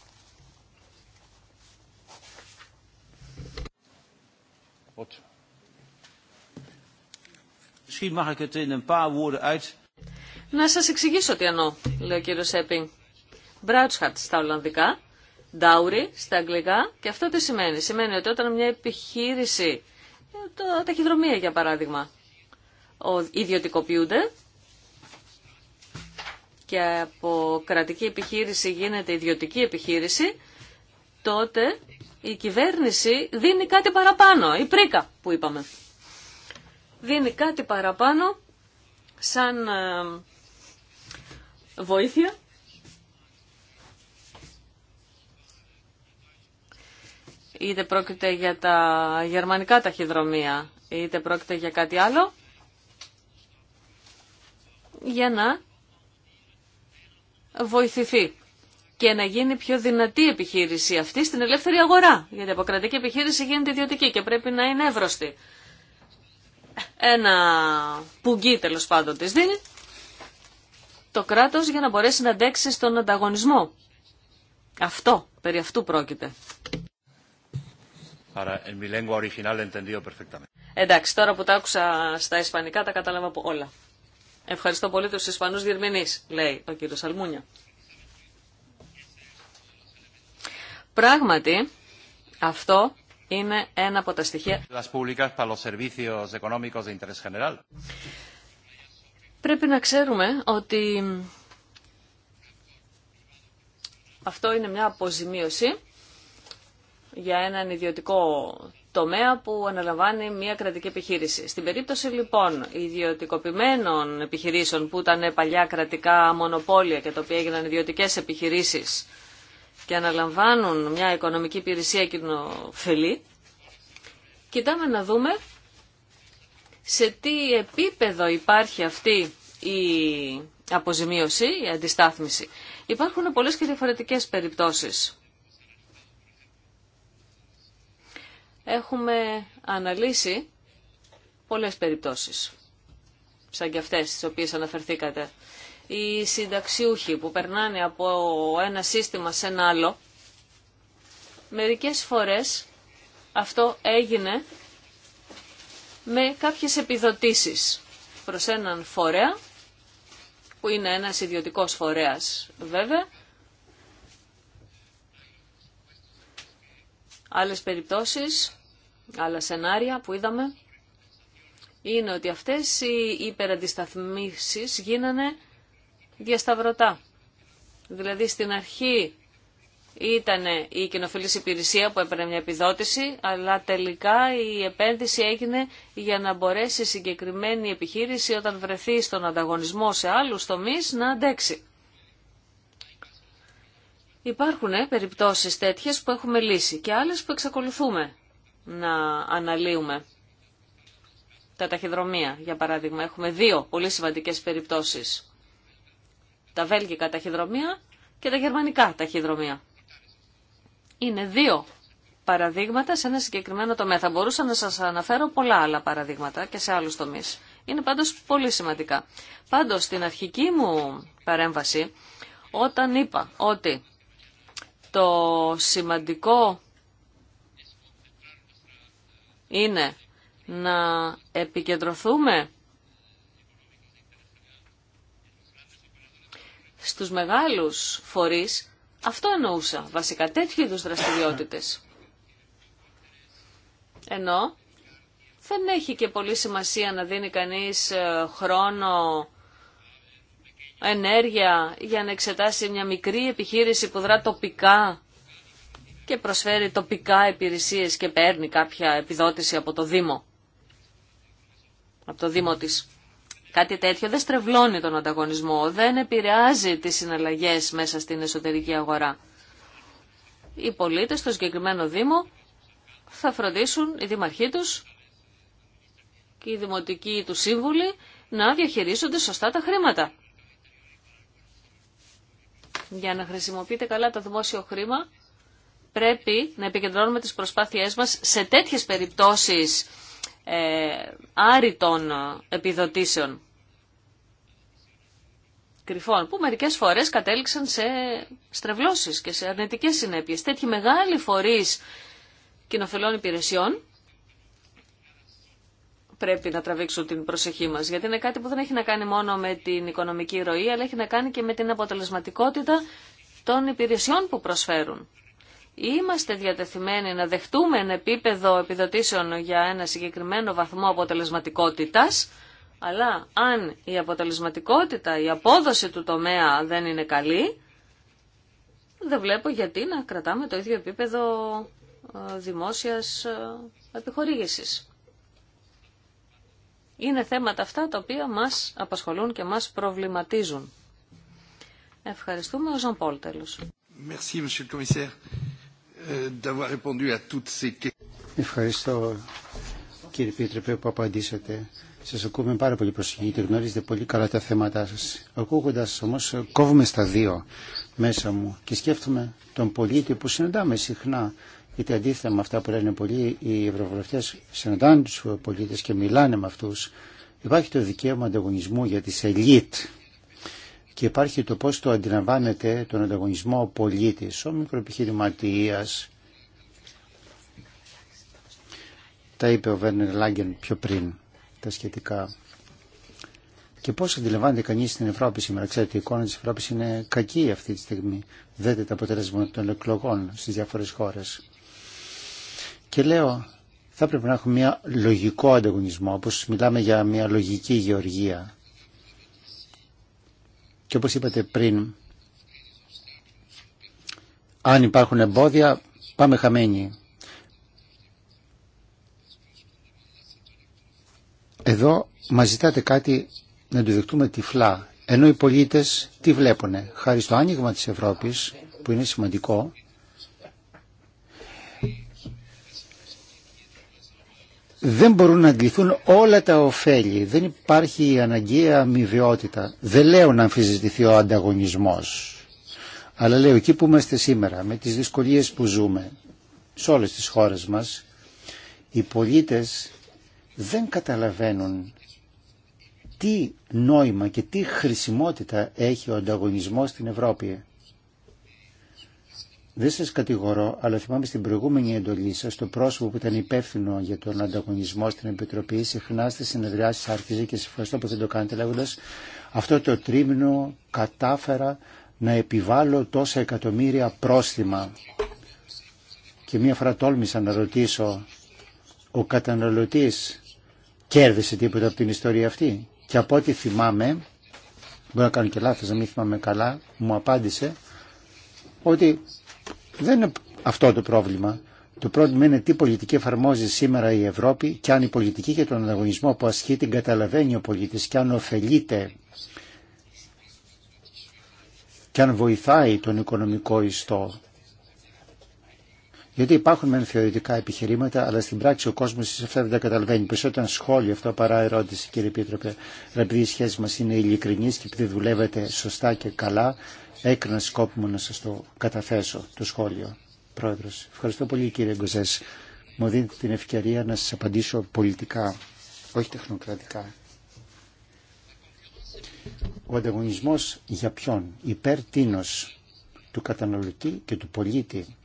Να σας εξηγήσω τι εννοώ, λέει ο κύριος Έπινγκ. Μπράτσχαρτ στα Ολλανδικά, Ντάουρι στα Αγγλικά και αυτό τι σημαίνει. Σημαίνει ότι όταν μια επιχείρηση, το ταχυδρομεία για παράδειγμα, ιδιωτικοποιούνται και από κρατική επιχείρηση γίνεται ιδιωτική επιχείρηση, τότε η κυβέρνηση δίνει κάτι παραπάνω, η πρίκα που είπαμε. Δίνει κάτι παραπάνω σαν ε, βοήθεια είτε πρόκειται για τα γερμανικά ταχυδρομεία, είτε πρόκειται για κάτι άλλο, για να βοηθηθεί και να γίνει πιο δυνατή επιχείρηση αυτή στην ελεύθερη αγορά. Γιατί από κρατική επιχείρηση γίνεται ιδιωτική και πρέπει να είναι εύρωστη. Ένα πουγγί τέλο πάντων της δίνει το κράτος για να μπορέσει να αντέξει στον ανταγωνισμό. Αυτό, περί αυτού πρόκειται. Εντάξει, τώρα που τα άκουσα στα ισπανικά τα κατάλαβα από όλα. Ευχαριστώ πολύ τους Ισπανούς διερμηνείς, λέει ο κύριος Αλμούνια. Πράγματι, αυτό είναι ένα από τα στοιχεία... Πρέπει να ξέρουμε ότι αυτό είναι μια αποζημίωση για έναν ιδιωτικό τομέα που αναλαμβάνει μια κρατική επιχείρηση. Στην περίπτωση λοιπόν ιδιωτικοποιημένων επιχειρήσεων που ήταν παλιά κρατικά μονοπόλια και τα οποία έγιναν ιδιωτικές επιχειρήσεις και αναλαμβάνουν μια οικονομική υπηρεσία κοινοφελή, κοιτάμε να δούμε σε τι επίπεδο υπάρχει αυτή η αποζημίωση, η αντιστάθμιση. Υπάρχουν πολλές και διαφορετικές περιπτώσεις. έχουμε αναλύσει πολλές περιπτώσεις, σαν και αυτές τις οποίες αναφερθήκατε. Οι συνταξιούχοι που περνάνε από ένα σύστημα σε ένα άλλο, μερικές φορές αυτό έγινε με κάποιες επιδοτήσεις προς έναν φορέα, που είναι ένας ιδιωτικός φορέας βέβαια, Άλλες περιπτώσεις, άλλα σενάρια που είδαμε, είναι ότι αυτές οι υπεραντισταθμίσεις γίνανε διασταυρωτά. Δηλαδή στην αρχή ήταν η κοινοφιλής υπηρεσία που έπαιρνε μια επιδότηση, αλλά τελικά η επένδυση έγινε για να μπορέσει η συγκεκριμένη επιχείρηση όταν βρεθεί στον ανταγωνισμό σε άλλους τομείς να αντέξει. Υπάρχουν ε, περιπτώσεις τέτοιες που έχουμε λύσει και άλλες που εξακολουθούμε να αναλύουμε. Τα ταχυδρομεία, για παράδειγμα, έχουμε δύο πολύ σημαντικές περιπτώσεις. Τα βέλγικα ταχυδρομεία και τα γερμανικά ταχυδρομεία. Είναι δύο παραδείγματα σε ένα συγκεκριμένο τομέα. Θα μπορούσα να σας αναφέρω πολλά άλλα παραδείγματα και σε άλλους τομείς. Είναι πάντως πολύ σημαντικά. Πάντως, στην αρχική μου παρέμβαση, όταν είπα ότι το σημαντικό είναι να επικεντρωθούμε στους μεγάλους φορείς. Αυτό εννοούσα, βασικά τέτοιου είδους δραστηριότητες. Ενώ δεν έχει και πολύ σημασία να δίνει κανείς ε, χρόνο ενέργεια για να εξετάσει μια μικρή επιχείρηση που δρά τοπικά και προσφέρει τοπικά υπηρεσίες και παίρνει κάποια επιδότηση από το Δήμο. Από το Δήμο της. Κάτι τέτοιο δεν στρεβλώνει τον ανταγωνισμό, δεν επηρεάζει τις συναλλαγές μέσα στην εσωτερική αγορά. Οι πολίτες στο συγκεκριμένο Δήμο θα φροντίσουν οι δήμαρχοί τους και οι δημοτικοί του σύμβουλοι να διαχειρίζονται σωστά τα χρήματα. Για να χρησιμοποιείτε καλά το δημόσιο χρήμα, πρέπει να επικεντρώνουμε τις προσπάθειές μας σε τέτοιες περιπτώσεις ε, άρρητων ε, επιδοτήσεων. Κρυφών, που μερικές φορές κατέληξαν σε στρεβλώσεις και σε αρνητικές συνέπειες. Τέτοιοι μεγάλοι φορείς κοινοφελών υπηρεσιών πρέπει να τραβήξουν την προσοχή μας, γιατί είναι κάτι που δεν έχει να κάνει μόνο με την οικονομική ροή, αλλά έχει να κάνει και με την αποτελεσματικότητα των υπηρεσιών που προσφέρουν. Είμαστε διατεθειμένοι να δεχτούμε ένα επίπεδο επιδοτήσεων για ένα συγκεκριμένο βαθμό αποτελεσματικότητας, αλλά αν η αποτελεσματικότητα, η απόδοση του τομέα δεν είναι καλή, δεν βλέπω γιατί να κρατάμε το ίδιο επίπεδο ε, δημόσιας ε, επιχορήγησης. Είναι θέματα αυτά τα οποία μας απασχολούν και μας προβληματίζουν. Ευχαριστούμε ο Ζαν Πολ Ευχαριστώ κύριε Πίτρεπε που απαντήσατε. Σας ακούμε πάρα πολύ προσοχή και γνωρίζετε πολύ καλά τα θέματα σας. Ακούγοντας όμως κόβουμε στα δύο μέσα μου και σκέφτομαι τον πολίτη που συναντάμε συχνά γιατί αντίθετα με αυτά που λένε πολλοί οι ευρωβουλευτέ συναντάνε του πολίτε και μιλάνε με αυτού, υπάρχει το δικαίωμα ανταγωνισμού για τις ελίτ και υπάρχει το πώ το αντιλαμβάνεται τον ανταγωνισμό ο πολίτη, ο μικροεπιχειρηματία. Τα είπε ο Βέρνερ Λάγκεν πιο πριν τα σχετικά. Και πώ αντιλαμβάνεται κανεί την Ευρώπη σήμερα. Ξέρετε, η εικόνα της Ευρώπης είναι κακή αυτή τη στιγμή. Δέτε τα αποτελέσματα των εκλογών στι διάφορε χώρε. Και λέω, θα πρέπει να έχουμε μια λογικό ανταγωνισμό, όπως μιλάμε για μια λογική γεωργία. Και όπως είπατε πριν, αν υπάρχουν εμπόδια, πάμε χαμένοι. Εδώ μας ζητάτε κάτι να το δεχτούμε τυφλά, ενώ οι πολίτες τι βλέπουνε. Χάρη στο άνοιγμα της Ευρώπης, που είναι σημαντικό, δεν μπορούν να αντιληφθούν όλα τα ωφέλη. Δεν υπάρχει αναγκαία αμοιβαιότητα. Δεν λέω να αμφισβητηθεί ο ανταγωνισμός. Αλλά λέω εκεί που είμαστε σήμερα, με τις δυσκολίες που ζούμε, σε όλες τις χώρες μας, οι πολίτες δεν καταλαβαίνουν τι νόημα και τι χρησιμότητα έχει ο ανταγωνισμός στην Ευρώπη. Δεν σα κατηγορώ, αλλά θυμάμαι στην προηγούμενη εντολή σα, το πρόσωπο που ήταν υπεύθυνο για τον ανταγωνισμό στην Επιτροπή, συχνά στι συνεδριάσει άρχιζε και σε ευχαριστώ που δεν το κάνετε λέγοντα, αυτό το τρίμηνο κατάφερα να επιβάλλω τόσα εκατομμύρια πρόστιμα. Και μία φορά τόλμησα να ρωτήσω, ο καταναλωτής κέρδισε τίποτα από την ιστορία αυτή. Και από ό,τι θυμάμαι, μπορεί να κάνω και λάθος, να μην θυμάμαι καλά, μου απάντησε ότι δεν είναι αυτό το πρόβλημα. Το πρόβλημα είναι τι πολιτική εφαρμόζει σήμερα η Ευρώπη και αν η πολιτική για τον ανταγωνισμό που ασχεί την καταλαβαίνει ο πολίτης και αν ωφελείται και αν βοηθάει τον οικονομικό ιστό. Γιατί υπάρχουν μεν θεωρητικά επιχειρήματα, αλλά στην πράξη ο κόσμο σε αυτά δεν τα καταλαβαίνει. Περισσότερο σχόλιο αυτό παρά ερώτηση, κύριε Επίτροπε. Επειδή η σχέση μα είναι ειλικρινή και επειδή δουλεύετε σωστά και καλά, έκρινα σκόπιμο να σας το καταθέσω το σχόλιο. Πρόεδρος, ευχαριστώ πολύ κύριε Γκοζές. Μου δίνετε την ευκαιρία να σας απαντήσω πολιτικά, όχι τεχνοκρατικά. Ο ανταγωνισμός για ποιον, υπέρ τίνος του καταναλωτή και του πολίτη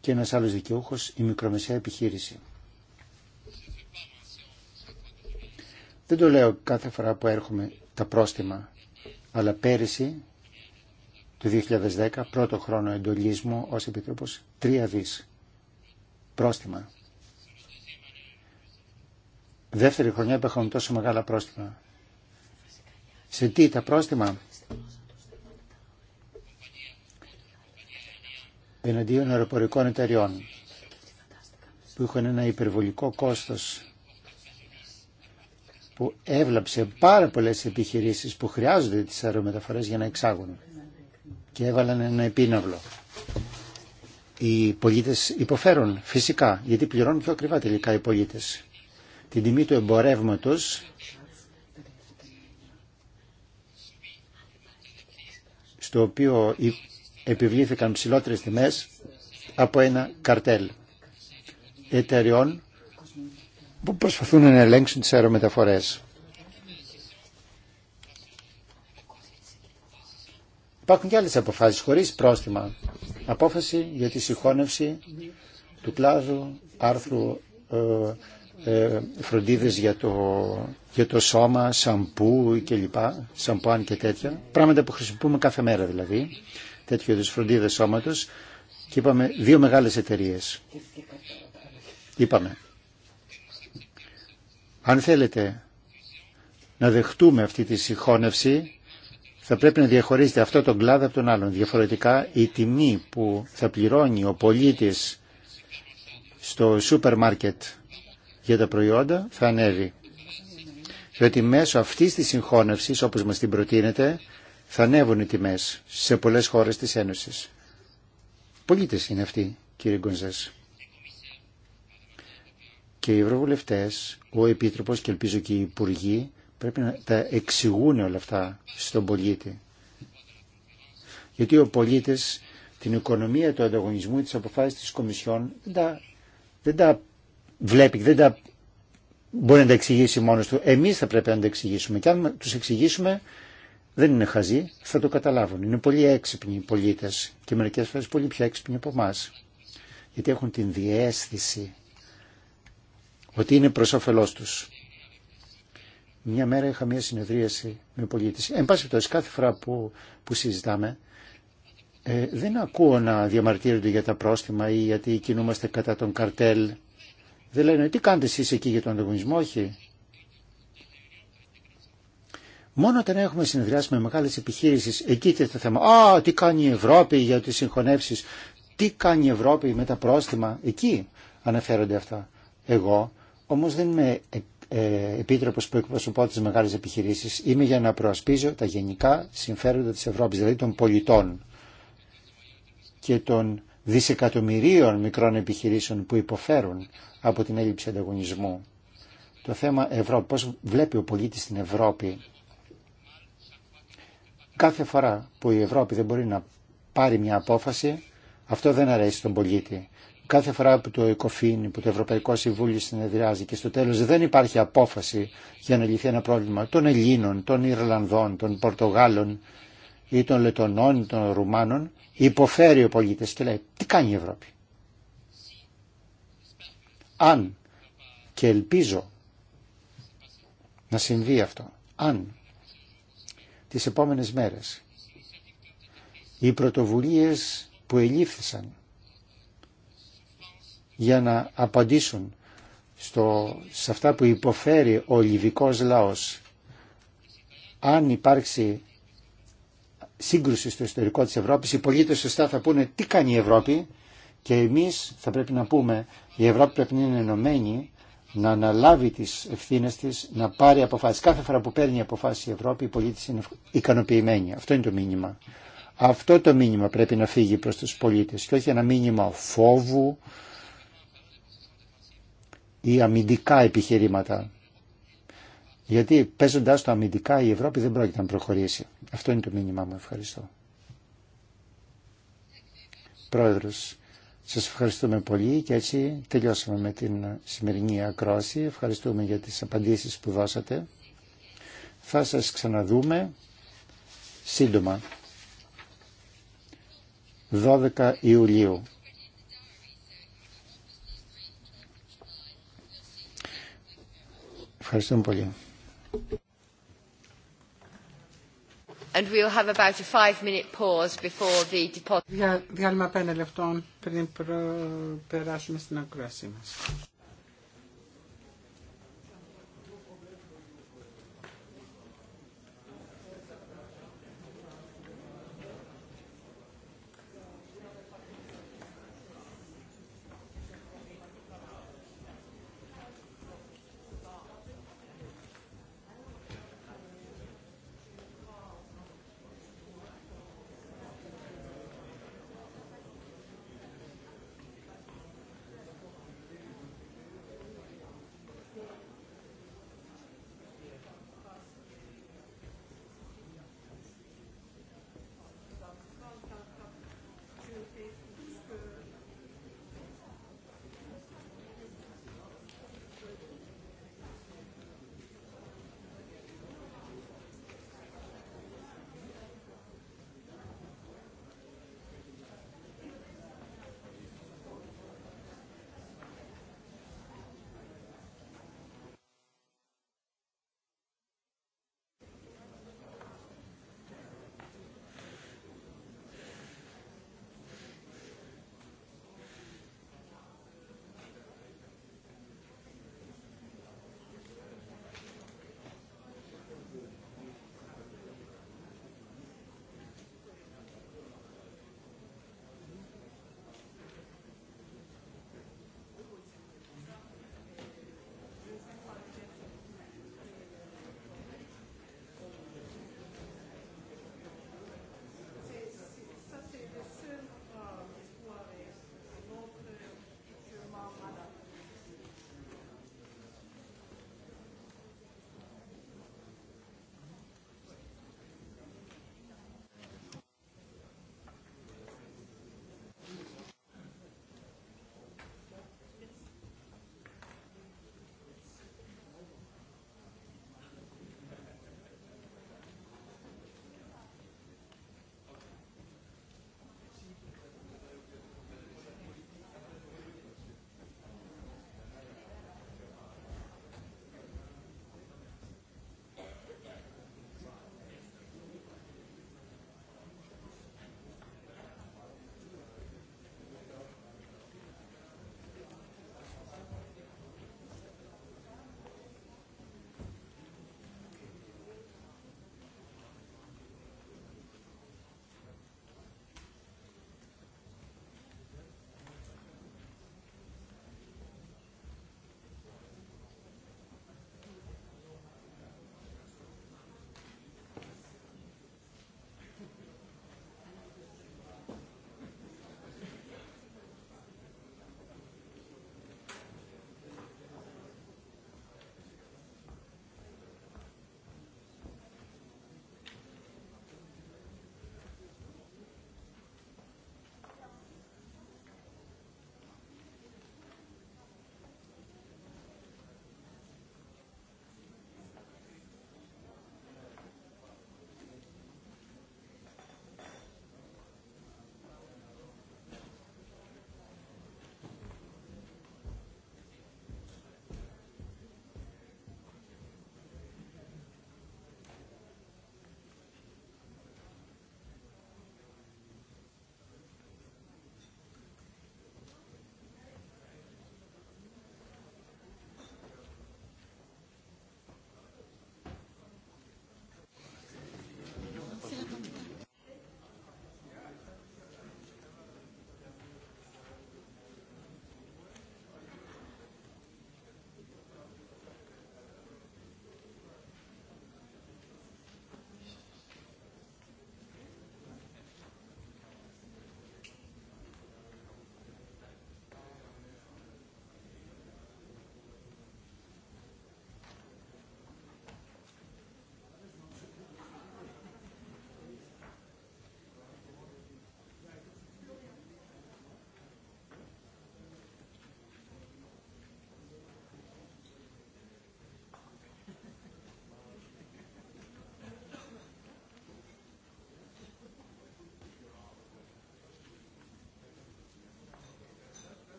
και ένας άλλος δικαιούχος, η μικρομεσαία επιχείρηση. Δεν το λέω κάθε φορά που έρχομαι τα πρόστιμα αλλά πέρυσι το 2010, πρώτο χρόνο εντολής μου ως Επιτρόπος, τρία δις πρόστιμα. Δεύτερη χρονιά υπέχαμε τόσο μεγάλα πρόστιμα. Σε τι τα πρόστιμα. εναντίον αεροπορικών εταιριών που έχουν ένα υπερβολικό κόστος που έβλαψε πάρα πολλές επιχειρήσεις που χρειάζονται τις αερομεταφορές για να εξάγουν και έβαλαν ένα επίναυλο. Οι πολίτες υποφέρουν φυσικά γιατί πληρώνουν πιο ακριβά τελικά οι πολίτες. Την τιμή του εμπορεύματος στο οποίο επιβλήθηκαν ψηλότερες τιμές από ένα καρτέλ εταιρεών που προσπαθούν να ελέγξουν τις αερομεταφορές. Υπάρχουν και άλλες αποφάσεις χωρίς πρόστιμα. Απόφαση για τη συγχώνευση του κλάδου άρθρου ε, ε, φροντίδες για το, για το σώμα, σαμπού και λοιπά, σαμπουάν και τέτοια. Πράγματα που χρησιμοποιούμε κάθε μέρα δηλαδή, τέτοιου είδους φροντίδες σώματος. Και είπαμε δύο μεγάλες εταιρείες. Είπαμε αν θέλετε να δεχτούμε αυτή τη συγχώνευση, θα πρέπει να διαχωρίζετε αυτό τον κλάδο από τον άλλον. Διαφορετικά, η τιμή που θα πληρώνει ο πολίτης στο σούπερ μάρκετ για τα προϊόντα θα ανέβει. Διότι μέσω αυτής της συγχώνευσης, όπως μας την προτείνετε θα ανέβουν οι τιμές σε πολλές χώρες της Ένωσης. Πολίτες είναι αυτοί, κύριε Γκονζές και οι ευρωβουλευτές, ο επίτροπο και ελπίζω και οι Υπουργοί πρέπει να τα εξηγούν όλα αυτά στον πολίτη. Γιατί ο πολίτης την οικονομία του ανταγωνισμού τις αποφάσεις τη Κομισιόν δεν τα, δεν τα βλέπει, δεν τα μπορεί να τα εξηγήσει μόνο του. Εμεί θα πρέπει να τα εξηγήσουμε και αν του εξηγήσουμε δεν είναι χαζοί, θα το καταλάβουν. Είναι πολύ έξυπνοι οι πολίτε και μερικέ φορέ πολύ πιο έξυπνοι από εμά. Γιατί έχουν την διέστηση ότι είναι προς όφελός τους. Μια μέρα είχα μια συνεδρίαση με πολίτες. Εν πάση πτώση, κάθε φορά που, που συζητάμε, ε, δεν ακούω να διαμαρτύρονται για τα πρόστιμα ή γιατί κινούμαστε κατά τον καρτέλ. Δεν λένε τι κάνετε εσείς εκεί για τον ανταγωνισμό, όχι. Μόνο όταν έχουμε συνεδριάσει με μεγάλε επιχείρησει, εκεί είναι το θέμα. Α, τι κάνει η Ευρώπη για τι συγχωνεύσει, τι κάνει η Ευρώπη με τα πρόστιμα, εκεί αναφέρονται αυτά. Εγώ όμως δεν είμαι ε, ε, επίτροπος που εκπροσωπώ τις μεγάλες επιχειρήσεις. Είμαι για να προασπίζω τα γενικά συμφέροντα της Ευρώπης, δηλαδή των πολιτών και των δισεκατομμυρίων μικρών επιχειρήσεων που υποφέρουν από την έλλειψη ανταγωνισμού. Το θέμα Ευρώπη, πώς βλέπει ο πολίτης την Ευρώπη. Κάθε φορά που η Ευρώπη δεν μπορεί να πάρει μια απόφαση, αυτό δεν αρέσει τον πολίτη κάθε φορά που το ΕΚΟΦΗΝ, που το Ευρωπαϊκό Συμβούλιο συνεδριάζει και στο τέλος δεν υπάρχει απόφαση για να λυθεί ένα πρόβλημα των Ελλήνων, των Ιρλανδών, των Πορτογάλων ή των Λετωνών ή των Ρουμάνων, υποφέρει ο πολίτης και λέει τι κάνει η Ευρώπη. Αν και ελπίζω να συμβεί αυτό, αν τις επόμενες μέρες οι πρωτοβουλίες που ελήφθησαν για να απαντήσουν στο, σε αυτά που υποφέρει ο λιβικός λαός. Αν υπάρξει σύγκρουση στο ιστορικό της Ευρώπης, οι πολίτες σωστά θα πούνε τι κάνει η Ευρώπη και εμείς θα πρέπει να πούμε η Ευρώπη πρέπει να είναι ενωμένη, να αναλάβει τις ευθύνε της, να πάρει αποφάσεις. Κάθε φορά που παίρνει αποφάσεις η Ευρώπη, οι πολίτες είναι ικανοποιημένοι. Αυτό είναι το μήνυμα. Αυτό το μήνυμα πρέπει να φύγει προς τους πολίτες και όχι ένα μήνυμα φόβου, ή αμυντικά επιχειρήματα. Γιατί παίζοντα το αμυντικά η Ευρώπη δεν πρόκειται να προχωρήσει. Αυτό είναι το μήνυμά μου. Ευχαριστώ. Πρόεδρος, σας ευχαριστούμε πολύ και έτσι τελειώσαμε με την σημερινή ακρόαση. Ευχαριστούμε για τις απαντήσεις που δώσατε. Θα σας ξαναδούμε σύντομα. 12 Ιουλίου. Ευχαριστούμε πολύ. And we'll have about a five minute διάλειμμα πέντε λεπτών πριν περάσουμε στην ακρόαση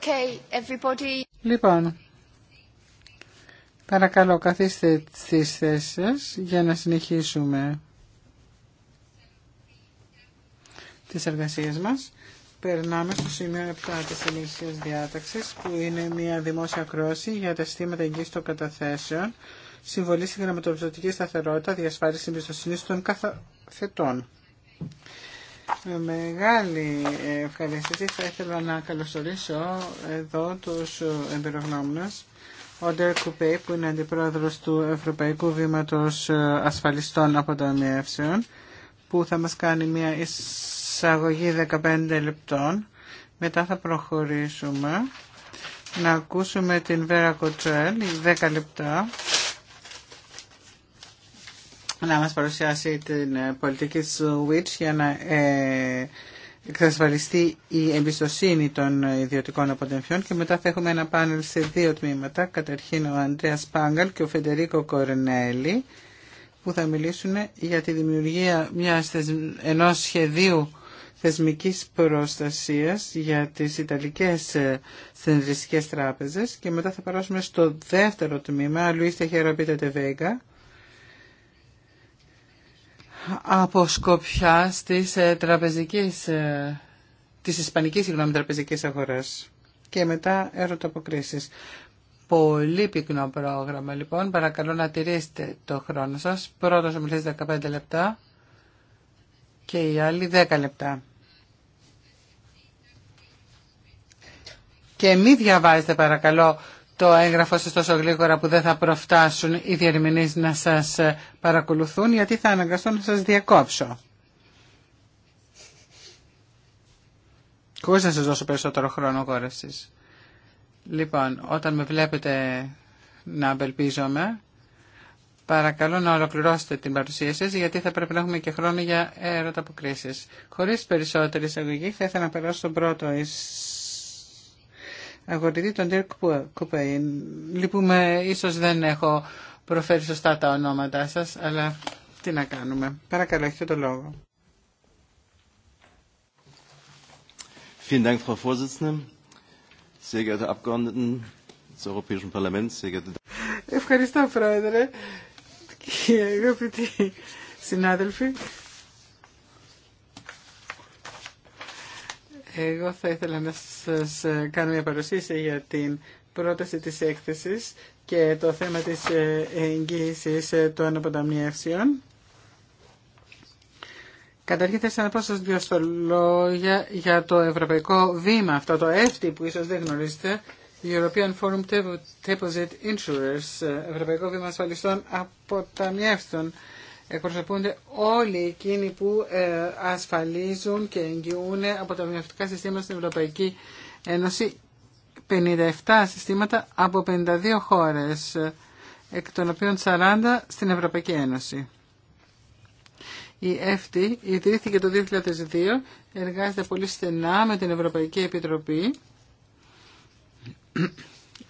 Okay, everybody. Λοιπόν, παρακαλώ καθίστε στις θέσεις σας για να συνεχίσουμε τις εργασίες μας. Περνάμε στο σημείο 7 της διάταξης που είναι μια δημόσια κρόση για τα στήματα εγγύησης των καταθέσεων, συμβολή στην γραμματοπιστωτική σταθερότητα, διασφάλιση εμπιστοσύνη των καθαθετών. Με μεγάλη ευχαριστήση θα ήθελα να καλωσορίσω εδώ τους εμπειρογνώμονες. Ο Ντερ Κουπέ που είναι αντιπρόεδρος του Ευρωπαϊκού Βήματος Ασφαλιστών Αποταμιεύσεων που θα μας κάνει μια εισαγωγή 15 λεπτών. Μετά θα προχωρήσουμε να ακούσουμε την Βέρα Κοτσουέλ 10 λεπτά να μας παρουσιάσει την ε, πολιτική της WITCH για να ε, εξασφαλιστεί η εμπιστοσύνη των ιδιωτικών αποτεμφιών και μετά θα έχουμε ένα πάνελ σε δύο τμήματα, καταρχήν ο Αντρέας Πάγκαλ και ο Φεντερίκο Κορνέλη που θα μιλήσουν για τη δημιουργία μιας, ενός σχεδίου θεσμικής προστασίας για τις Ιταλικές ε, Συνδριστικές Τράπεζες και μετά θα περάσουμε στο δεύτερο τμήμα, Λουίς Τεβέγκα, από σκοπιά της ε, τραπεζικής, ε, της ισπανικής συγγνώμη, τραπεζικής αγοράς και μετά έρωτα ερωταποκρίσεις. Πολύ πυκνό πρόγραμμα λοιπόν, παρακαλώ να τηρήσετε το χρόνο σας. Πρώτος μιλήσει 15 λεπτά και οι άλλοι 10 λεπτά. Και μη διαβάζετε παρακαλώ το έγγραφο σας τόσο γλίγορα που δεν θα προφτάσουν οι διερμηνείς να σας ε, παρακολουθούν γιατί θα αναγκαστώ να σας διακόψω. Χωρίς να σας δώσω περισσότερο χρόνο κόρευσης. Λοιπόν, όταν με βλέπετε να απελπίζομαι, παρακαλώ να ολοκληρώσετε την παρουσία σας γιατί θα πρέπει να έχουμε και χρόνο για αποκρίσεις. Χωρίς περισσότερη εισαγωγή θα ήθελα να περάσω στον πρώτο εισαγωγή αγορητή, τον Dirk Κουπέιν. Λυπούμε, ίσως δεν έχω προφέρει σωστά τα ονόματά σας, αλλά τι να κάνουμε. Παρακαλώ, έχετε το λόγο. Ευχαριστώ, Πρόεδρε, και αγαπητοί συνάδελφοι. Εγώ θα ήθελα να σας κάνω μια παρουσίαση για την πρόταση της έκθεσης και το θέμα της εγγύησης των αποταμιεύσεων. Καταρχήν θέλω να πω σας δύο στο για το ευρωπαϊκό βήμα, αυτό το έφτι που ίσως δεν γνωρίζετε, European Forum Deposit Insurers, Ευρωπαϊκό Βήμα Ασφαλιστών Αποταμιεύσεων εκπροσωπούνται όλοι εκείνοι που ε, ασφαλίζουν και εγγυούν από τα μειωτικά συστήματα στην Ευρωπαϊκή Ένωση 57 συστήματα από 52 χώρες, εκ των οποίων 40 στην Ευρωπαϊκή Ένωση. Η ΕΦΤΗ ιδρύθηκε το 2002, εργάζεται πολύ στενά με την Ευρωπαϊκή Επιτροπή.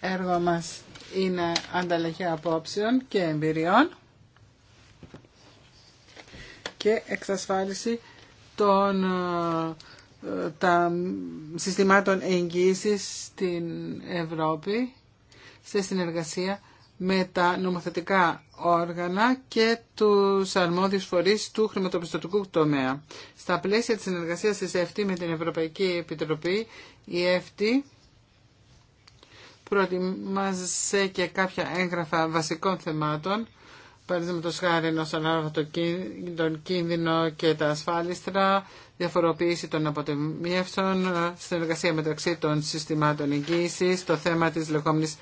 Έργο μας είναι ανταλλαγή απόψεων και εμπειριών και εξασφάλιση των ε, τα συστημάτων εγγύησης στην Ευρώπη σε συνεργασία με τα νομοθετικά όργανα και τους αρμόδιους φορείς του χρηματοπιστωτικού τομέα. Στα πλαίσια της συνεργασίας της ΕΦΤ με την Ευρωπαϊκή Επιτροπή, η ΕΦΤ προετοιμάζει και κάποια έγγραφα βασικών θεμάτων παραδείγματο χάρη ενό ανάλογα τον κίνδυνο και τα ασφάλιστρα, διαφοροποίηση των αποτεμίευσεων, συνεργασία μεταξύ των συστημάτων εγγύησης, το θέμα της λεγόμενη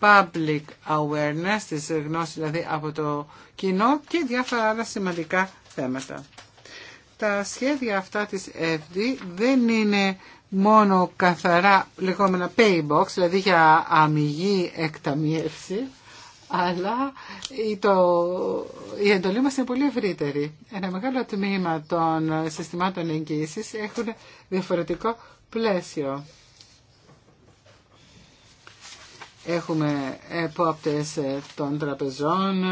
public awareness, της γνώσης δηλαδή από το κοινό και διάφορα άλλα σημαντικά θέματα. Τα σχέδια αυτά της FD δεν είναι μόνο καθαρά λεγόμενα pay box, δηλαδή για αμυγή εκταμίευση, αλλά η εντολή μας είναι πολύ ευρύτερη. Ένα μεγάλο τμήμα των συστημάτων εγγύησης έχουν διαφορετικό πλαίσιο. Έχουμε επόπτες των τραπεζών,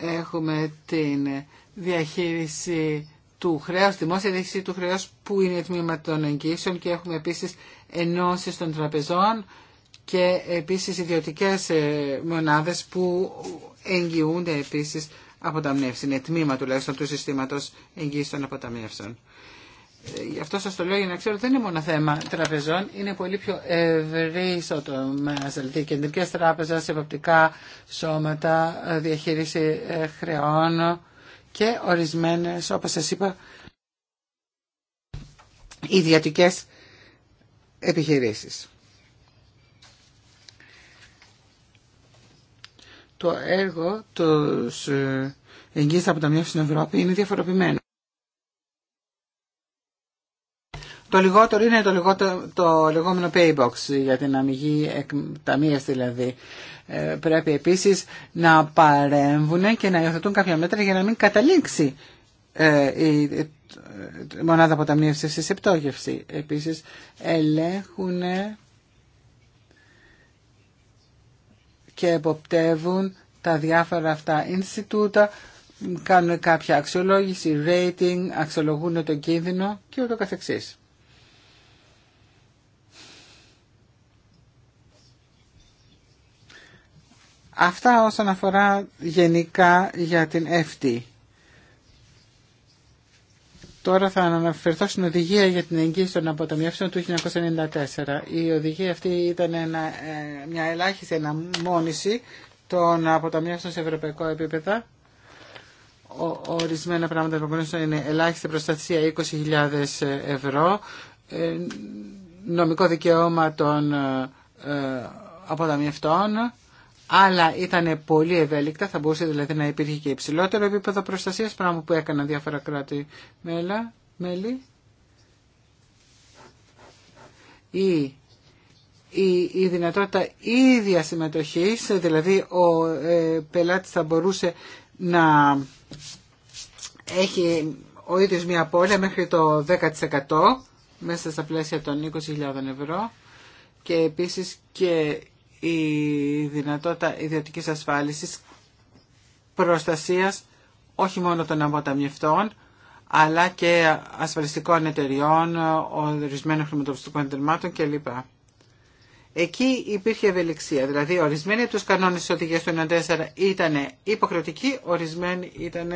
έχουμε την διαχείριση του χρέους, δημόσια διαχείριση του χρέους που είναι τμήμα των εγγύσεων και έχουμε επίσης ενώσεις των τραπεζών και επίσης ιδιωτικές ε, μονάδες που εγγυούνται επίσης αποταμιεύσει. Είναι τμήμα τουλάχιστον του συστήματος εγγύησης των αποταμιεύσεων. Ε, γι' αυτό σας το λέω για να ξέρω δεν είναι μόνο θέμα τραπεζών, είναι πολύ πιο ευρύ ο τομέα δηλαδή κεντρικές τράπεζες, εποπτικά σώματα, ε, διαχείριση χρεών και ορισμένες, όπως σας είπα, ιδιωτικές επιχειρήσεις. το έργο το ε, εγγύηση από μία στην Ευρώπη είναι διαφοροποιημένο. Το λιγότερο είναι το, λιγότερο, το λεγόμενο paybox για την αμυγή ταμείας δηλαδή. Ε, πρέπει επίσης να παρέμβουν και να υιοθετούν κάποια μέτρα για να μην καταλήξει ε, η, η, η μονάδα αποταμίευσης σε πτώχευση. Επίσης ελέγχουν και εποπτεύουν τα διάφορα αυτά Ινστιτούτα, κάνουν κάποια αξιολόγηση, rating, αξιολογούν το κίνδυνο και ούτω καθεξής. Αυτά όσον αφορά γενικά για την FT. Τώρα θα αναφερθώ στην οδηγία για την εγγύηση των αποταμιεύσεων του 1994. Η οδηγία αυτή ήταν ένα, ε, μια ελάχιστη αναμόνιση των αποταμιεύσεων σε ευρωπαϊκό επίπεδο. ορισμένα πράγματα που είναι ελάχιστη προστασία 20.000 ευρώ, ε, νομικό δικαίωμα των ε, αποταμιευτών αλλά ήταν πολύ ευέλικτα, θα μπορούσε δηλαδή να υπήρχε και υψηλότερο επίπεδο προστασίας, πράγμα που έκαναν διάφορα κράτη μέλα, μέλη. Η, η, η δυνατότητα ίδια συμμετοχής, δηλαδή ο ε, πελάτης θα μπορούσε να έχει ο ίδιος μια απώλεια μέχρι το 10% μέσα στα πλαίσια των 20.000 ευρώ και επίσης και η δυνατότητα ιδιωτικής ασφάλισης προστασίας όχι μόνο των αποταμιευτών, αλλά και ασφαλιστικών εταιριών, ορισμένων χρηματοπιστικών εντερμάτων κλπ. Εκεί υπήρχε ευελιξία, δηλαδή ορισμένοι από τους κανόνες της οδηγίας του 1994 ήταν υποχρεωτικοί, ορισμένοι ήταν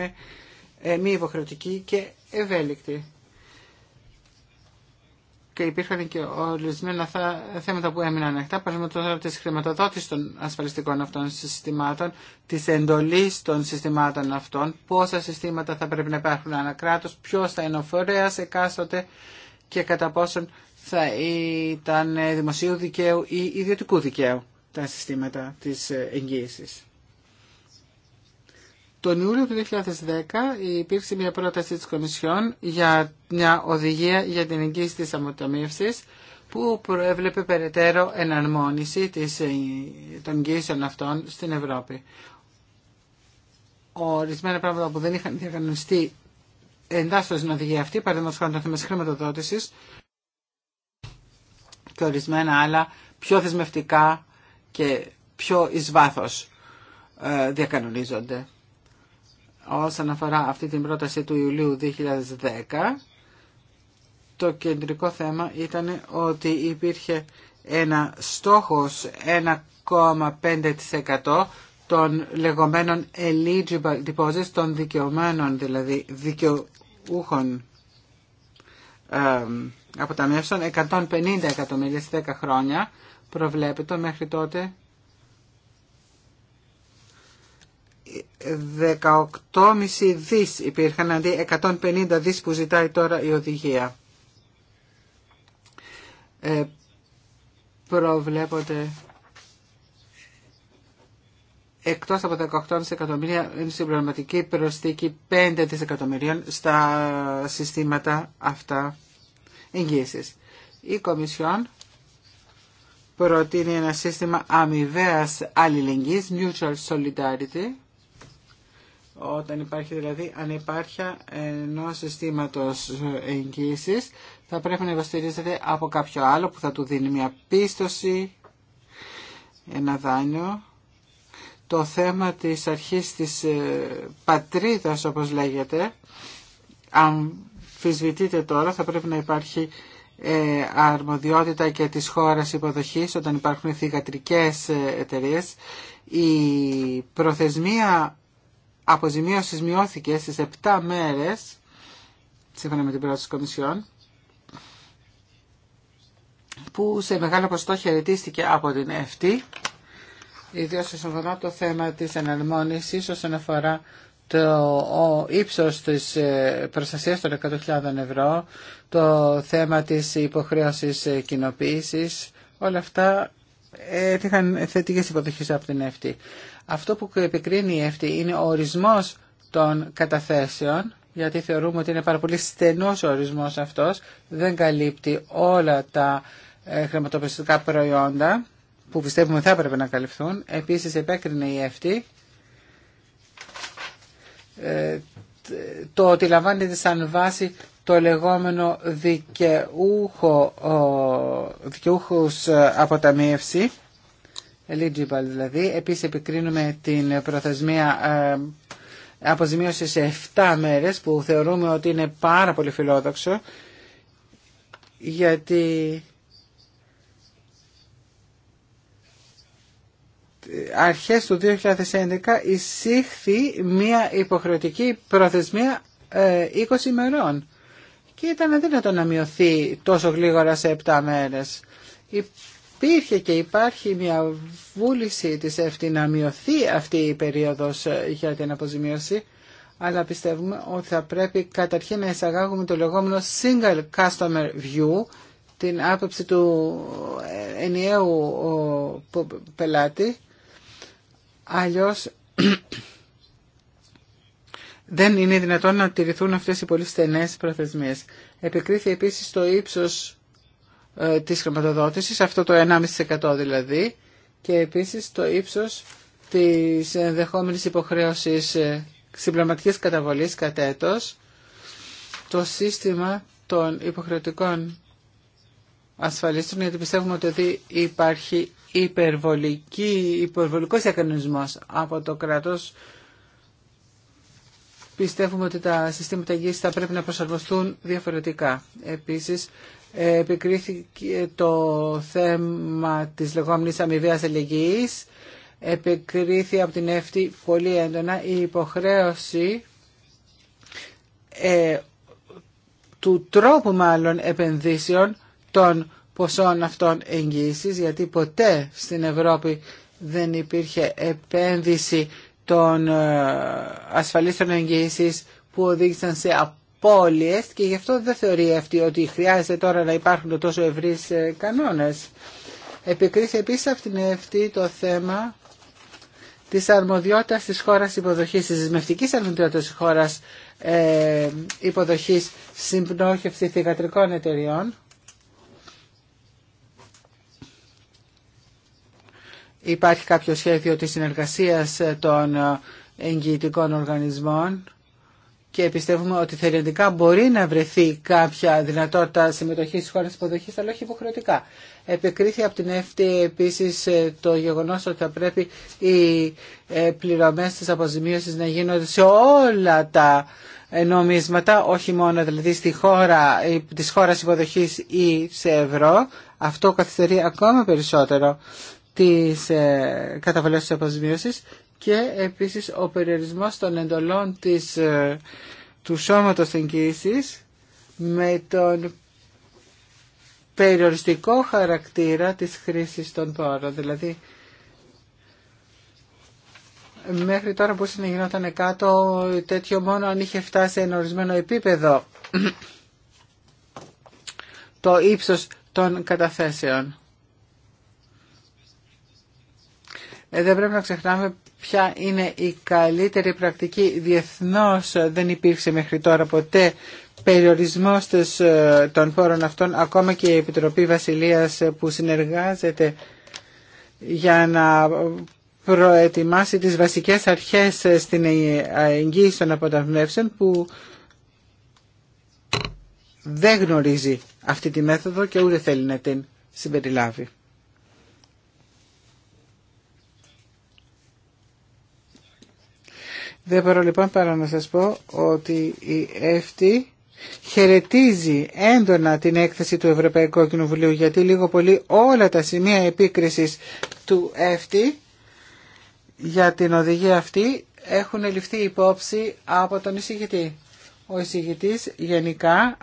ε, μη υποχρεωτικοί και ευέλικτοι και υπήρχαν και ορισμένα θέματα που έμειναν ανοιχτά, παραδείγματο τη χρηματοδότηση των ασφαλιστικών αυτών συστημάτων, τη εντολή των συστημάτων αυτών, πόσα συστήματα θα πρέπει να υπάρχουν κράτο, ποιο θα είναι ο φορέα εκάστοτε και κατά πόσον θα ήταν δημοσίου δικαίου ή ιδιωτικού δικαίου τα συστήματα της εγγύησης. Τον Ιούλιο του 2010 υπήρξε μια πρόταση της Κομισιόν για μια οδηγία για την εγγύηση της αμοτομίευσης που προέβλεπε περαιτέρω εναρμόνιση ε, των εγγύησεων αυτών στην Ευρώπη. Ορισμένα πράγματα που δεν είχαν διακανονιστεί εντάσσονται στην οδηγία αυτή, παραδείγματος χάρη το θέμα χρηματοδότησης και ορισμένα άλλα πιο δεσμευτικά και πιο εις βάθος ε, διακανονίζονται όσον αφορά αυτή την πρόταση του Ιουλίου 2010, το κεντρικό θέμα ήταν ότι υπήρχε ένα στόχος 1,5% των λεγόμενων eligible deposits, των δικαιωμένων δηλαδή δικαιούχων ε, αποταμιεύσεων, 150 εκατομμύρια σε 10 χρόνια προβλέπεται μέχρι τότε 18,5 δις υπήρχαν αντί 150 δις που ζητάει τώρα η οδηγία. Ε, προβλέπονται εκτός από τα 18,5 εκατομμύρια συμπληρωματική προσθήκη 5 δισεκατομμυρίων στα συστήματα αυτά εγγύησης. Η Κομισιόν προτείνει ένα σύστημα αμοιβαίας αλληλεγγύης, mutual solidarity, όταν υπάρχει δηλαδή υπάρχει ενό συστήματο εγγύηση, θα πρέπει να υποστηρίζεται από κάποιο άλλο που θα του δίνει μια πίστοση, ένα δάνειο. Το θέμα της αρχής της ε, πατρίδας, όπως λέγεται, αμφισβητείται τώρα, θα πρέπει να υπάρχει ε, αρμοδιότητα και της χώρας υποδοχής όταν υπάρχουν θηγατρικές ε, εταιρείες. Η προθεσμία αποζημίωσης μειώθηκε στις 7 μέρες, σύμφωνα με την πρόταση της Κομισιόν, που σε μεγάλο ποσοστό χαιρετίστηκε από την ΕΦΤΗ, ιδίως όσον το θέμα της εναρμόνισης, όσον αφορά το ύψος της ε, προστασίας των 100.000 ευρώ, το θέμα της υποχρέωσης ε, κοινοποίησης, όλα αυτά έτυχαν θετικές υποδοχές από την ΕΦΤΗ. Αυτό που επικρίνει η ΕΦΤΗ είναι ο ορισμός των καταθέσεων, γιατί θεωρούμε ότι είναι πάρα πολύ στενός ο ορισμός αυτός, δεν καλύπτει όλα τα ε, χρηματοπιστωτικά προϊόντα που πιστεύουμε θα έπρεπε να καλυφθούν. Επίσης επέκρινε η ΕΦΤΗ το ότι λαμβάνεται σαν βάση το λεγόμενο δικαιούχο, δικαιούχος αποταμίευση, eligible δηλαδή. Επίσης επικρίνουμε την προθεσμία ε, αποζημίωση σε 7 μέρες που θεωρούμε ότι είναι πάρα πολύ φιλόδοξο γιατί αρχές του 2011 εισήχθη μια υποχρεωτική προθεσμία 20 ε, ημερών και ήταν αδύνατο να μειωθεί τόσο γλίγορα σε 7 μέρες. Υπήρχε και υπάρχει μια βούληση της ΕΦΤΗ να μειωθεί αυτή η περίοδος ε, για την αποζημίωση, αλλά πιστεύουμε ότι θα πρέπει καταρχήν να εισαγάγουμε το λεγόμενο single customer view, την άποψη του ε, ενιαίου πελάτη, αλλιώς δεν είναι δυνατόν να τηρηθούν αυτές οι πολύ στενές προθεσμίες. Επικρίθη επίσης το ύψος ε, της χρηματοδότησης, αυτό το 1,5% δηλαδή, και επίσης το ύψος της ενδεχόμενης υποχρέωσης ε, συμπληρωματικής καταβολής κατ' έτος, το σύστημα των υποχρεωτικών ασφαλίστων, γιατί πιστεύουμε ότι υπάρχει υπερβολική, υπερβολικός από το κράτος πιστεύουμε ότι τα συστήματα υγείας θα πρέπει να προσαρμοστούν διαφορετικά. Επίσης, ε, επικρίθηκε το θέμα της λεγόμενης αμοιβαίας αλληλεγγύης. Επικρίθη από την ΕΦΤΗ πολύ έντονα η υποχρέωση ε, του τρόπου μάλλον επενδύσεων των ποσών αυτών εγγύησης, γιατί ποτέ στην Ευρώπη δεν υπήρχε επένδυση των ε, ασφαλείς των που οδήγησαν σε απώλειες και γι' αυτό δεν θεωρεί αυτή ότι χρειάζεται τώρα να υπάρχουν τόσο ευρύς ε, κανόνες. Επικρίθηκε επίσης από την ΕΕ το θέμα της αρμοδιότητας της χώρας υποδοχής, της δεσμευτικής αρμοδιότητας της χώρας ε, υποδοχής συμπνόχευση θηγατρικών εταιριών Υπάρχει κάποιο σχέδιο της συνεργασίας ε, των ε, εγγυητικών οργανισμών και πιστεύουμε ότι θεωρητικά μπορεί να βρεθεί κάποια δυνατότητα συμμετοχή στι χώρε υποδοχή, αλλά όχι υποχρεωτικά. Επικρίθη από την ΕΦΤΗ επίση ε, το γεγονό ότι θα πρέπει οι πληρωμέ τη αποζημίωση να γίνονται σε όλα τα νομίσματα, όχι μόνο δηλαδή στη χώρα, της χώρας υποδοχής ή σε ευρώ. Αυτό καθυστερεί ακόμα περισσότερο της ε, καταβολής της και επίσης ο περιορισμός των εντολών της, ε, του σώματος εγγύησης με τον περιοριστικό χαρακτήρα της χρήσης των πόρων. Δηλαδή, μέχρι τώρα που να κάτω τέτοιο μόνο αν είχε φτάσει σε ένα ορισμένο επίπεδο το ύψος των καταθέσεων. Ε, δεν πρέπει να ξεχνάμε ποια είναι η καλύτερη πρακτική διεθνώς δεν υπήρξε μέχρι τώρα ποτέ περιορισμός ε, των πόρων αυτών ακόμα και η Επιτροπή Βασιλείας ε, που συνεργάζεται για να προετοιμάσει τις βασικές αρχές στην εγγύηση των αποταμνεύσεων που δεν γνωρίζει αυτή τη μέθοδο και ούτε θέλει να την συμπεριλάβει. Δεν μπορώ λοιπόν παρά να σας πω ότι η ΕΦΤΗ χαιρετίζει έντονα την έκθεση του Ευρωπαϊκού Κοινοβουλίου γιατί λίγο πολύ όλα τα σημεία επίκρισης του ΕΦΤΗ για την οδηγία αυτή έχουν ληφθεί υπόψη από τον εισηγητή. Ο εισηγητή γενικά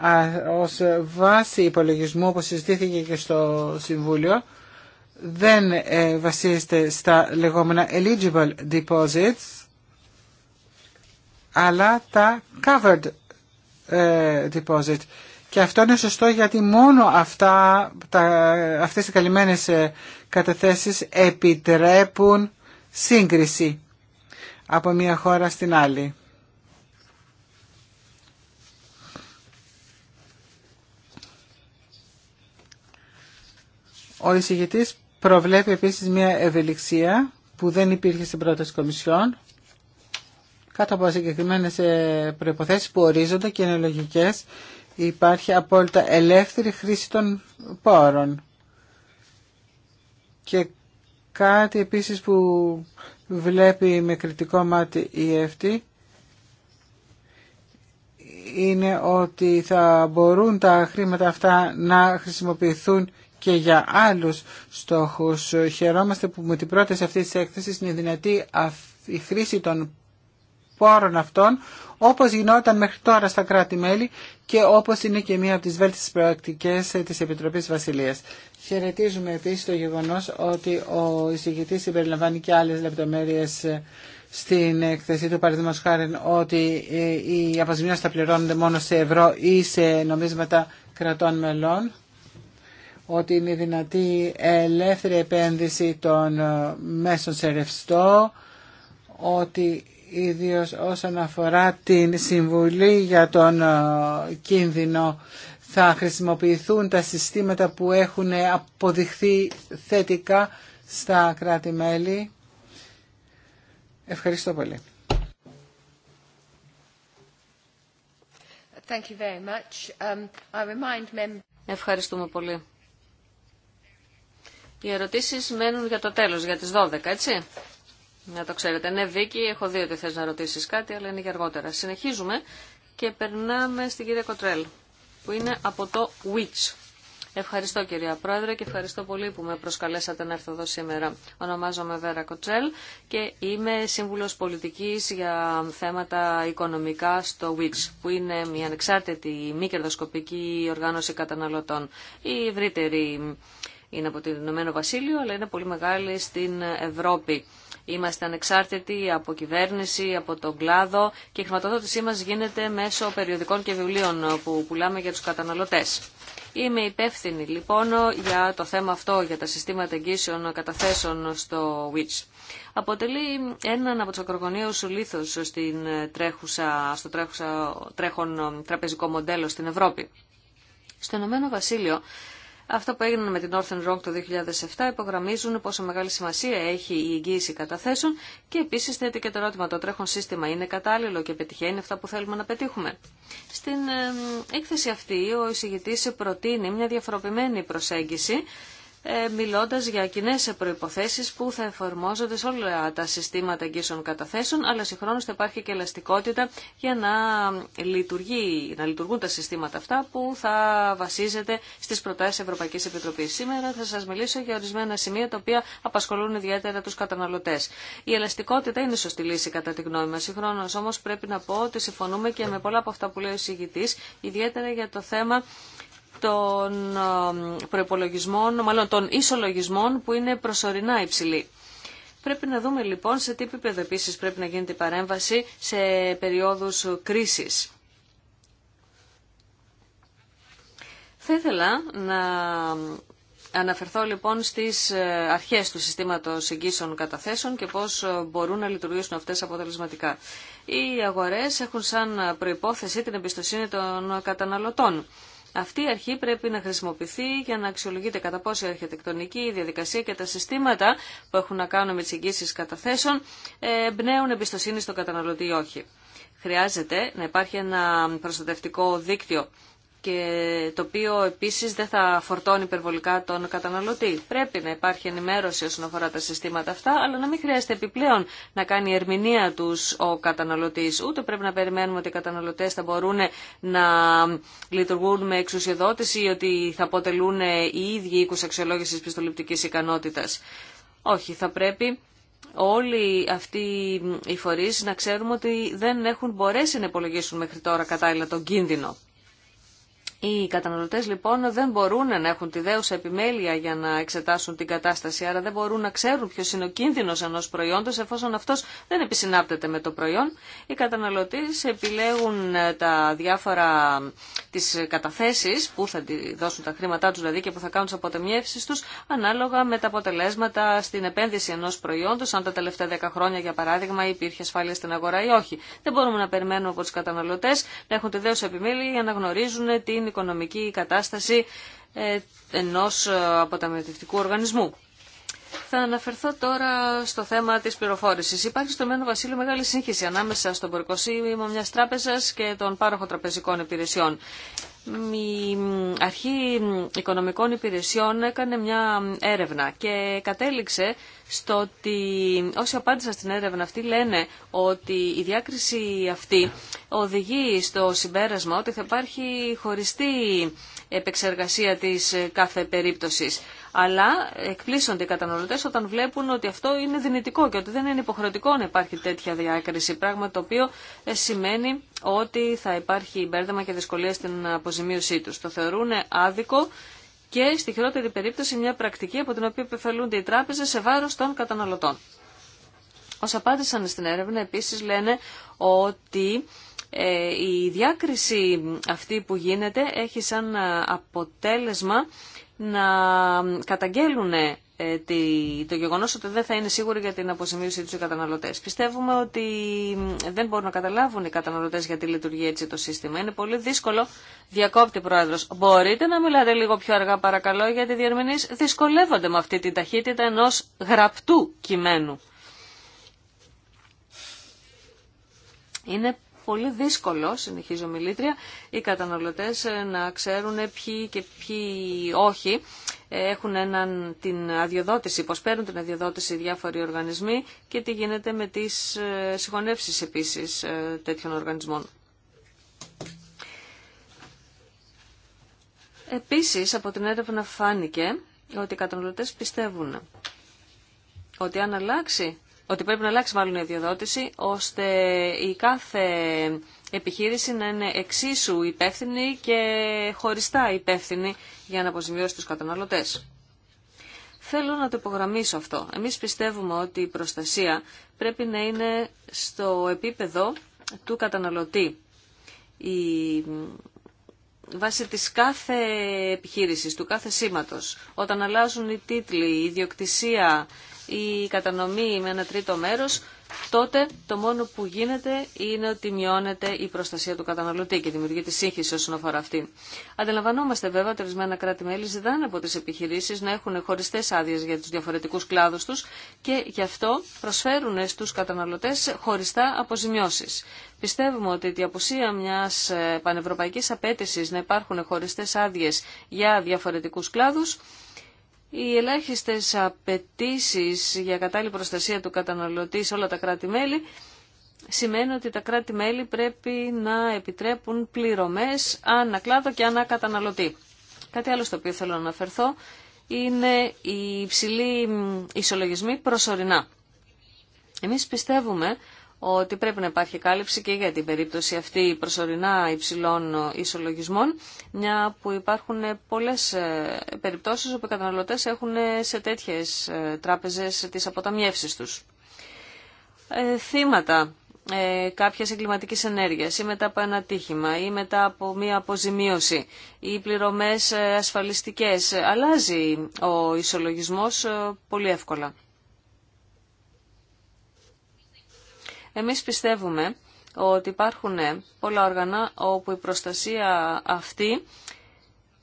ως βάση υπολογισμού όπως συζητήθηκε και στο Συμβούλιο δεν ε, βασίζεται στα λεγόμενα eligible deposits αλλά τα covered ε, deposit. Και αυτό είναι σωστό γιατί μόνο αυτά, τα, αυτές οι καλυμμένες ε, καταθέσεις επιτρέπουν σύγκριση από μία χώρα στην άλλη. Ο εισηγητής προβλέπει επίσης μία ευελιξία που δεν υπήρχε στην πρόταση Κομισιόν κάτω από συγκεκριμένε ε, προποθέσει που ορίζονται και είναι λογικέ. Υπάρχει απόλυτα ελεύθερη χρήση των πόρων. Και κάτι επίσης που βλέπει με κριτικό μάτι η ΕΦΤΗ είναι ότι θα μπορούν τα χρήματα αυτά να χρησιμοποιηθούν και για άλλους στόχους. Χαιρόμαστε που με την πρόταση αυτής της έκθεσης είναι δυνατή η χρήση των πόρων αυτών όπως γινόταν μέχρι τώρα στα κράτη-μέλη και όπως είναι και μία από τι βέλτιστες πρακτικές ε, τη Επιτροπή Βασιλείας. Χαιρετίζουμε επίσης το γεγονός ότι ο εισηγητής συμπεριλαμβάνει και άλλες λεπτομέρειες ε, στην εκθεσή του παραδείγματος χάρη ότι ε, οι αποζημιώσεις θα πληρώνονται μόνο σε ευρώ ή σε νομίσματα κρατών μελών ότι είναι δυνατή ελεύθερη επένδυση των μέσων σε ρευστό, ότι ιδίως όσον αφορά την συμβουλή για τον ε, κίνδυνο θα χρησιμοποιηθούν τα συστήματα που έχουν αποδειχθεί θετικά στα κράτη-μέλη. Ευχαριστώ πολύ. Thank you very um, Ευχαριστούμε πολύ. Οι ερωτήσεις μένουν για το τέλος, για τις 12, έτσι. Να το ξέρετε. Ναι, Βίκυ, έχω δει ότι θες να ρωτήσεις κάτι, αλλά είναι για αργότερα. Συνεχίζουμε και περνάμε στην κυρία Κοτρέλ, που είναι από το WITCH. Ευχαριστώ κυρία Πρόεδρε και ευχαριστώ πολύ που με προσκαλέσατε να έρθω εδώ σήμερα. Ονομάζομαι Βέρα Κοτσέλ και είμαι σύμβουλος πολιτικής για θέματα οικονομικά στο WICS, που είναι μια ανεξάρτητη μη κερδοσκοπική οργάνωση καταναλωτών. Η ευρύτερη είναι από το Ηνωμένο Βασίλειο, αλλά είναι πολύ μεγάλη στην Ευρώπη. Είμαστε ανεξάρτητοι από κυβέρνηση, από τον κλάδο και η χρηματοδότησή μας γίνεται μέσω περιοδικών και βιβλίων που πουλάμε για τους καταναλωτές. Είμαι υπεύθυνη λοιπόν για το θέμα αυτό, για τα συστήματα εγγύσεων καταθέσεων στο WITCH. Αποτελεί έναν από τους ακρογωνίους λίθους τρέχουσα, στο τρέχουσα, τρέχον τραπεζικό μοντέλο στην Ευρώπη. Στο Ηνωμένο Βασίλειο Αυτά που έγιναν με την Northern Rock το 2007 υπογραμμίζουν πόσο μεγάλη σημασία έχει η εγγύηση καταθέσεων και επίση θέτει και το ερώτημα το τρέχον σύστημα είναι κατάλληλο και πετυχαίνει αυτά που θέλουμε να πετύχουμε. Στην έκθεση αυτή ο εισηγητή προτείνει μια διαφοροποιημένη προσέγγιση ε, μιλώντας για κοινέ προϋποθέσεις που θα εφαρμόζονται σε όλα τα συστήματα εγγύσεων καταθέσεων, αλλά συγχρόνως θα υπάρχει και ελαστικότητα για να, λειτουργεί, να λειτουργούν τα συστήματα αυτά που θα βασίζεται στις προτάσεις Ευρωπαϊκής Επιτροπής. Σήμερα θα σας μιλήσω για ορισμένα σημεία τα οποία απασχολούν ιδιαίτερα τους καταναλωτές. Η ελαστικότητα είναι σωστή λύση κατά τη γνώμη μας. Συγχρόνως όμως πρέπει να πω ότι συμφωνούμε και με πολλά από αυτά που λέει ο συγητής, ιδιαίτερα για το θέμα των ε, προπολογισμών, μάλλον των ισολογισμών που είναι προσωρινά υψηλή. Πρέπει να δούμε λοιπόν σε τι επίπεδο επίση πρέπει να γίνεται η παρέμβαση σε περιόδους κρίσης. Θα ήθελα να αναφερθώ λοιπόν στις ε, αρχές του συστήματος εγγύσεων καταθέσεων και πώς μπορούν να λειτουργήσουν αυτές αποτελεσματικά. Οι αγορές έχουν σαν προϋπόθεση την εμπιστοσύνη των καταναλωτών. Αυτή η αρχή πρέπει να χρησιμοποιηθεί για να αξιολογείται κατά πόσο η αρχιτεκτονική, διαδικασία και τα συστήματα που έχουν να κάνουν με τι εγγύσει καταθέσεων ε, εμπνέουν εμπιστοσύνη στον καταναλωτή ή όχι. Χρειάζεται να υπάρχει ένα προστατευτικό δίκτυο και το οποίο επίσης δεν θα φορτώνει υπερβολικά τον καταναλωτή. Πρέπει να υπάρχει ενημέρωση όσον αφορά τα συστήματα αυτά, αλλά να μην χρειάζεται επιπλέον να κάνει ερμηνεία τους ο καταναλωτής. Ούτε πρέπει να περιμένουμε ότι οι καταναλωτές θα μπορούν να λειτουργούν με εξουσιοδότηση ή ότι θα αποτελούν οι ίδιοι οίκους αξιολόγησης πιστοληπτικής ικανότητας. Όχι, θα πρέπει όλοι αυτοί οι φορείς να ξέρουμε ότι δεν έχουν μπορέσει να υπολογίσουν μέχρι τώρα κατάλληλα τον κίνδυνο. Οι καταναλωτές λοιπόν δεν μπορούν να έχουν τη δέουσα επιμέλεια για να εξετάσουν την κατάσταση, άρα δεν μπορούν να ξέρουν ποιος είναι ο κίνδυνος ενός προϊόντος εφόσον αυτός δεν επισυνάπτεται με το προϊόν. Οι καταναλωτές επιλέγουν ε, τα διάφορα τις καταθέσεις που θα δώσουν τα χρήματά τους δηλαδή και που θα κάνουν τις αποτεμιεύσεις τους ανάλογα με τα αποτελέσματα στην επένδυση ενός προϊόντος, αν τα τελευταία 10 χρόνια για παράδειγμα υπήρχε ασφάλεια στην αγορά ή όχι. Δεν μπορούμε να περιμένουμε από τους καταναλωτές να έχουν τη δέουσα επιμέλεια για να γνωρίζουν την οικονομική κατάσταση ε, ενός ε, αποταμιευτικού οργανισμού. Θα αναφερθώ τώρα στο θέμα της πληροφόρησης. Υπάρχει στο Μένο Βασίλειο μεγάλη σύγχυση ανάμεσα στον πορικό Σύμβημα μιας τράπεζας και τον πάροχο τραπεζικών υπηρεσιών η Αρχή Οικονομικών Υπηρεσιών έκανε μια έρευνα και κατέληξε στο ότι όσοι απάντησαν στην έρευνα αυτή λένε ότι η διάκριση αυτή οδηγεί στο συμπέρασμα ότι θα υπάρχει χωριστή επεξεργασία της ε, κάθε περίπτωσης. Αλλά εκπλήσονται οι καταναλωτές όταν βλέπουν ότι αυτό είναι δυνητικό και ότι δεν είναι υποχρεωτικό να υπάρχει τέτοια διάκριση, πράγμα το οποίο ε, σημαίνει ότι θα υπάρχει μπέρδεμα και δυσκολία στην αποζημίωσή τους. Το θεωρούν άδικο και στη χειρότερη περίπτωση μια πρακτική από την οποία επιφελούνται οι τράπεζε σε βάρο των καταναλωτών. Όσοι απάντησαν στην έρευνα επίση λένε ότι ε, η διάκριση αυτή που γίνεται έχει σαν ε, αποτέλεσμα να καταγγέλουν ε, το γεγονός ότι δεν θα είναι σίγουροι για την αποσημείωση τους οι καταναλωτές. Πιστεύουμε ότι δεν μπορούν να καταλάβουν οι καταναλωτές γιατί λειτουργεί έτσι το σύστημα. Είναι πολύ δύσκολο. Διακόπτη πρόεδρος, μπορείτε να μιλάτε λίγο πιο αργά παρακαλώ γιατί οι διερμηνείς δυσκολεύονται με αυτή την ταχύτητα ενός γραπτού κειμένου. Είναι πολύ δύσκολο, συνεχίζω μιλήτρια, οι καταναλωτές ε, να ξέρουν ποιοι και ποιοι όχι έχουν έναν, την αδειοδότηση, πως παίρνουν την αδειοδότηση διάφοροι οργανισμοί και τι γίνεται με τις ε, συγχωνεύσεις επίσης ε, τέτοιων οργανισμών. Επίσης, από την έρευνα φάνηκε ότι οι καταναλωτές πιστεύουν ότι αν αλλάξει ότι πρέπει να αλλάξει μάλλον η αδειοδότηση, ώστε η κάθε επιχείρηση να είναι εξίσου υπεύθυνη και χωριστά υπεύθυνη για να αποζημιώσει τους καταναλωτές. Θέλω να το υπογραμμίσω αυτό. Εμείς πιστεύουμε ότι η προστασία πρέπει να είναι στο επίπεδο του καταναλωτή. Η βάσει της κάθε επιχείρησης, του κάθε σήματος, όταν αλλάζουν οι τίτλοι, η ιδιοκτησία, η κατανομή με ένα τρίτο μέρος, τότε το μόνο που γίνεται είναι ότι μειώνεται η προστασία του καταναλωτή και τη συγχυση σύγχυση όσον αφορά αυτήν. Αντιλαμβανόμαστε βέβαια ότι ορισμένα κράτη-μέλη ζητάνε από τι επιχειρήσει να έχουν χωριστέ άδειε για του διαφορετικού κλάδου του και γι' αυτό προσφέρουν στου καταναλωτέ χωριστά αποζημιώσει. Πιστεύουμε ότι η απουσία μια ε, πανευρωπαϊκή απέτηση να υπάρχουν χωριστέ άδειε για διαφορετικού κλάδου οι ελάχιστε απαιτήσει για κατάλληλη προστασία του καταναλωτή σε όλα τα κράτη-μέλη σημαίνει ότι τα κράτη-μέλη πρέπει να επιτρέπουν πληρωμέ ανακλάδο και ανακαταναλωτή. Κάτι άλλο στο οποίο θέλω να αναφερθώ είναι οι υψηλοί ισολογισμοί προσωρινά. Εμείς πιστεύουμε ότι πρέπει να υπάρχει κάλυψη και για την περίπτωση αυτή προσωρινά υψηλών ισολογισμών, μια που υπάρχουν πολλές ε, περιπτώσεις όπου οι καταναλωτές έχουν ε, σε τέτοιες ε, τράπεζες τις αποταμιεύσεις τους. Ε, θύματα ε, κάποιας εγκληματικής ενέργειας ή μετά από ένα τύχημα ή μετά από μία αποζημίωση ή πληρωμές ασφαλιστικές. Αλλάζει ο ισολογισμός πολύ εύκολα. Εμείς πιστεύουμε ότι υπάρχουν πολλά όργανα όπου η προστασία αυτή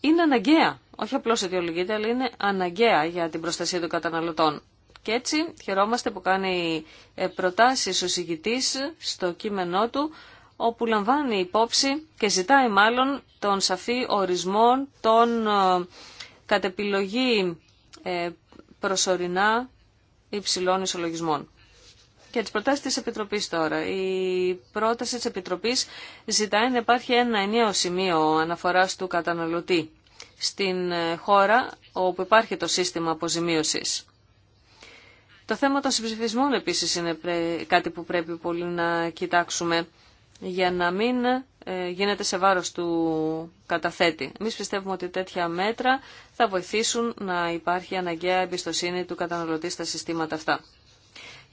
είναι αναγκαία. Όχι απλώς αιτιολογείται, αλλά είναι αναγκαία για την προστασία των καταναλωτών. Και έτσι χαιρόμαστε που κάνει ε, προτάσεις ο συγκητής στο κείμενό του, όπου λαμβάνει υπόψη και ζητάει μάλλον τον σαφή ορισμό των ε, κατ' ε, προσωρινά υψηλών ισολογισμών και τις προτάσεις της Επιτροπής τώρα. Η πρόταση της Επιτροπής ζητάει να υπάρχει ένα ενιαίο σημείο αναφοράς του καταναλωτή στην χώρα όπου υπάρχει το σύστημα αποζημίωσης. Το θέμα των συμψηφισμών επίσης είναι κάτι που πρέπει πολύ να κοιτάξουμε για να μην ε, γίνεται σε βάρος του καταθέτη. Εμεί πιστεύουμε ότι τέτοια μέτρα θα βοηθήσουν να υπάρχει αναγκαία εμπιστοσύνη του καταναλωτή στα συστήματα αυτά.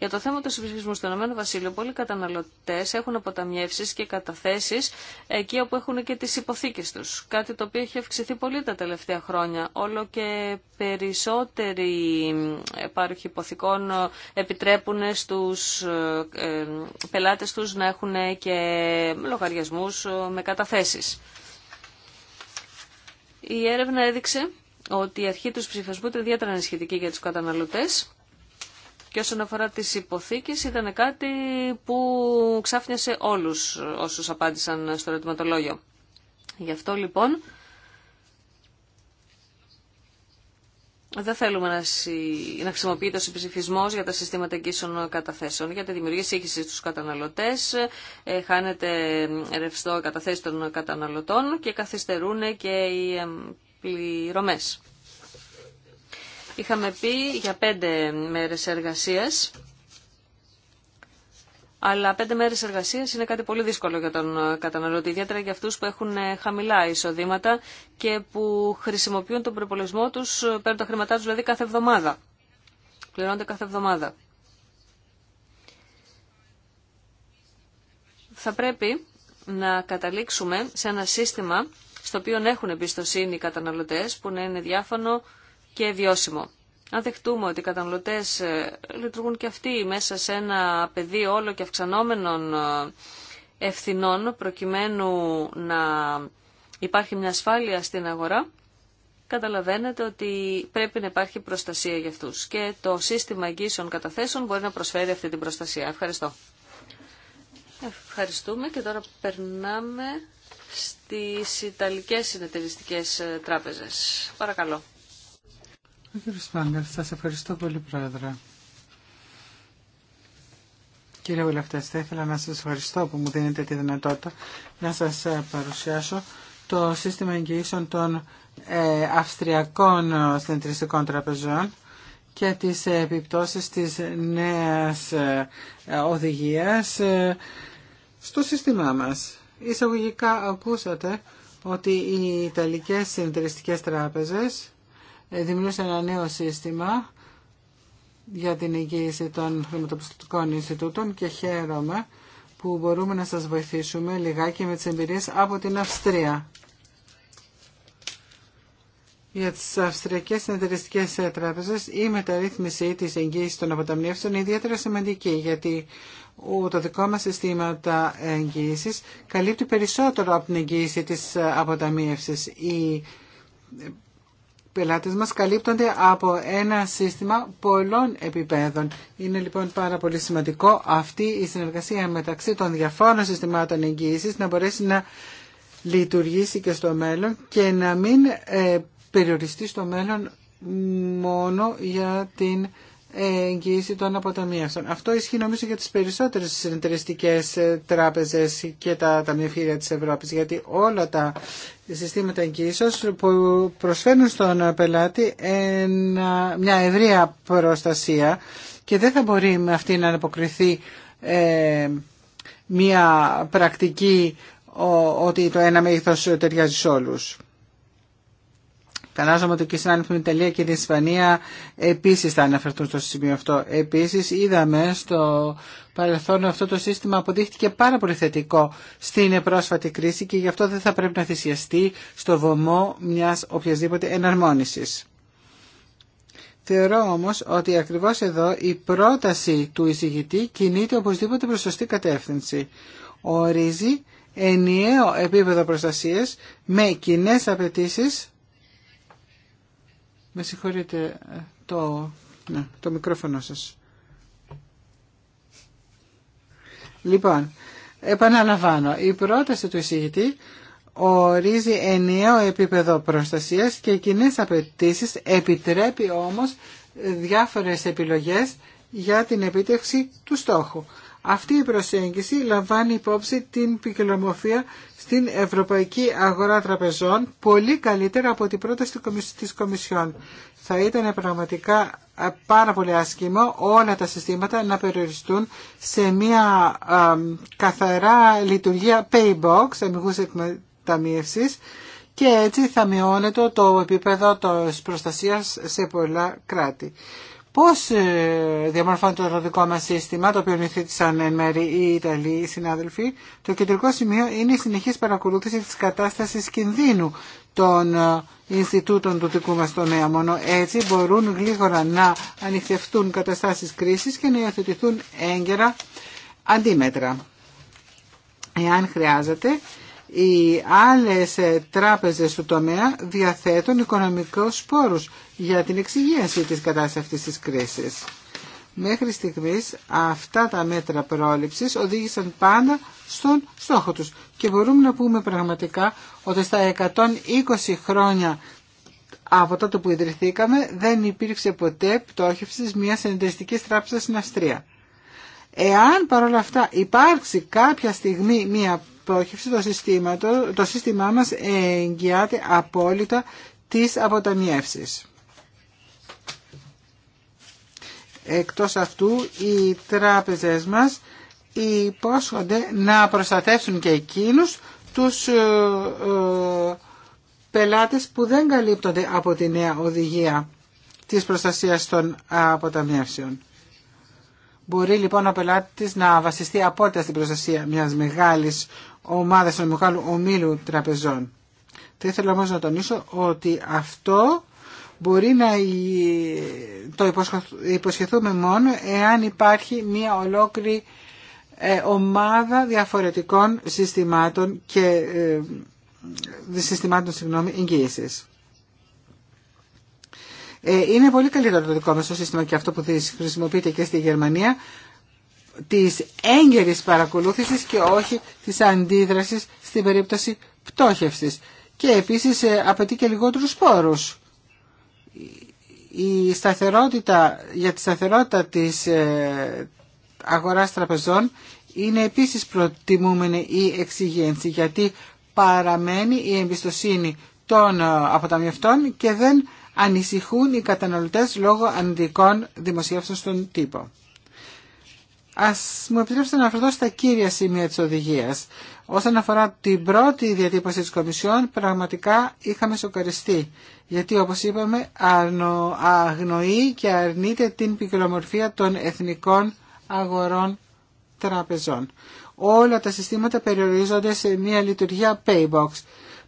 Για το θέμα του συμψηφισμού στον Ηνωμένο Βασίλειο, πολλοί καταναλωτέ έχουν αποταμιεύσει και καταθέσει εκεί όπου έχουν και τι υποθήκε του. Κάτι το οποίο έχει αυξηθεί πολύ τα τελευταία χρόνια. Όλο και περισσότεροι πάροχοι υποθηκών επιτρέπουν στου ε, ε, πελάτε του να έχουν και λογαριασμού ε, με καταθέσει. Η έρευνα έδειξε ότι η αρχή του ψηφισμού ήταν ιδιαίτερα ανησυχητική για τους καταναλωτές και όσον αφορά τις υποθήκες ήταν κάτι που ξάφνιασε όλους όσους απάντησαν στο ερωτηματολόγιο. Γι' αυτό λοιπόν δεν θέλουμε να, συ... να χρησιμοποιείται ο συμψηφισμό για τα συστήματα εγγύσεων καταθέσεων, για τη δημιουργία σύγχυση στους καταναλωτές, ε, χάνεται ρευστό καταθέσει των καταναλωτών και καθυστερούν και οι πληρωμές. Είχαμε πει για πέντε μέρες εργασίας, αλλά πέντε μέρες εργασίας είναι κάτι πολύ δύσκολο για τον καταναλωτή, ιδιαίτερα για αυτούς που έχουν ε, χαμηλά εισοδήματα και που χρησιμοποιούν τον προπολογισμό τους, ε, παίρνουν τα χρήματά τους δηλαδή κάθε εβδομάδα. Πληρώνονται κάθε εβδομάδα. Θα πρέπει να καταλήξουμε σε ένα σύστημα στο οποίο έχουν εμπιστοσύνη οι καταναλωτές, που να είναι διάφανο, και βιώσιμο. Αν δεχτούμε ότι οι καταναλωτέ ε, λειτουργούν και αυτοί μέσα σε ένα πεδίο όλο και αυξανόμενων ε, ευθυνών προκειμένου να υπάρχει μια ασφάλεια στην αγορά, καταλαβαίνετε ότι πρέπει να υπάρχει προστασία για αυτούς. Και το σύστημα εγγύσεων καταθέσεων μπορεί να προσφέρει αυτή την προστασία. Ευχαριστώ. Ευχαριστούμε και τώρα περνάμε στις Ιταλικές Συνεταιριστικές ε, Τράπεζες. Παρακαλώ. Κύριε κύριος σα σας ευχαριστώ πολύ πρόεδρε. Κύριε Βουλευτέ, θα ήθελα να σας ευχαριστώ που μου δίνετε τη δυνατότητα να σας ε, παρουσιάσω το σύστημα εγγυήσεων των ε, αυστριακών συνεταιριστικών τραπεζών και τις επιπτώσεις της νέας ε, οδηγίας στο σύστημά μας. Εισαγωγικά ακούσατε ότι οι Ιταλικές συντριστικές τράπεζες δημιούργησε ένα νέο σύστημα για την εγγύηση των χρηματοπιστωτικών Ινστιτούτων και χαίρομαι που μπορούμε να σας βοηθήσουμε λιγάκι με τις εμπειρίες από την Αυστρία. Για τις αυστριακές συνεταιριστικές τράπεζες η μεταρρύθμιση της εγγύησης των αποταμιεύσεων είναι ιδιαίτερα σημαντική γιατί το δικό μας συστήματα εγγύησης καλύπτει περισσότερο από την εγγύηση της αποταμίευσης. Η πελάτες μας καλύπτονται από ένα σύστημα πολλών επιπέδων. Είναι λοιπόν πάρα πολύ σημαντικό αυτή η συνεργασία μεταξύ των διαφόρων συστημάτων εγγύησης να μπορέσει να λειτουργήσει και στο μέλλον και να μην ε, περιοριστεί στο μέλλον μόνο για την εγγύηση των αποταμίευσεων. Αυτό ισχύει νομίζω για τις περισσότερες συνεταιριστικές ε, τράπεζες και τα ταμιευτήρια της Ευρώπης, γιατί όλα τα συστήματα εγγύησεως που προσφέρουν στον πελάτη μια ευρεία προστασία και δεν θα μπορεί με αυτή να αναποκριθεί ε, μια πρακτική ότι το ένα μέγεθος ταιριάζει σε όλους. Φαντάζομαι ότι και οι συνάδελφοι στην Ιταλία και την Ισπανία επίση θα αναφερθούν στο σημείο αυτό. Επίση, είδαμε στο παρελθόν αυτό το σύστημα αποδείχτηκε πάρα πολύ θετικό στην πρόσφατη κρίση και γι' αυτό δεν θα πρέπει να θυσιαστεί στο βωμό μια οποιασδήποτε εναρμόνιση. Θεωρώ όμως ότι ακριβώς εδώ η πρόταση του εισηγητή κινείται οπωσδήποτε προς σωστή κατεύθυνση. Ορίζει ενιαίο επίπεδο προστασίας με κοινέ απαιτήσει με συγχωρείτε ε, το, ναι, το μικρόφωνο σας. Λοιπόν, επαναλαμβάνω, η πρόταση του εισηγητή ορίζει ενιαίο επίπεδο προστασίας και κοινέ απαιτήσει επιτρέπει όμως διάφορες επιλογές για την επίτευξη του στόχου. Αυτή η προσέγγιση λαμβάνει υπόψη την ποικιλομοφία στην ευρωπαϊκή αγορά τραπεζών πολύ καλύτερα από την πρόταση της Κομισιόν. Θα ήταν πραγματικά ε, πάρα πολύ άσχημο όλα τα συστήματα να περιοριστούν σε μια καθαρά λειτουργία paybox, αμυγούς εκμεταμίευσης, και έτσι θα μειώνεται το επίπεδο της προστασίας σε πολλά κράτη. Πώς ε, διαμορφώνεται το δικό μας σύστημα, το οποίο νηθήτησαν εν μέρη οι Ιταλοί οι συνάδελφοι, το κεντρικό σημείο είναι η συνεχής παρακολούθηση της κατάστασης κινδύνου των ε, Ινστιτούτων του δικού μας τομέα. Μόνο έτσι μπορούν γλίγορα να ανοιχτευτούν καταστάσεις κρίσης και να υιοθετηθούν έγκαιρα αντίμετρα. Εάν χρειάζεται, οι άλλες ε, τράπεζες του τομέα διαθέτουν οικονομικούς πόρους για την εξυγίαση της κατάστασης αυτής της κρίσης. Μέχρι στιγμής αυτά τα μέτρα πρόληψης οδήγησαν πάντα στον στόχο τους και μπορούμε να πούμε πραγματικά ότι στα 120 χρόνια από τότε που ιδρυθήκαμε δεν υπήρξε ποτέ πτώχευση μιας ενδεστικής τράπεζας στην Αυστρία. Εάν παρόλα αυτά υπάρξει κάποια στιγμή μία πρόχευση, το, συστήματο, το σύστημά μας εγγυάται απόλυτα τις αποταμιεύσεις. Εκτός αυτού, οι τράπεζες μας υπόσχονται να προστατεύσουν και εκείνους τους ε, ε πελάτες που δεν καλύπτονται από τη νέα οδηγία της προστασίας των αποταμιεύσεων. Μπορεί λοιπόν ο πελάτη να βασιστεί απόλυτα στην προστασία μιας μεγάλης ομάδας, ενό μεγάλου ομίλου τραπεζών. Θα ήθελα όμω να τονίσω ότι αυτό μπορεί να το υποσχεθούμε μόνο εάν υπάρχει μια ολόκληρη ε, ομάδα διαφορετικών συστημάτων και ε, συστημάτων συγγνώμη, εγγύησης. Ε, είναι πολύ καλύτερο το δικό μας το σύστημα και αυτό που χρησιμοποιείται και στη Γερμανία της έγκαιρης παρακολούθησης και όχι της αντίδρασης στην περίπτωση πτώχευσης. Και επίσης ε, απαιτεί και λιγότερους πόρους. Η σταθερότητα, για τη σταθερότητα της ε, αγοράς τραπεζών είναι επίσης προτιμούμενη η εξυγένση γιατί παραμένει η εμπιστοσύνη των αποταμιευτών και δεν ανησυχούν οι καταναλωτές λόγω αντικών δημοσίευσεων στον τύπο. Ας μου επιτρέψετε να αναφερθώ στα κύρια σημεία της οδηγίας. Όσον αφορά την πρώτη διατύπωση της Κομισιόν, πραγματικά είχαμε σοκαριστεί. Γιατί όπως είπαμε αρνο, αγνοεί και αρνείται την πυκλομορφία των εθνικών αγορών τραπεζών. Όλα τα συστήματα περιορίζονται σε μια λειτουργία paybox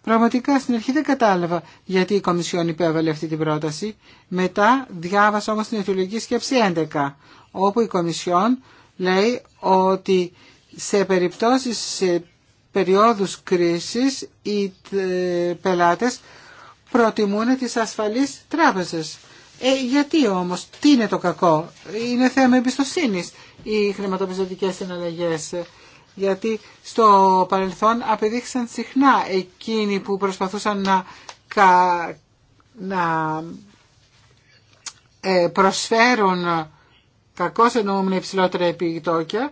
Πραγματικά στην αρχή δεν κατάλαβα γιατί η Κομισιόν υπέβαλε αυτή την πρόταση. Μετά διάβασα όμως την αιτιολογική σκέψη 11, όπου η Κομισιόν λέει ότι σε περιπτώσεις, σε περιόδους κρίσης, οι ε, πελάτες προτιμούν τις ασφαλείς τράπεζες. Ε, γιατί όμως, τι είναι το κακό, είναι θέμα εμπιστοσύνης οι χρηματοπιστωτικές συναλλαγές γιατί στο παρελθόν απεδείχθησαν συχνά εκείνοι που προσπαθούσαν να, να ε, προσφέρουν κακώς εννοούμενα υψηλότερα επιτόκια,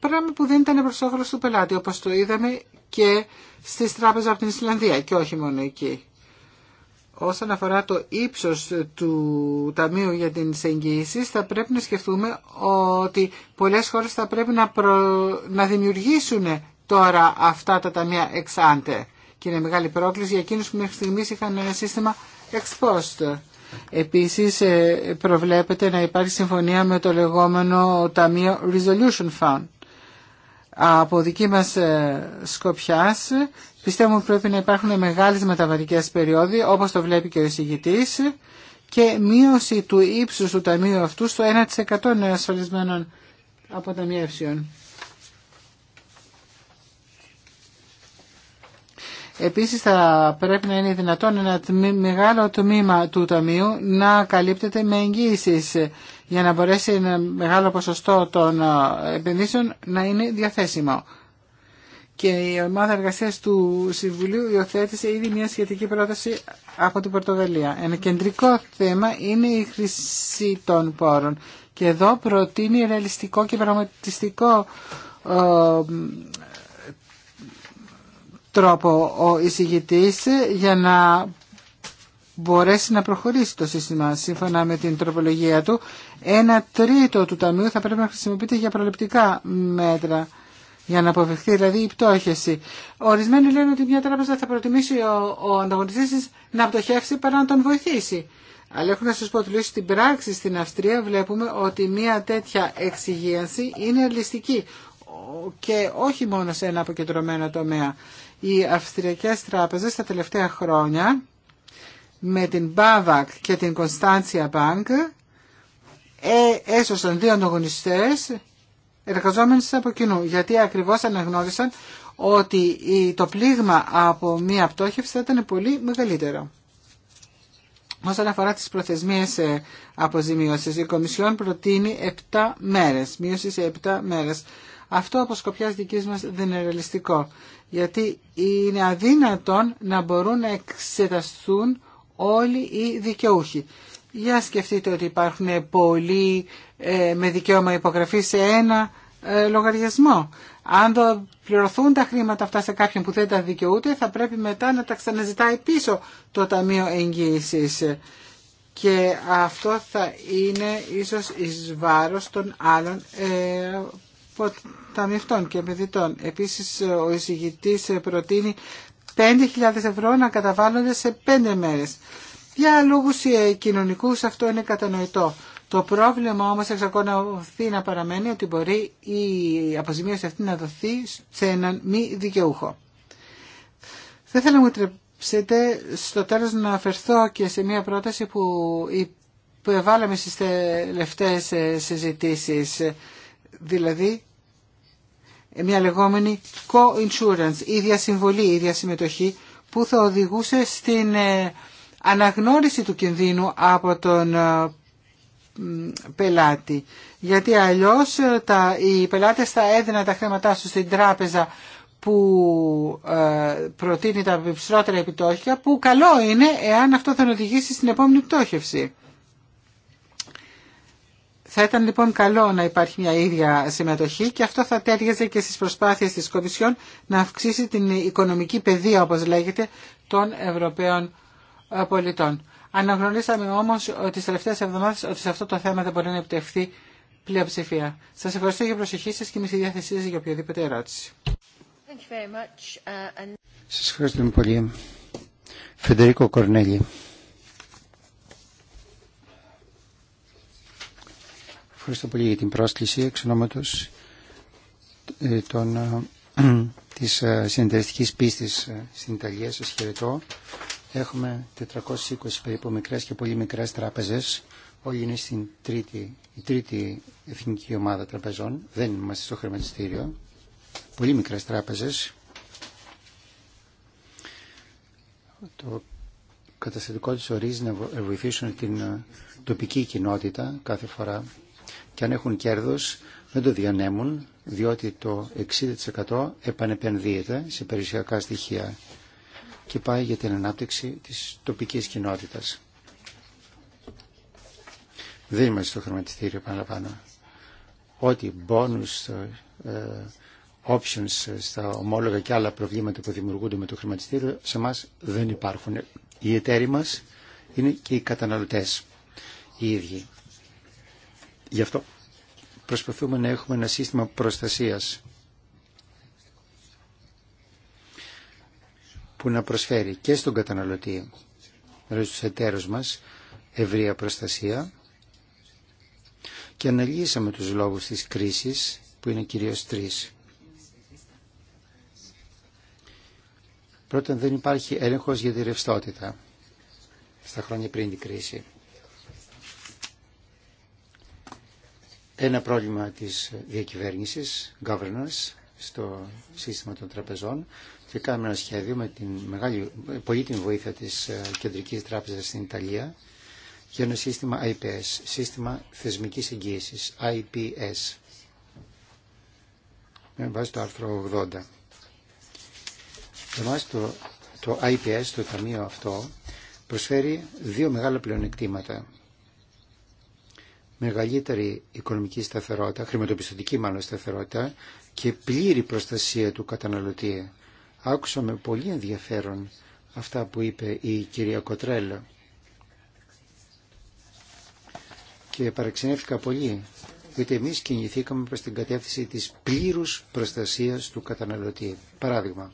πράγμα που δεν ήταν προς του πελάτη, όπως το είδαμε και στις τράπεζες από την Ισλανδία και όχι μόνο εκεί. Όσον αφορά το ύψος του Ταμείου για την εγγύησει, θα πρέπει να σκεφτούμε ότι πολλές χώρες θα πρέπει να, προ... να δημιουργήσουν τώρα αυτά τα ταμεία εξάντε. Και είναι μεγάλη πρόκληση για εκείνους που μέχρι στιγμής είχαν ένα σύστημα εξπόστ. Επίσης ε, προβλέπεται να υπάρχει συμφωνία με το λεγόμενο Ταμείο Resolution Fund. Από δική μας ε, σκοπιάς πιστεύουμε ότι πρέπει να υπάρχουν μεγάλες μεταβατικές περιόδοι όπως το βλέπει και ο εισηγητής και μείωση του ύψους του ταμείου αυτού στο 1% ασφαλισμένων αποταμιεύσεων. Επίσης θα πρέπει να είναι δυνατόν ένα μεγάλο τμήμα του ταμείου να καλύπτεται με εγγύησεις για να μπορέσει ένα μεγάλο ποσοστό των ε, επενδύσεων να είναι διαθέσιμο. Και η ομάδα εργασία του Συμβουλίου υιοθέτησε ήδη μια σχετική πρόταση από την Πορτογαλία. Ένα κεντρικό θέμα είναι η χρήση των πόρων. Και εδώ προτείνει ρεαλιστικό και πραγματιστικό ε, τρόπο ο εισηγητής για να μπορέσει να προχωρήσει το σύστημα. Σύμφωνα με την τροπολογία του, ένα τρίτο του ταμείου θα πρέπει να χρησιμοποιείται για προληπτικά μέτρα για να αποφευχθεί δηλαδή η πτώχευση. Ορισμένοι λένε ότι μια τράπεζα θα προτιμήσει ο, ο ανταγωνιστής να πτωχεύσει παρά να τον βοηθήσει. Αλλά έχω να σας πω ότι στην πράξη στην Αυστρία βλέπουμε ότι μια τέτοια εξυγίανση είναι ληστική. και όχι μόνο σε ένα αποκεντρωμένο τομέα. Οι αυστριακές τράπεζες τα τελευταία χρόνια με την Bavac και την Κωνσταντσία Bank ε, έσωσαν δύο ανταγωνιστές εργαζόμενοι από κοινού γιατί ακριβώς αναγνώρισαν ότι το πλήγμα από μία πτώχευση θα ήταν πολύ μεγαλύτερο. Όσον αφορά τις προθεσμίες ε, αποζημίωσης, η Κομισιόν προτείνει 7 μέρες, μείωση σε 7 μέρες. Αυτό από σκοπιάς δικής μας δεν είναι ρεαλιστικό, γιατί είναι αδύνατον να μπορούν να εξεταστούν όλοι οι δικαιούχοι. Για σκεφτείτε ότι υπάρχουν πολλοί ε, με δικαίωμα υπογραφή σε ένα ε, λογαριασμό. Αν το πληρωθούν τα χρήματα αυτά σε κάποιον που δεν τα δικαιούται, θα πρέπει μετά να τα ξαναζητάει πίσω το Ταμείο Εγγύησης. Και αυτό θα είναι ίσως εις βάρος των άλλων ε, ταμιευτών και επενδυτών. Επίσης, ο εισηγητής ε, προτείνει 5.000 ευρώ να καταβάλλονται σε 5 μέρες. Για λόγους ε, κοινωνικούς αυτό είναι κατανοητό. Το πρόβλημα όμως εξακολουθεί να παραμένει ότι μπορεί η αποζημίωση αυτή να δοθεί σε έναν μη δικαιούχο. Θα ήθελα να μου τρεψετε στο τέλος να αφαιρθώ και σε μια πρόταση που, που εβάλαμε στις τελευταίες ε, συζητήσεις. Δηλαδή μια λεγόμενη co-insurance, ίδια συμβολή, ίδια συμμετοχή, που θα οδηγούσε στην ε, αναγνώριση του κινδύνου από τον ε, πελάτη. Γιατί αλλιώς ε, τα, οι πελάτες θα έδιναν τα χρήματά σου στην τράπεζα που προτείνει τα υψηλότερα επιτόχια, που καλό είναι εάν αυτό θα οδηγήσει στην επόμενη πτώχευση. Θα ήταν λοιπόν καλό να υπάρχει μια ίδια συμμετοχή και αυτό θα τέριαζε και στις προσπάθειες της Κομισιόν να αυξήσει την οικονομική παιδεία, όπως λέγεται, των Ευρωπαίων ε, πολιτών. Αναγνωρίσαμε όμως ότι τις τελευταίες εβδομάδες ότι σε αυτό το θέμα δεν μπορεί να επιτευχθεί πλειοψηφία. Σας ευχαριστώ για προσοχή σας και είμαι στη διάθεσή για οποιαδήποτε ερώτηση. Uh, σας ευχαριστούμε πολύ. Φεντερίκο Κορνέλη. Ευχαριστώ πολύ για την πρόσκληση εξ ονόματος ε, των, ε, της ε, συνεταιριστικής πίστης στην Ιταλία. Σας χαιρετώ. Έχουμε 420 περίπου μικρές και πολύ μικρές τράπεζες. Όλοι είναι στην τρίτη, η τρίτη εθνική ομάδα τραπεζών. Δεν είμαστε στο χρηματιστήριο. Πολύ μικρές τράπεζες. Το καταστατικό της ορίζει να βοηθήσουν την τοπική κοινότητα κάθε φορά και αν έχουν κέρδος δεν το διανέμουν διότι το 60% επανεπενδύεται σε περιουσιακά στοιχεία και πάει για την ανάπτυξη της τοπικής κοινότητας. Δεν είμαστε στο χρηματιστήριο παραπάνω. Ό,τι bonus ε, options στα ομόλογα και άλλα προβλήματα που δημιουργούνται με το χρηματιστήριο σε μας δεν υπάρχουν. Οι εταίροι μας είναι και οι καταναλωτές οι ίδιοι. Γι' αυτό προσπαθούμε να έχουμε ένα σύστημα προστασίας που να προσφέρει και στον καταναλωτή, δηλαδή στους εταίρους μας, ευρεία προστασία και αναλύσαμε τους λόγους της κρίσης που είναι κυρίως τρεις. Πρώτον δεν υπάρχει έλεγχος για τη ρευστότητα στα χρόνια πριν την κρίση. ένα πρόβλημα της διακυβέρνησης, governance, στο σύστημα των τραπεζών και κάνουμε ένα σχέδιο με την μεγάλη, πολύτιμη βοήθεια της ε, Κεντρικής Τράπεζας στην Ιταλία για ένα σύστημα IPS, σύστημα θεσμικής εγγύησης, IPS, με βάση το άρθρο 80. Για το, το IPS, το ταμείο αυτό, προσφέρει δύο μεγάλα πλεονεκτήματα μεγαλύτερη οικονομική σταθερότητα, χρηματοπιστωτική μάλλον σταθερότητα και πλήρη προστασία του καταναλωτή. Άκουσα με πολύ ενδιαφέρον αυτά που είπε η κυρία Κοτρέλα και παραξενεύτηκα πολύ γιατί εμείς κινηθήκαμε προς την κατεύθυνση της πλήρους προστασίας του καταναλωτή. Παράδειγμα,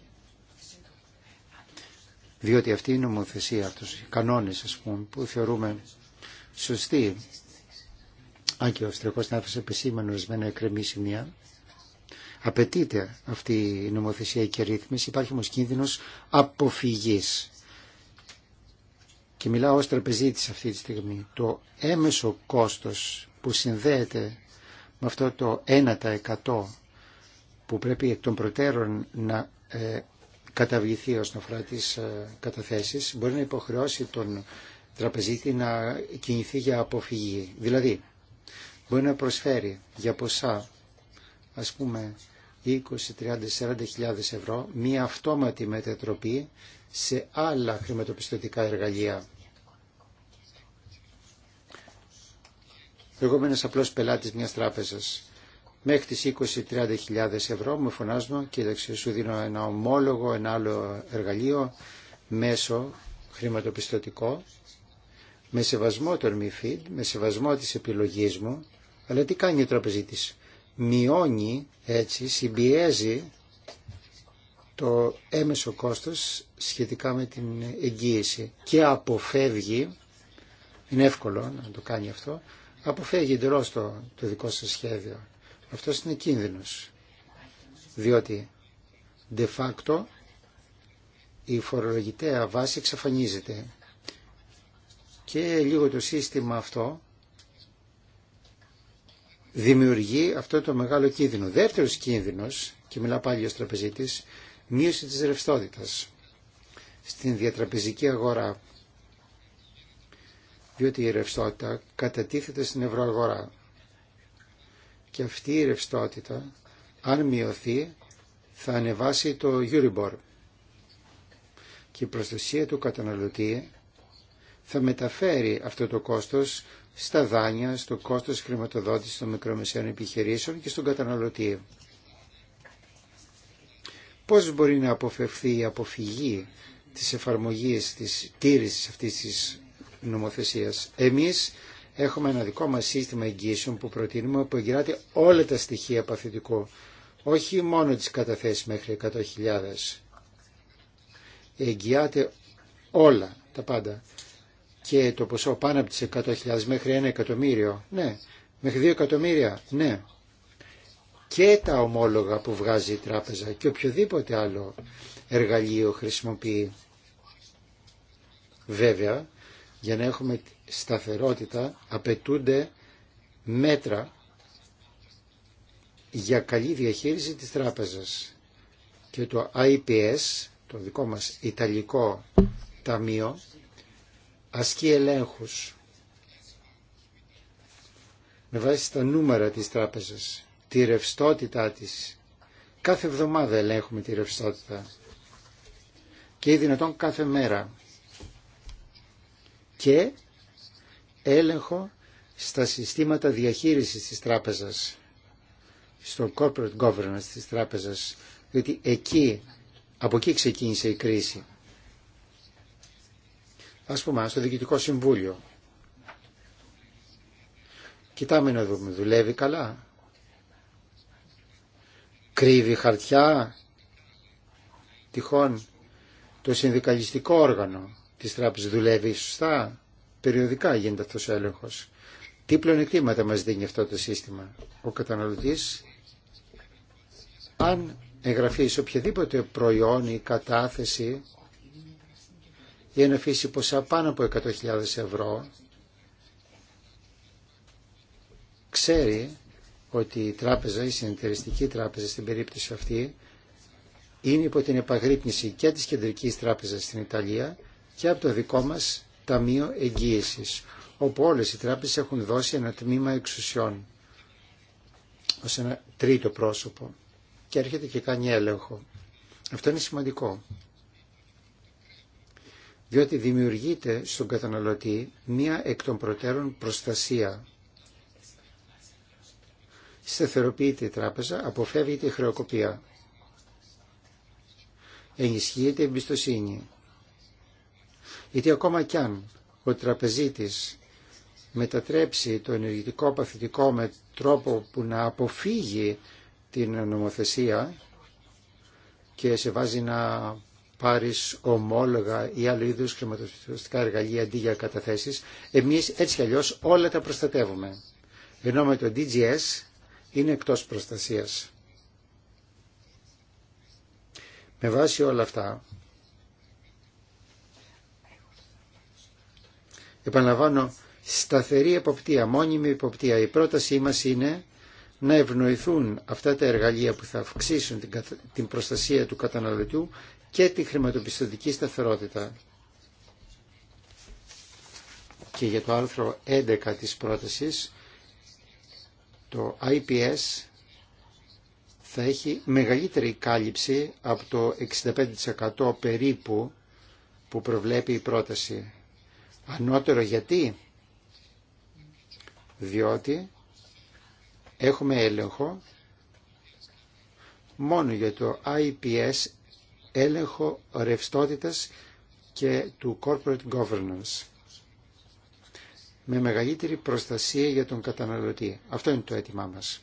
διότι αυτή η νομοθεσία, αυτός οι κανόνες ας πούμε, που θεωρούμε σωστοί αν και ο Αυστριακός συνάδελφος επισήμενο ορισμένα εκκρεμή σημεία, απαιτείται αυτή η νομοθεσία και ρύθμιση, υπάρχει όμω κίνδυνο αποφυγής. Και μιλάω ω τραπεζίτη αυτή τη στιγμή. Το έμεσο κόστος που συνδέεται με αυτό το 1% που πρέπει εκ των προτέρων να ε, καταβληθεί ω αφορά ε, καταθέσεις, μπορεί να υποχρεώσει τον τραπεζίτη να κινηθεί για αποφυγή. Δηλαδή, μπορεί να προσφέρει για ποσά ας πούμε 20, 30, 40 ευρώ μία αυτόματη μετατροπή σε άλλα χρηματοπιστωτικά εργαλεία. Εγώ είμαι απλός πελάτης μιας τράπεζας. Μέχρι τις 20-30 ευρώ μου φωνάζουν κοίταξε σου δίνω ένα ομόλογο, ένα άλλο εργαλείο μέσο χρηματοπιστωτικό με σεβασμό των MIFID, με σεβασμό της επιλογής μου αλλά τι κάνει ο τραπεζίτης. Μειώνει έτσι, συμπιέζει το έμεσο κόστος σχετικά με την εγγύηση και αποφεύγει, είναι εύκολο να το κάνει αυτό, αποφεύγει εντελώ το, το δικό σας σχέδιο. Αυτό είναι κίνδυνος, διότι de facto η φορολογητέα βάση εξαφανίζεται και λίγο το σύστημα αυτό δημιουργεί αυτό το μεγάλο κίνδυνο. Δεύτερος κίνδυνος, και μιλά πάλι ο τραπεζίτης, μείωση της ρευστότητα στην διατραπεζική αγορά. Διότι η ρευστότητα κατατίθεται στην ευρωαγορά. Και αυτή η ρευστότητα, αν μειωθεί, θα ανεβάσει το Euribor. Και η προστασία του καταναλωτή θα μεταφέρει αυτό το κόστος στα δάνεια, στο κόστος χρηματοδότησης των μικρομεσαίων επιχειρήσεων και στον καταναλωτή. Πώς μπορεί να αποφευθεί η αποφυγή της εφαρμογής της τήρησης αυτής της νομοθεσίας. Εμείς έχουμε ένα δικό μας σύστημα εγγύσεων που προτείνουμε που εγγυράται όλα τα στοιχεία παθητικού, όχι μόνο τις καταθέσεις μέχρι 100.000. Εγγυάται όλα τα πάντα και το ποσό πάνω από τις 100.000 μέχρι 1 εκατομμύριο, ναι, μέχρι 2 εκατομμύρια, ναι. Και τα ομόλογα που βγάζει η τράπεζα και οποιοδήποτε άλλο εργαλείο χρησιμοποιεί. Βέβαια, για να έχουμε σταθερότητα απαιτούνται μέτρα για καλή διαχείριση της τράπεζας. Και το IPS, το δικό μας Ιταλικό Ταμείο, ασκεί ελέγχους με βάση τα νούμερα της τράπεζας, τη ρευστότητά της. Κάθε εβδομάδα ελέγχουμε τη ρευστότητα και ή δυνατόν κάθε μέρα. Και έλεγχο στα συστήματα διαχείρισης της τράπεζας, στο corporate governance της τράπεζας, διότι εκεί, από εκεί ξεκίνησε η κρίση ας πούμε, στο Διοικητικό Συμβούλιο. Κοιτάμε να δούμε, δουλεύει καλά. Κρύβει χαρτιά, τυχόν, το συνδικαλιστικό όργανο της τράπεζας δουλεύει σωστά, περιοδικά γίνεται αυτός ο έλεγχος. Τι πλεονεκτήματα μας δίνει αυτό το σύστημα. Ο καταναλωτής, αν εγγραφεί σε οποιαδήποτε προϊόν ή κατάθεση, να αφήσει ποσά πάνω από 100.000 ευρώ, ξέρει ότι η τράπεζα, η συνεταιριστική τράπεζα στην περίπτωση αυτή, είναι υπό την επαγρύπνηση και της Κεντρικής Τράπεζας στην Ιταλία και από το δικό μας Ταμείο Εγγύησης, όπου όλες οι τράπεζες έχουν δώσει ένα τμήμα εξουσιών ως ένα τρίτο πρόσωπο και έρχεται και κάνει έλεγχο. Αυτό είναι σημαντικό διότι δημιουργείται στον καταναλωτή μία εκ των προτέρων προστασία. Σταθεροποιείται η τράπεζα, αποφεύγεται η χρεοκοπία. Ενισχύεται η εμπιστοσύνη. Γιατί ακόμα κι αν ο τραπεζίτης μετατρέψει το ενεργητικό παθητικό με τρόπο που να αποφύγει την νομοθεσία και σε βάζει να πάρεις ομόλογα ή άλλου είδους χρηματοδοτικά εργαλεία αντί για καταθέσεις, εμείς έτσι κι αλλιώς όλα τα προστατεύουμε. Ενώ με το DGS είναι εκτός προστασίας. Με βάση όλα αυτά, επαναλαμβάνω, σταθερή εποπτεία, μόνιμη εποπτεία. Η πρότασή μας είναι να ευνοηθούν αυτά τα εργαλεία που θα αυξήσουν την προστασία του καταναλωτού και τη χρηματοπιστωτική σταθερότητα. Και για το άρθρο 11 της πρότασης, το IPS θα έχει μεγαλύτερη κάλυψη από το 65% περίπου που προβλέπει η πρόταση. Ανώτερο γιατί? Διότι έχουμε έλεγχο μόνο για το IPS έλεγχο ρευστότητας και του corporate governance με μεγαλύτερη προστασία για τον καταναλωτή. Αυτό είναι το αίτημά μας.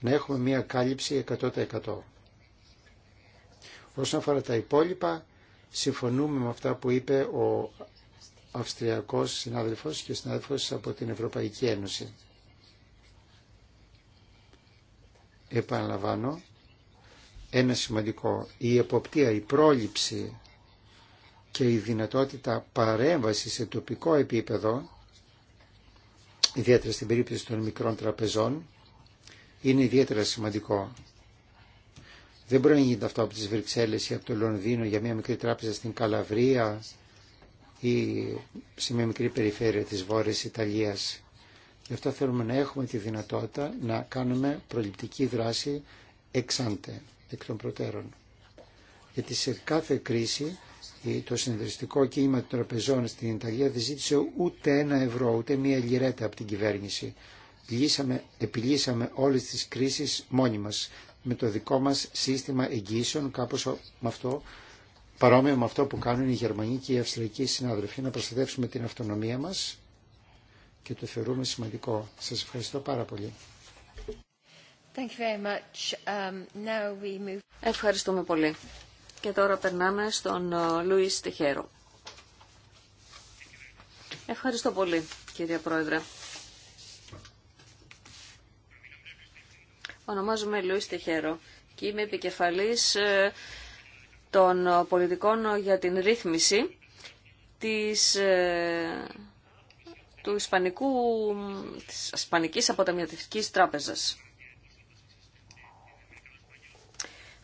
Να έχουμε μία κάλυψη 100%. Όσον αφορά τα υπόλοιπα, συμφωνούμε με αυτά που είπε ο Αυστριακός συνάδελφος και συνάδελφος από την Ευρωπαϊκή Ένωση. Επαναλαμβάνω ένα σημαντικό. Η εποπτεία, η πρόληψη και η δυνατότητα παρέμβασης σε τοπικό επίπεδο, ιδιαίτερα στην περίπτωση των μικρών τραπεζών, είναι ιδιαίτερα σημαντικό. Δεν μπορεί να γίνει αυτό από τις Βρυξέλλες ή από το Λονδίνο για μια μικρή τράπεζα στην Καλαβρία ή σε μια μικρή περιφέρεια της Βόρειας Ιταλίας. Γι' αυτό θέλουμε να έχουμε τη δυνατότητα να κάνουμε προληπτική δράση εξάντε εκ των προτέρων. Γιατί σε κάθε κρίση το συνεδριστικό κίνημα των τραπεζών στην Ιταλία δεν ζήτησε ούτε ένα ευρώ, ούτε μία λιρέτα από την κυβέρνηση. Λύσαμε, επιλύσαμε όλες τις κρίσεις μόνοι μας με το δικό μας σύστημα εγγύσεων, κάπως με αυτό, παρόμοιο με αυτό που κάνουν οι Γερμανοί και οι Αυστριακοί συνάδελφοι, να προστατεύσουμε την αυτονομία μας και το θεωρούμε σημαντικό. Σας ευχαριστώ πάρα πολύ. Thank you um, Ευχαριστούμε πολύ. Και τώρα περνάμε στον ε, Λουίς Τεχέρο. Ευχαριστώ πολύ, κύριε Πρόεδρε. Ονομάζομαι Λουίς Τεχέρο και είμαι επικεφαλής ε, των πολιτικών για την ρύθμιση της, ε, του Ισπανικού, της Ισπανικής Αποταμιατικής Τράπεζας.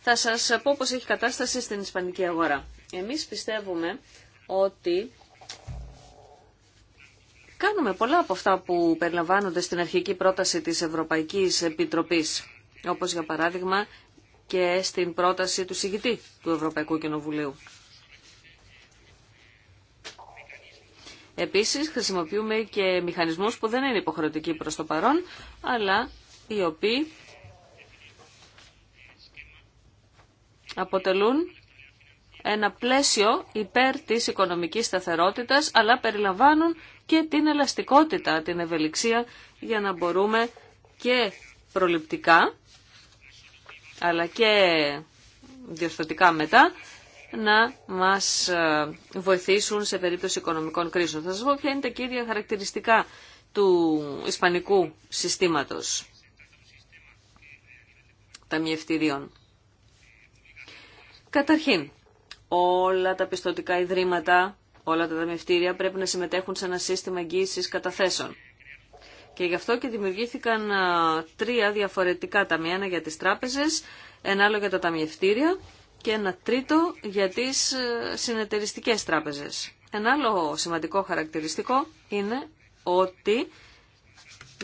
Θα σας πω πώς έχει κατάσταση στην ισπανική αγορά. Εμείς πιστεύουμε ότι κάνουμε πολλά από αυτά που περιλαμβάνονται στην αρχική πρόταση της Ευρωπαϊκής Επιτροπής, όπως για παράδειγμα και στην πρόταση του συγητή του Ευρωπαϊκού Κοινοβουλίου. Επίσης χρησιμοποιούμε και μηχανισμούς που δεν είναι υποχρεωτικοί προς το παρόν, αλλά οι οποίοι αποτελούν ένα πλαίσιο υπέρ της οικονομικής σταθερότητας, αλλά περιλαμβάνουν και την ελαστικότητα, την ευελιξία, για να μπορούμε και προληπτικά, αλλά και διορθωτικά μετά, να μας ε, βοηθήσουν σε περίπτωση οικονομικών κρίσεων. Θα σας πω ποια είναι τα κύρια χαρακτηριστικά του ισπανικού συστήματος ταμιευτηρίων. Καταρχήν, όλα τα πιστοτικά ιδρύματα, όλα τα δαμευτήρια πρέπει να συμμετέχουν σε ένα σύστημα εγγύησης καταθέσεων. Και γι' αυτό και δημιουργήθηκαν τρία διαφορετικά ταμεία, ένα για τις τράπεζες, ένα άλλο για τα ταμιευτήρια και ένα τρίτο για τις συνεταιριστικές τράπεζες. Ένα άλλο σημαντικό χαρακτηριστικό είναι ότι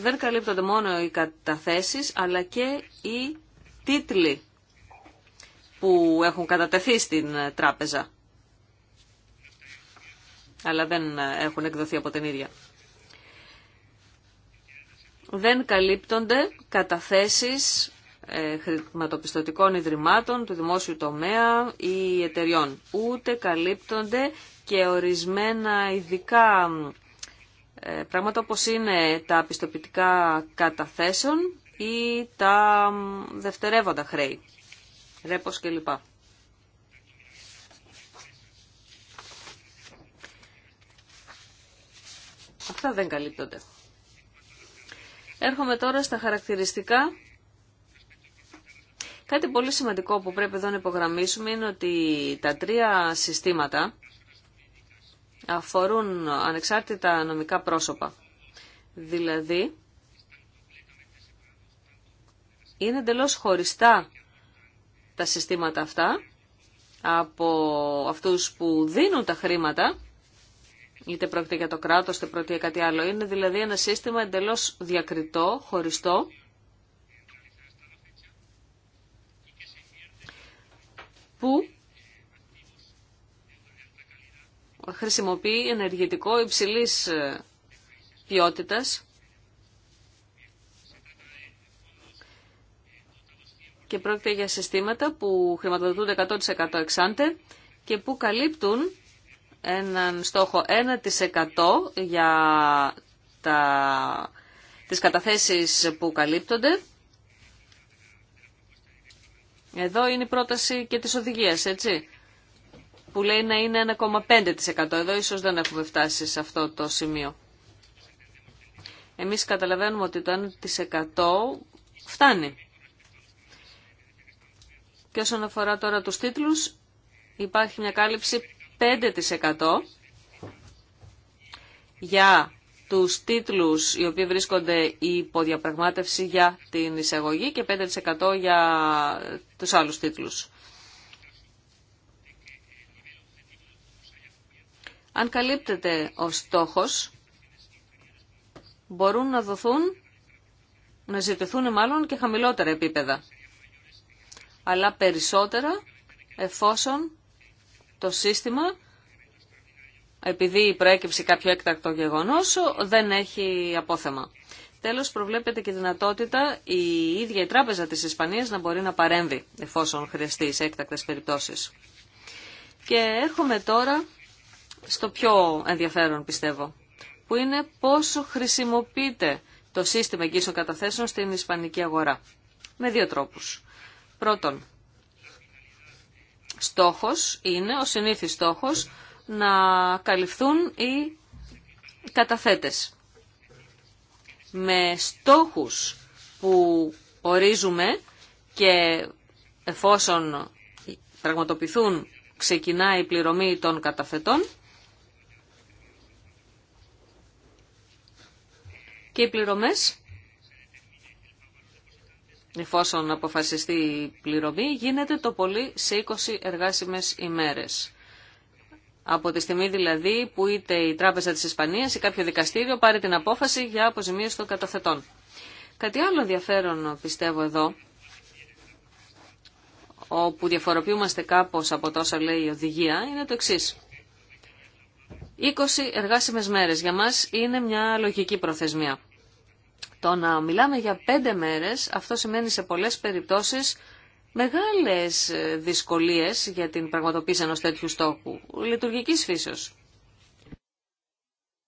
δεν καλύπτονται μόνο οι καταθέσεις αλλά και οι τίτλοι που έχουν κατατεθεί στην ε, τράπεζα. Αλλά δεν ε, έχουν εκδοθεί από την ίδια. Δεν καλύπτονται καταθέσεις ε, χρηματοπιστωτικών ιδρυμάτων του δημόσιου τομέα ή εταιριών. Ούτε καλύπτονται και ορισμένα ειδικά πράγματα όπως είναι τα πιστοποιητικά καταθέσεων ή τα δευτερεύοντα χρέη ρέπος κλπ. Αυτά δεν καλύπτονται. Έρχομαι τώρα στα χαρακτηριστικά. Κάτι πολύ σημαντικό που πρέπει εδώ να υπογραμμίσουμε είναι ότι τα τρία συστήματα αφορούν ανεξάρτητα νομικά πρόσωπα. Δηλαδή, είναι εντελώ χωριστά τα συστήματα αυτά από αυτούς που δίνουν τα χρήματα, είτε πρόκειται για το κράτος, είτε πρόκειται για κάτι άλλο. Είναι δηλαδή ένα σύστημα εντελώς διακριτό, χωριστό, που χρησιμοποιεί ενεργητικό υψηλής ποιότητας και πρόκειται για συστήματα που χρηματοδοτούν 100% εξάντε και που καλύπτουν έναν στόχο 1% για τα, τις καταθέσεις που καλύπτονται. Εδώ είναι η πρόταση και της οδηγίας, έτσι, που λέει να είναι 1,5%. Εδώ ίσως δεν έχουμε φτάσει σε αυτό το σημείο. Εμείς καταλαβαίνουμε ότι το 1% φτάνει και όσον αφορά τώρα τους τίτλους, υπάρχει μια κάλυψη 5% για τους τίτλους οι οποίοι βρίσκονται υπό διαπραγμάτευση για την εισαγωγή και 5% για τους άλλους τίτλους. Αν καλύπτεται ο στόχος, μπορούν να δοθούν, να ζητηθούν μάλλον και χαμηλότερα επίπεδα αλλά περισσότερα εφόσον το σύστημα, επειδή προέκυψε κάποιο έκτακτο γεγονός, δεν έχει απόθεμα. Τέλος, προβλέπεται και δυνατότητα η ίδια η Τράπεζα της Ισπανίας να μπορεί να παρέμβει, εφόσον χρειαστεί σε έκτακτες περιπτώσεις. Και έρχομαι τώρα στο πιο ενδιαφέρον, πιστεύω, που είναι πόσο χρησιμοποιείται το σύστημα εγγύσεων καταθέσεων στην ισπανική αγορά. Με δύο τρόπους. Πρώτον, στόχος είναι, ο συνήθις στόχος, να καλυφθούν οι καταθέτες. Με στόχους που ορίζουμε και εφόσον πραγματοποιηθούν ξεκινάει η πληρωμή των καταθετών και οι πληρωμές εφόσον αποφασιστεί η πληρωμή, γίνεται το πολύ σε 20 εργάσιμες ημέρες. Από τη στιγμή δηλαδή που είτε η Τράπεζα της Ισπανίας ή κάποιο δικαστήριο πάρει την απόφαση για αποζημίωση των καταθετών. Κάτι άλλο ενδιαφέρον πιστεύω εδώ, όπου διαφοροποιούμαστε κάπως από τόσα λέει η οδηγία, είναι το εξής. 20 εργάσιμες μέρες για μας είναι μια λογική προθεσμία. Το να μιλάμε για πέντε μέρες, αυτό σημαίνει σε πολλές περιπτώσεις μεγάλες ε, δυσκολίες για την πραγματοποίηση ενός τέτοιου στόχου, λειτουργικής φύσεως.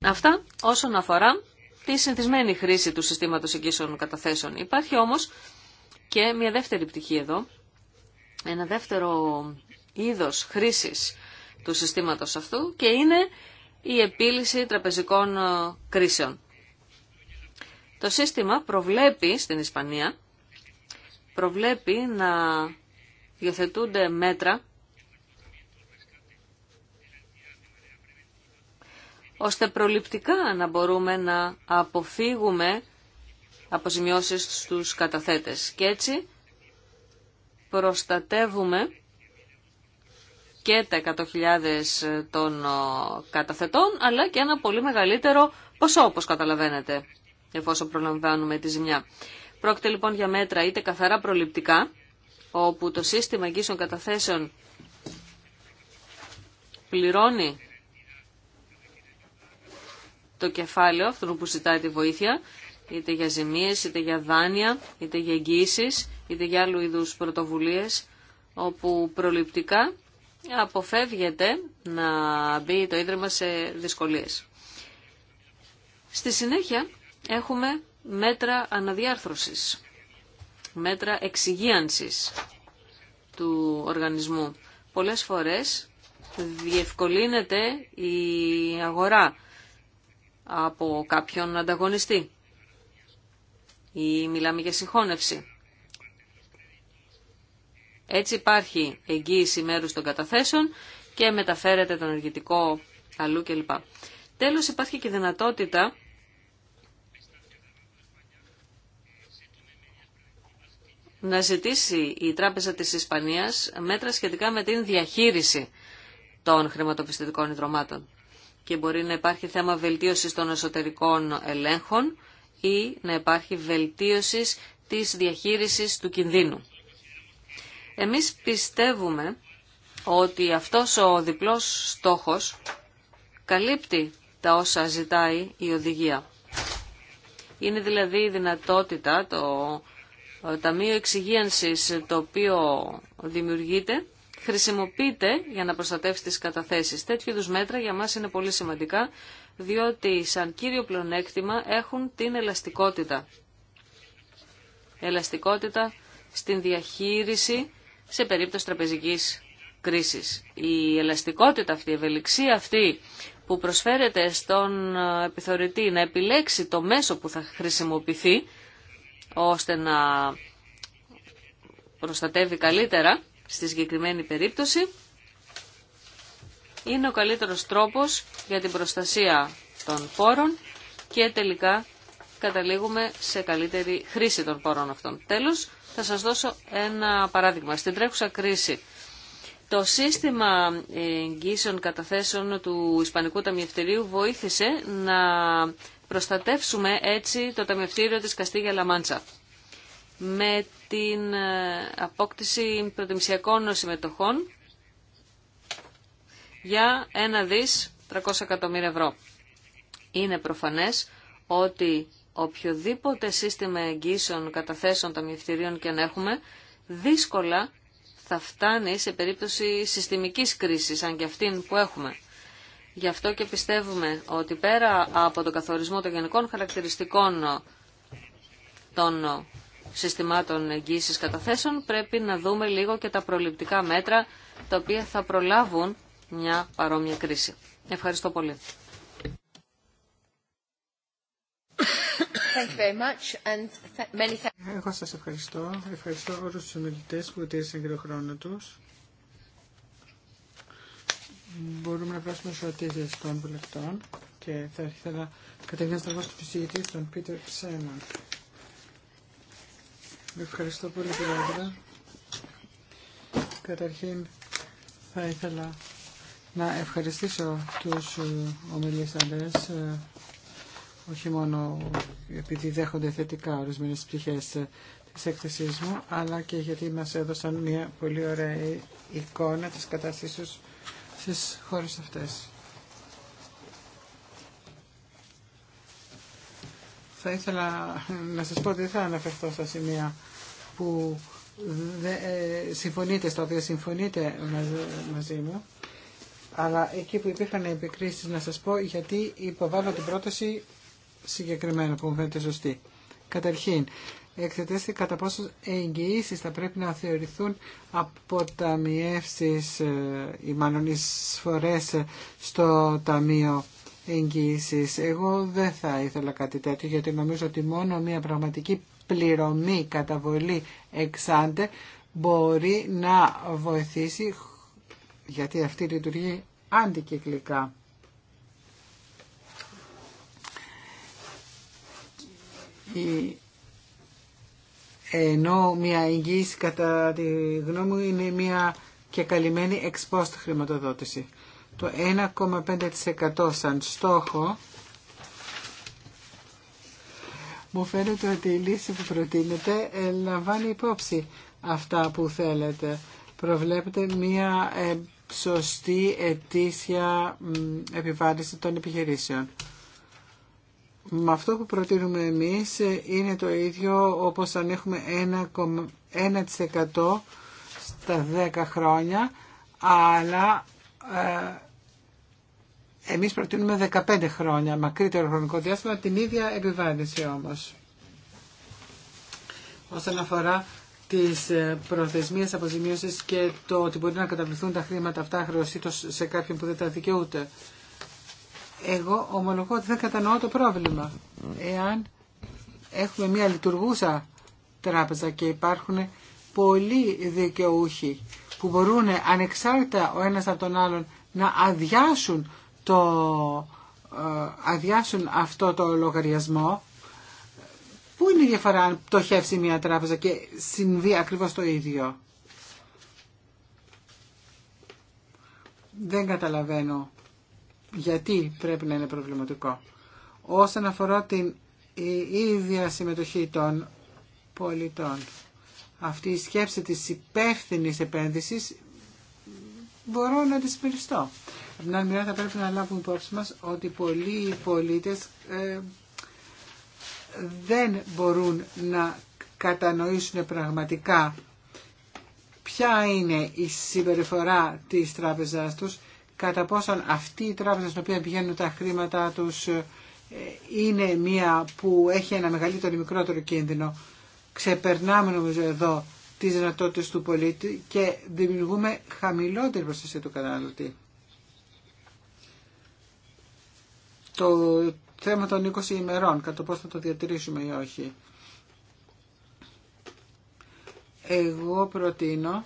Αυτά όσον αφορά τη συνηθισμένη χρήση του συστήματος εγγύσεων καταθέσεων. Υπάρχει όμως και μια δεύτερη πτυχή εδώ, ένα δεύτερο είδος χρήσης του συστήματος αυτού και είναι η επίλυση τραπεζικών ε, κρίσεων. Το σύστημα προβλέπει στην Ισπανία, προβλέπει να διοθετούνται μέτρα ώστε προληπτικά να μπορούμε να αποφύγουμε αποζημιώσεις στους καταθέτες. Και έτσι προστατεύουμε και τα 100.000 των ε, καταθετών, αλλά και ένα πολύ μεγαλύτερο ποσό, όπως καταλαβαίνετε εφόσον προλαμβάνουμε τη ζημιά. Πρόκειται λοιπόν για μέτρα είτε καθαρά προληπτικά, όπου το σύστημα εγγύσεων καταθέσεων πληρώνει το κεφάλαιο αυτού που ζητάει τη βοήθεια, είτε για ζημίες, είτε για δάνεια, είτε για εγγύησεις, είτε για άλλου είδους πρωτοβουλίες, όπου προληπτικά αποφεύγεται να μπει το Ίδρυμα σε δυσκολίες. Στη συνέχεια έχουμε μέτρα αναδιάρθρωσης, μέτρα εξυγίανσης του οργανισμού. Πολλές φορές διευκολύνεται η αγορά από κάποιον ανταγωνιστή ή μιλάμε για συγχώνευση. Έτσι υπάρχει εγγύηση μέρους των καταθέσεων και μεταφέρεται το ενεργητικό αλλού κλπ. Τέλος υπάρχει και δυνατότητα να ζητήσει η Τράπεζα της Ισπανίας μέτρα σχετικά με την διαχείριση των χρηματοπιστωτικών ιδρωμάτων και μπορεί να υπάρχει θέμα βελτίωσης των εσωτερικών ελέγχων ή να υπάρχει βελτίωσης της διαχείρισης του κινδύνου. Εμείς πιστεύουμε ότι αυτός ο διπλός στόχος καλύπτει τα όσα ζητάει η οδηγία. Είναι δηλαδή η δυνατότητα το Ταμείο Εξυγίανσης το οποίο δημιουργείται χρησιμοποιείται για να προστατεύσει τις καταθέσεις. Τέτοιου είδους μέτρα για μας είναι πολύ σημαντικά διότι σαν κύριο πλεονέκτημα έχουν την ελαστικότητα. Ελαστικότητα στην διαχείριση σε περίπτωση τραπεζικής κρίσης. Η ελαστικότητα αυτή, η ευελιξία αυτή που προσφέρεται στον επιθεωρητή να επιλέξει το μέσο που θα χρησιμοποιηθεί ώστε να προστατεύει καλύτερα στη συγκεκριμένη περίπτωση είναι ο καλύτερος τρόπος για την προστασία των πόρων και τελικά καταλήγουμε σε καλύτερη χρήση των πόρων αυτών. Τέλος, θα σας δώσω ένα παράδειγμα. Στην τρέχουσα κρίση, το σύστημα εγγύσεων καταθέσεων του Ισπανικού Ταμιευτηρίου βοήθησε να προστατεύσουμε έτσι το ταμιευτήριο της Καστίγια Λαμάντσα. Με την ε, απόκτηση προτιμησιακών συμμετοχών για ένα δις 300 εκατομμύρια ευρώ. Είναι προφανές ότι οποιοδήποτε σύστημα εγγύσεων καταθέσεων ταμιευτηρίων και αν έχουμε, δύσκολα θα φτάνει σε περίπτωση συστημικής κρίσης, αν και αυτήν που έχουμε. Γι' αυτό και πιστεύουμε ότι πέρα από το καθορισμό των γενικών χαρακτηριστικών των συστημάτων εγγύησης καταθέσεων πρέπει να δούμε λίγο και τα προληπτικά μέτρα τα οποία θα προλάβουν μια παρόμοια κρίση. Ευχαριστώ πολύ. Thank you very much and many Εγώ σας ευχαριστώ. Ευχαριστώ όλους τους ομιλητές που τήρησαν και χρόνο τους μπορούμε να περάσουμε στις των βουλευτών και θα ήθελα καταρχήν να στραφώ στον τον Πίτερ Ευχαριστώ πολύ πρόεδρε. Καταρχήν θα ήθελα να ευχαριστήσω τους ομιλήσαντες όχι μόνο επειδή δέχονται θετικά ορισμένε πτυχές της εκθέσή μου αλλά και γιατί μας έδωσαν μια πολύ ωραία εικόνα της κατάστασης στις χώρες αυτές. Θα ήθελα να σας πω ότι δεν θα αναφερθώ στα σημεία που ε, συμφωνείτε, στα οποία συμφωνείτε μαζί μου, αλλά εκεί που υπήρχαν επικρίσεις να σας πω γιατί υποβάλλω την πρόταση συγκεκριμένα που μου φαίνεται σωστή. Καταρχήν, εξετάσει κατά πόσο εγγυήσεις θα πρέπει να θεωρηθούν ταμιεύσεις ε, ή μάλλον εισφορές ε, στο Ταμείο εγγύησης; Εγώ δεν θα ήθελα κάτι τέτοιο γιατί νομίζω ότι μόνο μια πραγματική πληρωμή καταβολή εξάντε μπορεί να βοηθήσει γιατί αυτή λειτουργεί αντικυκλικά. Η ενώ μια εγγύηση κατά τη γνώμη μου είναι μια και καλυμμένη εξ χρηματοδότηση. Το 1,5% σαν στόχο μου φαίνεται ότι η λύση που προτείνεται ε, λαμβάνει υπόψη αυτά που θέλετε. Προβλέπετε μια ε, σωστή ετήσια επιβάρηση των επιχειρήσεων με αυτό που προτείνουμε εμείς είναι το ίδιο όπως αν έχουμε 1% στα 10 χρόνια, αλλά ε, εμείς προτείνουμε 15 χρόνια, μακρύτερο χρονικό διάστημα, την ίδια επιβάρυνση όμως. Όσον αφορά τις ε, προθεσμίες αποζημίωσης και το ότι μπορεί να καταβληθούν τα χρήματα αυτά χρεωσίτως σε κάποιον που δεν τα δικαιούται. Εγώ ομολογώ ότι δεν κατανοώ το πρόβλημα. Εάν έχουμε μια λειτουργούσα τράπεζα και υπάρχουν πολλοί δικαιούχοι που μπορούν ανεξάρτητα ο ένας από τον άλλον να αδειάσουν, το, ε, αδειάσουν αυτό το λογαριασμό, πού είναι η διαφορά αν πτωχεύσει μια τράπεζα και συμβεί ακριβώς το ίδιο. Δεν καταλαβαίνω γιατί πρέπει να είναι προβληματικό. Όσον αφορά την ίδια συμμετοχή των πολιτών, αυτή η σκέψη της υπεύθυνη επένδυσης μπορώ να τη συμπεριστώ. Από την άλλη θα πρέπει να λάβουμε υπόψη μας ότι πολλοί πολίτες ε, δεν μπορούν να κατανοήσουν πραγματικά ποια είναι η συμπεριφορά της τράπεζάς τους κατά πόσον αυτή η τράπεζα στην οποία πηγαίνουν τα χρήματά τους ε, είναι μία που έχει ένα μεγαλύτερο ή μικρότερο κίνδυνο. Ξεπερνάμε νομίζω εδώ τις δυνατότητες του πολίτη και δημιουργούμε χαμηλότερη προστασία του καταναλωτή. Το θέμα των 20 ημερών, κατά πώς θα το διατηρήσουμε ή όχι. Εγώ προτείνω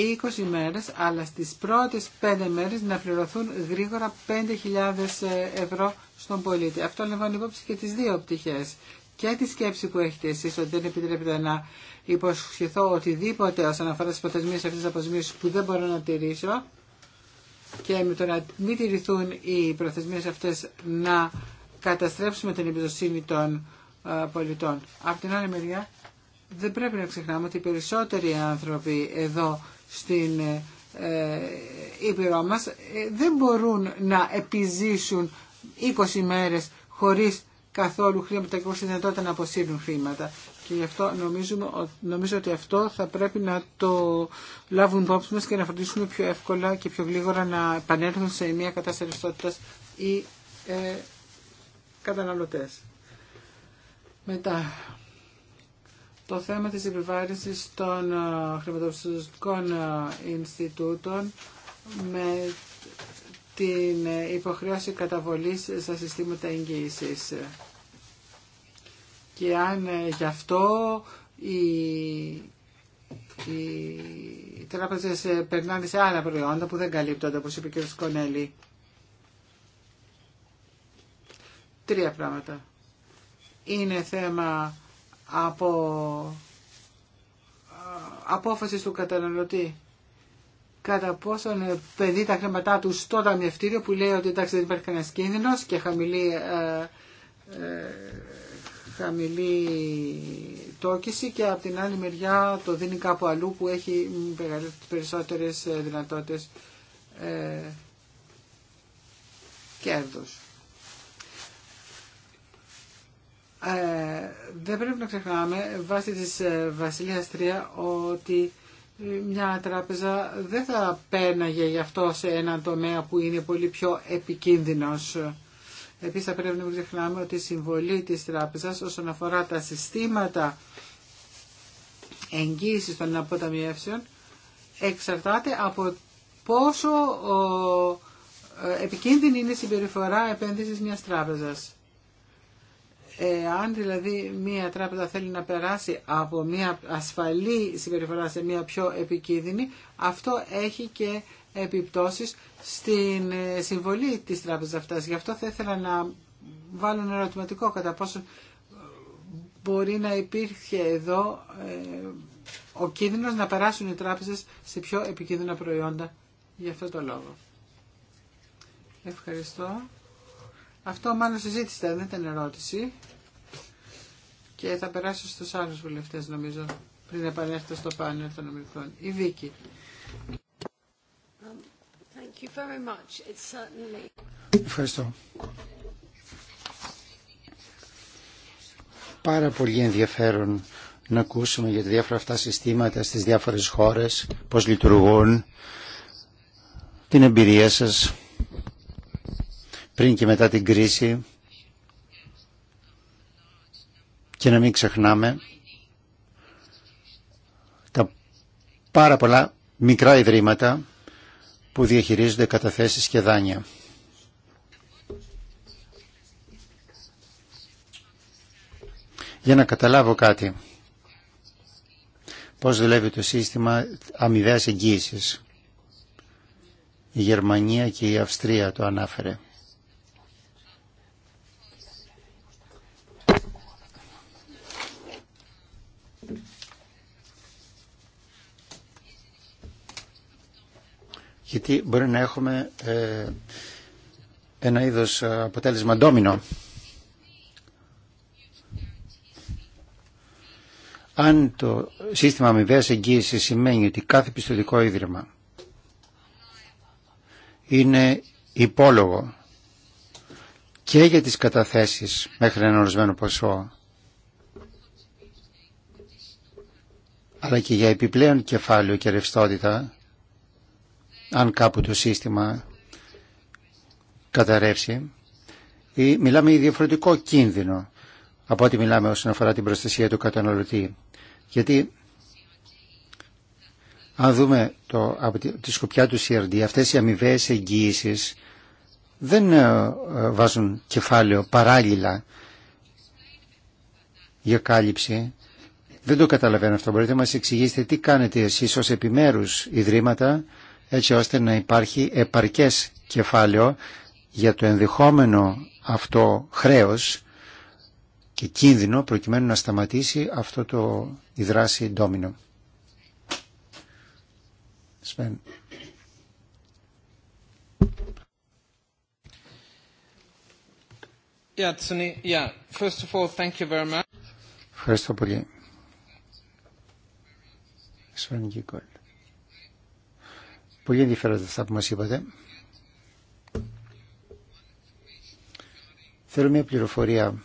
ή 20 μέρες, αλλά στις πρώτες 5 μέρες να πληρωθούν γρήγορα 5.000 ε, ευρώ στον πολίτη. Αυτό λαμβάνει υπόψη και τις δύο πτυχές. Και τη σκέψη που έχετε εσείς ότι δεν επιτρέπεται να υποσχεθώ οτιδήποτε όσον αφορά τις προθεσμίες αυτές τις αποζημίωσεις που δεν μπορώ να τηρήσω και με το να μην τηρηθούν οι προθεσμίες αυτές να καταστρέψουμε την εμπιστοσύνη των ε, πολιτών. Από την άλλη μεριά δεν πρέπει να ξεχνάμε ότι οι περισσότεροι άνθρωποι εδώ στην ε, ε, Ήπειρό μας ε, δεν μπορούν να επιζήσουν 20 μέρες χωρίς καθόλου χρήματα και χωρίς δυνατότητα να αποσύρουν χρήματα. Και γι' αυτό νομίζουμε, νομίζω ότι αυτό θα πρέπει να το λάβουν υπόψη μας και να φροντίσουμε πιο εύκολα και πιο γλίγορα να επανέλθουν σε μια κατάσταση ρευστότητας οι ε, καταναλωτές. Μετά, το θέμα της επιβάρυνσης των ε, χρηματοπιστωτικών ε, Ινστιτούτων με την ε, υποχρέωση καταβολής στα συστήματα εγγύησης. Και αν γι' αυτό οι, οι τράπεζες περνάνε σε άλλα προϊόντα που δεν καλύπτονται, όπως είπε ο Σκονέλη. Τρία πράγματα. Είναι θέμα από απόφαση του καταναλωτή κατά πόσον ε, παιδί τα χρήματά του στο ταμιευτήριο που λέει ότι εντάξει δεν υπάρχει κανένα κίνδυνο και χαμηλή, ε, ε χαμηλή τόκηση και από την άλλη μεριά το δίνει κάπου αλλού που έχει περισσότερες ε, δυνατότητες ε, κέρδους. Ε, δεν πρέπει να ξεχνάμε βάσει της ε, Βασιλείας 3 ότι μια τράπεζα δεν θα πέναγε γι' αυτό σε έναν τομέα που είναι πολύ πιο επικίνδυνος. Επίσης θα πρέπει να μην ξεχνάμε ότι η συμβολή της τράπεζας όσον αφορά τα συστήματα εγγύησης των αποταμιεύσεων εξαρτάται από πόσο ε, επικίνδυνη είναι η συμπεριφορά επένδυσης μιας τράπεζας. Αν δηλαδή μία τράπεζα θέλει να περάσει από μία ασφαλή συμπεριφορά σε μία πιο επικίνδυνη, αυτό έχει και επιπτώσεις στην ε, συμβολή της τράπεζας αυτάς. Γι' αυτό θα ήθελα να βάλω ένα ερωτηματικό κατά πόσο ε, μπορεί να υπήρχε εδώ ε, ο κίνδυνος να περάσουν οι τράπεζες σε πιο επικίνδυνα προϊόντα. Γι' αυτό το λόγο. Ευχαριστώ. Αυτό μάλλον συζήτησα δεν ήταν ερώτηση. Και θα περάσω στους άλλους βουλευτές νομίζω πριν επανέλθω στο πάνελ των ομιλητών. Η Βίκη. Um, Ευχαριστώ. Πάρα πολύ ενδιαφέρον να ακούσουμε για τα διάφορα αυτά συστήματα στις διάφορες χώρες, πώς λειτουργούν, την εμπειρία σας πριν και μετά την κρίση και να μην ξεχνάμε τα πάρα πολλά μικρά ιδρύματα που διαχειρίζονται καταθέσεις και δάνεια. Για να καταλάβω κάτι, πώς δουλεύει το σύστημα αμοιβαίας εγγύησης. Η Γερμανία και η Αυστρία το ανάφερε. γιατί μπορεί να έχουμε ε, ένα είδος ε, αποτέλεσμα ντόμινο. Αν το σύστημα αμοιβαίας εγγύησης σημαίνει ότι κάθε πιστοτικό ίδρυμα είναι υπόλογο και για τις καταθέσεις μέχρι ένα ορισμένο ποσό αλλά και για επιπλέον κεφάλαιο και ρευστότητα αν κάπου το σύστημα καταρρεύσει. Ή μιλάμε για διαφορετικό κίνδυνο από ό,τι μιλάμε όσον αφορά την προστασία του καταναλωτή. Γιατί αν δούμε το, από τη, σκοπιά του CRD, αυτές οι αμοιβέ εγγύησει δεν ε, ε, βάζουν κεφάλαιο παράλληλα για κάλυψη. Δεν το καταλαβαίνω αυτό. Μπορείτε να μας εξηγήσετε τι κάνετε εσείς ως επιμέρους ιδρύματα έτσι ώστε να υπάρχει επαρκές κεφάλαιο για το ενδεχόμενο αυτό χρέος και κίνδυνο προκειμένου να σταματήσει αυτό το η δράση ντόμινο. Ευχαριστώ πολύ. Πολύ ενδιαφέροντα αυτά που μας είπατε. Θέλω μια πληροφορία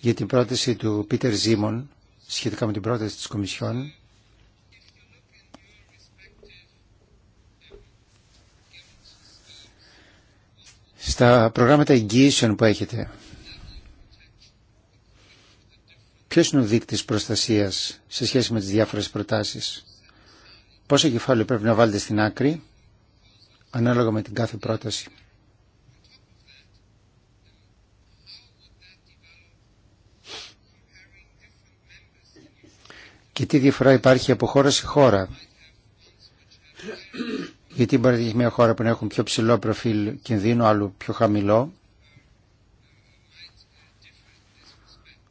για την πρόταση του Πίτερ Ζήμον σχετικά με την πρόταση της Κομισιόν στα προγράμματα εγγύησεων που έχετε Ποιος είναι ο δείκτης προστασίας σε σχέση με τις διάφορες προτάσεις. Πόσο κεφάλαιο πρέπει να βάλετε στην άκρη, ανάλογα με την κάθε πρόταση. Και τι διαφορά υπάρχει από χώρα σε χώρα. Γιατί μπορεί να έχει μια χώρα που να έχουν πιο ψηλό προφίλ κινδύνου, άλλου πιο χαμηλό.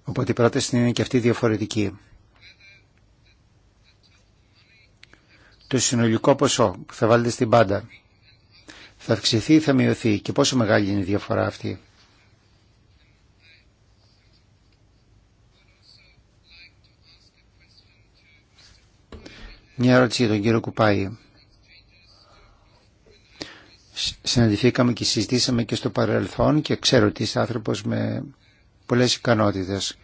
Οπότε η πρόταση είναι και αυτή διαφορετική. Το συνολικό ποσό που θα βάλετε στην πάντα θα αυξηθεί ή θα μειωθεί και πόσο μεγάλη είναι η διαφορά αυτή. Μια ερώτηση για τον κύριο Κουπάη. Συναντηθήκαμε και συζητήσαμε και στο παρελθόν και ξέρω ότι είσαι άνθρωπος με πολλές ικανότητες.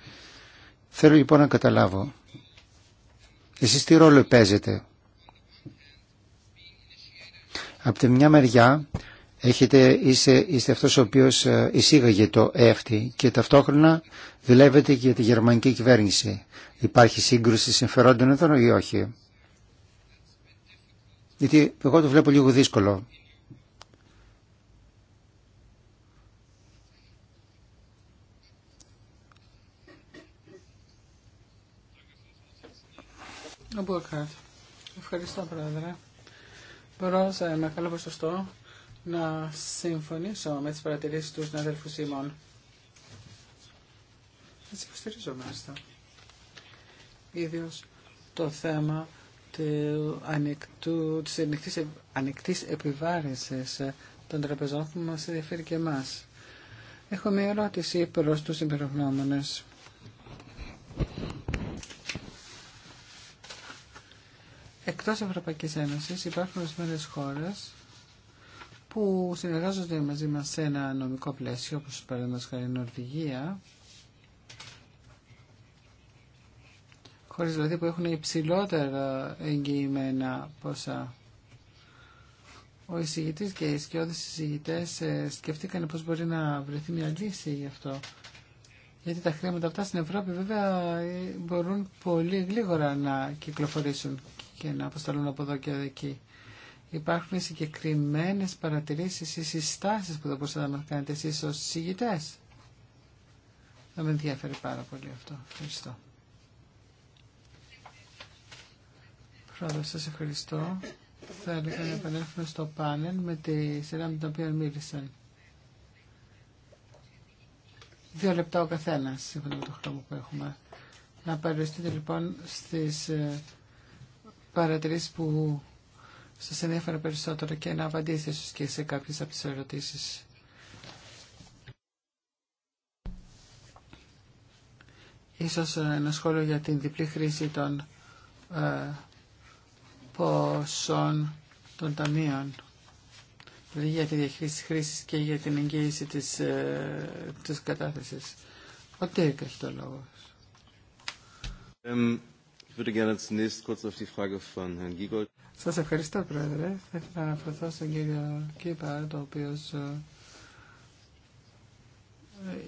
Θέλω λοιπόν να καταλάβω, εσείς τι ρόλο παίζετε. Από τη μια μεριά έχετε, είστε, είστε αυτός ο οποίος ε, εισήγαγε το έφτη και ταυτόχρονα δουλεύετε για τη γερμανική κυβέρνηση. Υπάρχει σύγκρουση συμφερόντων εδώ ή όχι. Γιατί εγώ το βλέπω λίγο δύσκολο. Ευχαριστώ, Πρόεδρε. Μπορώ σε μεγάλο ποσοστό να συμφωνήσω με τις παρατηρήσεις του συναδέλφου Σίμων. Θα υποστηρίζω μάλιστα. Ίδιος το θέμα τη ανοιχτή της ανοιχτής, ε, των τραπεζών που μας ενδιαφέρει και εμάς. Έχω μια ερώτηση προς τους υπερογνώμονες. Εκτός Ευρωπαϊκής Ένωσης υπάρχουν ορισμένε χώρες που συνεργάζονται μαζί μας σε ένα νομικό πλαίσιο, όπως παραδείγματος χάρη Νορβηγία, χώρες δηλαδή που έχουν υψηλότερα εγγυημένα ποσά. Ο εισηγητής και οι σκιώδεις εισηγητές ε, σκεφτήκαν πώς μπορεί να βρεθεί μια λύση γι' αυτό. Γιατί τα χρήματα αυτά στην Ευρώπη βέβαια ε, μπορούν πολύ γλίγορα να κυκλοφορήσουν και να αποσταλούν από εδώ και εκεί. Υπάρχουν συγκεκριμένε παρατηρήσει ή συστάσει που θα μπορούσατε να μα κάνετε εσεί ω συζητητέ. Θα με ενδιαφέρει πάρα πολύ αυτό. Ευχαριστώ. Πρόεδρε, σα ευχαριστώ. Θα έλεγα να επανέλθουμε στο πάνελ με τη σειρά με την οποία μίλησαν. Δύο λεπτά ο καθένα σύμφωνα με το χρόνο που έχουμε. Να παρεστείτε λοιπόν στι. Ε, Παρατηρήσει που σα ενέφερα περισσότερο και να απαντήσετε ίσω και σε κάποιες από τι ερωτήσει. Ίσως ε, ένα σχόλιο για την διπλή χρήση των ε, ποσών των ταμείων. Δηλαδή για τη διαχείριση χρήσης και για την εγγύηση της, ε, της κατάθεσης. Ο Τέικ έχει το λόγο. Σας ευχαριστώ, Πρόεδρε. Θα ήθελα να αναφερθώ στον κύριο Κίπαρ, το οποίο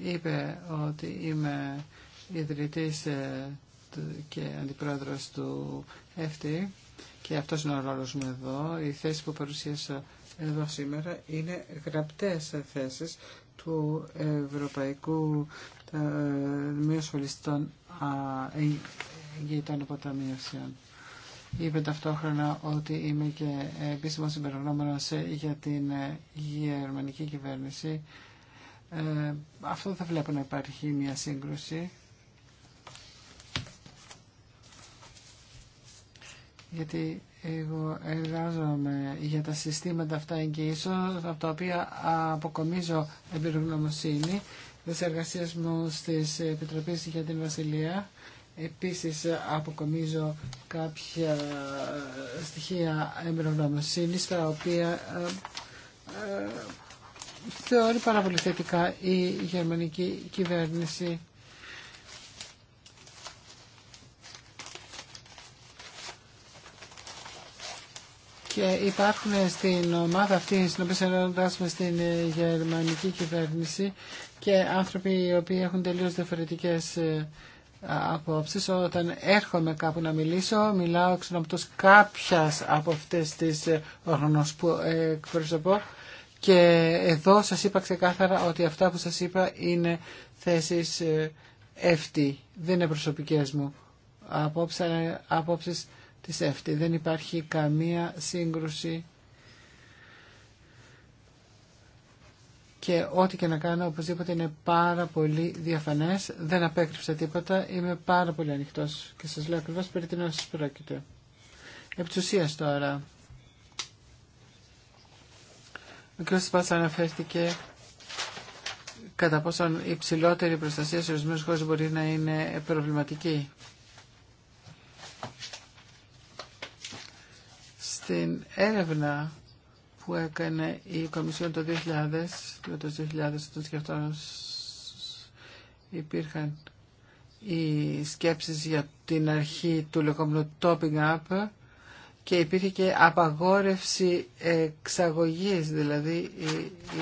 ε, είπε ότι είμαι ιδρυτής ε, και αντιπρόεδρος του ΕΦΤΗ και αυτό είναι ο ρόλο μου εδώ. Οι θέσεις που παρουσίασα εδώ σήμερα είναι γραπτέ θέσει του Ευρωπαϊκού ε, Ταμείου αποταμίευσεων. Είπε ταυτόχρονα ότι είμαι και επίσημος συμπεριλαμβανόμενος για την γερμανική κυβέρνηση. Ε, αυτό δεν βλέπω να υπάρχει μια σύγκρουση. Γιατί εγώ εργάζομαι για τα συστήματα αυτά εγγυήσεων, από τα οποία αποκομίζω εμπειρογνωμοσύνη, τις εργασίες μου στις Επιτροπές για την Βασιλεία Επίσης αποκομίζω κάποια ε, στοιχεία εμπειρογνωμοσύνης τα οποία ε, ε, θεωρεί πάρα πολύ θετικά η γερμανική κυβέρνηση. Και υπάρχουν στην ομάδα αυτή, στην οποία συνεργάζομαι στην γερμανική κυβέρνηση και άνθρωποι οι οποίοι έχουν τελείως διαφορετικές απόψεις όταν έρχομαι κάπου να μιλήσω μιλάω εξονοπτός κάποιας από αυτές τις ε, οργανώσεις που εκπροσωπώ και εδώ σας είπα ξεκάθαρα ότι αυτά που σας είπα είναι θέσεις εύτη δεν είναι προσωπικές μου απόψεις, απόψεις της εύτη δεν υπάρχει καμία σύγκρουση και ό,τι και να κάνω οπωσδήποτε είναι πάρα πολύ διαφανές. Δεν απέκρυψα τίποτα. Είμαι πάρα πολύ ανοιχτός και σας λέω ακριβώς περί την σας πρόκειται. Επί τώρα. Ο κ. Σπάς αναφέρθηκε κατά πόσον η ψηλότερη προστασία σε ορισμένους χώρους μπορεί να είναι προβληματική. Στην έρευνα που έκανε η Κομισιόν το 2000 και το 2000 το σκεφτό υπήρχαν οι σκέψεις για την αρχή του λεγόμενου topping up και υπήρχε και απαγόρευση εξαγωγής, δηλαδή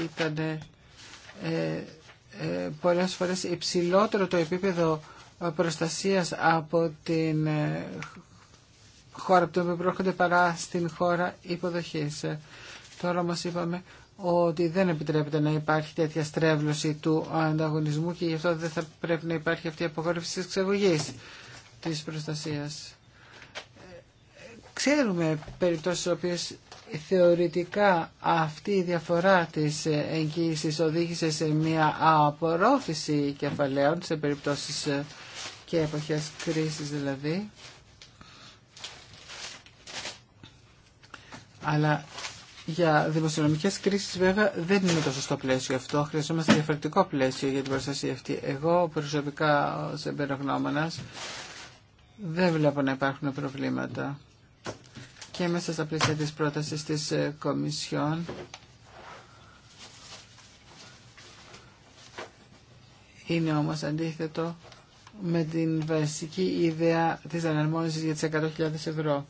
ήταν ε, ε, πολλές φορές υψηλότερο το επίπεδο προστασίας από την ε, χώρα που την προέρχονται παρά στην χώρα υποδοχής. Τώρα μας είπαμε ότι δεν επιτρέπεται να υπάρχει τέτοια στρέβλωση του ανταγωνισμού και γι' αυτό δεν θα πρέπει να υπάρχει αυτή η απογόρευση της εξαγωγής της προστασίας. Ξέρουμε περιπτώσεις στις οποίες θεωρητικά αυτή η διαφορά της εγγύησης οδήγησε σε μια απορρόφηση κεφαλαίων σε περιπτώσεις και εποχές κρίσης δηλαδή. Αλλά για δημοσιονομικέ κρίσει, βέβαια, δεν είναι το σωστό πλαίσιο αυτό. Χρειαζόμαστε διαφορετικό πλαίσιο για την προστασία αυτή. Εγώ προσωπικά ω εμπειρογνώμονα δεν βλέπω να υπάρχουν προβλήματα. Και μέσα στα πλαίσια της πρότασης της ε, Κομισιόν είναι όμω αντίθετο με την βασική ιδέα της αναρμόνισης για τις 100.000 ευρώ.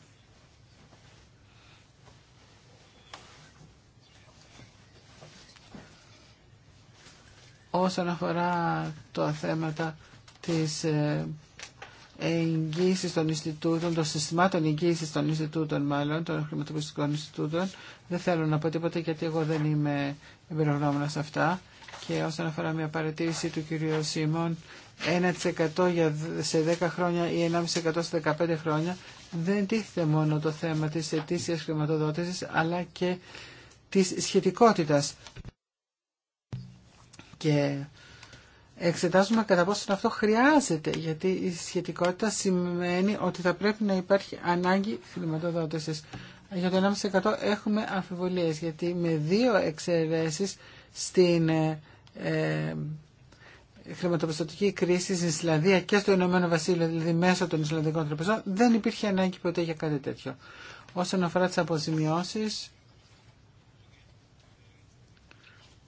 όσον αφορά τα θέματα της ε, εγγύησης των Ινστιτούτων, των συστημάτων εγγύησης των Ινστιτούτων μάλλον, των χρηματοπιστικών Ινστιτούτων. Δεν θέλω να πω τίποτα γιατί εγώ δεν είμαι εμπειρογνώμονα σε αυτά. Και όσον αφορά μια παρατήρηση του κυρίου Σίμων, 1% σε 10 χρόνια ή 1,5% σε 15 χρόνια δεν τίθεται μόνο το θέμα της αιτήσιας χρηματοδότησης αλλά και της σχετικότητας. Και εξετάζουμε κατά πόσο αυτό χρειάζεται, γιατί η σχετικότητα σημαίνει ότι θα πρέπει να υπάρχει ανάγκη χρηματοδότησης. Για το 1,5% έχουμε αμφιβολίες, γιατί με δύο εξαιρέσεις στην ε, ε, χρηματοπιστωτική κρίση στην Ισλανδία και στο Ηνωμένο Βασίλειο, δηλαδή μέσω των Ισλανδικών τραπεζών, δεν υπήρχε ανάγκη ποτέ για κάτι τέτοιο. Όσον αφορά τις αποζημιώσεις,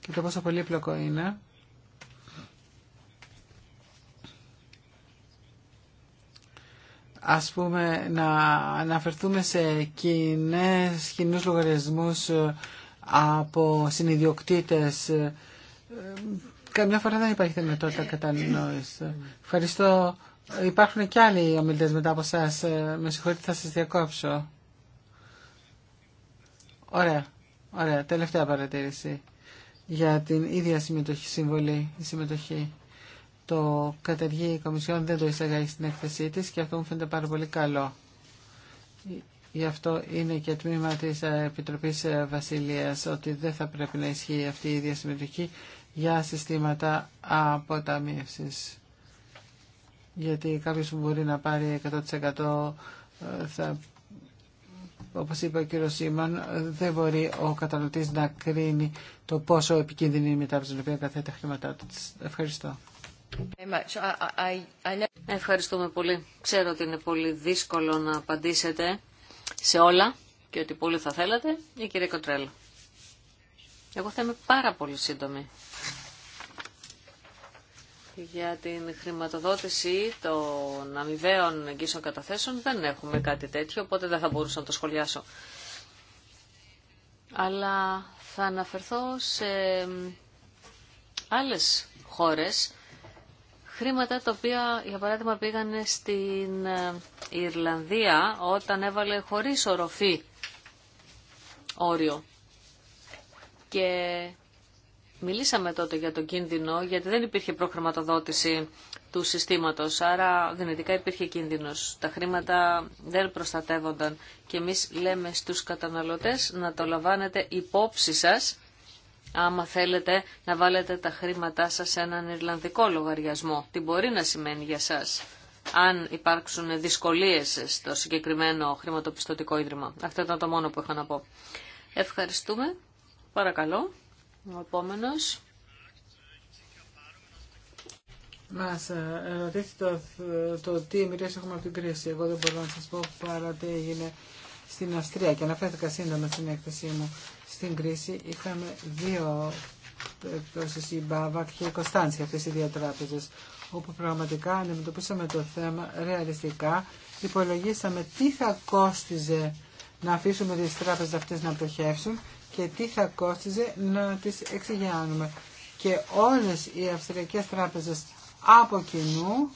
και το πόσο πολύπλοκο είναι. ας πούμε να αναφερθούμε σε κοινές, κοινούς λογαριασμούς ε, από συνειδιοκτήτες. Ε, καμιά φορά δεν υπάρχει δυνατότητα κατανόηση. Ευχαριστώ. Υπάρχουν και άλλοι ομιλητές μετά από εσά. Με συγχωρείτε θα σας διακόψω. Ωραία. Ωραία. Τελευταία παρατήρηση για την ίδια συμμετοχή, συμβολή, συμμετοχή. Το καταργεί η Κομισιόν, δεν το εισαγάγει στην έκθεσή τη και αυτό μου φαίνεται πάρα πολύ καλό. Γι' αυτό είναι και τμήμα τη Επιτροπή Βασιλεία ότι δεν θα πρέπει να ισχύει αυτή η ίδια συμμετοχή για συστήματα αποταμίευση. Γιατί κάποιο που μπορεί να πάρει 100% ε, θα όπως είπε ο κύριος Σίμαν, δεν μπορεί ο καταναλωτής να κρίνει το πόσο επικίνδυνη είναι η μετάβαση στην οποία καθέτει τα χρήματά του. Ευχαριστώ. Ευχαριστούμε πολύ. Ξέρω ότι είναι πολύ δύσκολο να απαντήσετε σε όλα και ότι πολύ θα θέλατε. Η ε, κυρία Κοτρέλα. Εγώ θα είμαι πάρα πολύ σύντομη για την χρηματοδότηση των αμοιβαίων εγγύσεων καταθέσεων δεν έχουμε κάτι τέτοιο, οπότε δεν θα μπορούσα να το σχολιάσω. Αλλά θα αναφερθώ σε άλλες χώρες, χρήματα τα οποία για παράδειγμα πήγαν στην ε, Ιρλανδία όταν έβαλε χωρίς οροφή όριο. Και Μιλήσαμε τότε για τον κίνδυνο, γιατί δεν υπήρχε προχρηματοδότηση του συστήματος, άρα δυνητικά υπήρχε κίνδυνος. Τα χρήματα δεν προστατεύονταν και εμείς λέμε στους καταναλωτές να το λαμβάνετε υπόψη σας, άμα θέλετε να βάλετε τα χρήματά σας σε έναν Ιρλανδικό λογαριασμό. Τι μπορεί να σημαίνει για σας αν υπάρξουν δυσκολίες στο συγκεκριμένο χρηματοπιστωτικό ίδρυμα. Αυτό ήταν το μόνο που είχα να πω. Ευχαριστούμε. Παρακαλώ. Ο επόμενο. Μα ε, ρωτήστε το, το τι εμπειρίε έχουμε από την κρίση. Εγώ δεν μπορώ να σα πω παρά τι έγινε στην Αυστρία και αναφέρθηκα σύντομα στην έκθεσή μου. Στην κρίση είχαμε δύο εκτόσει, η Μπάβακ και η Κωνσταντσια, αυτές οι δύο τράπεζε, όπου πραγματικά αντιμετωπίσαμε το θέμα ρεαλιστικά, υπολογίσαμε τι θα κόστιζε να αφήσουμε τι τράπεζε αυτέ να πτωχεύσουν και τι θα κόστιζε να τις εξηγιάνουμε. Και όλες οι αυστριακές τράπεζες από κοινού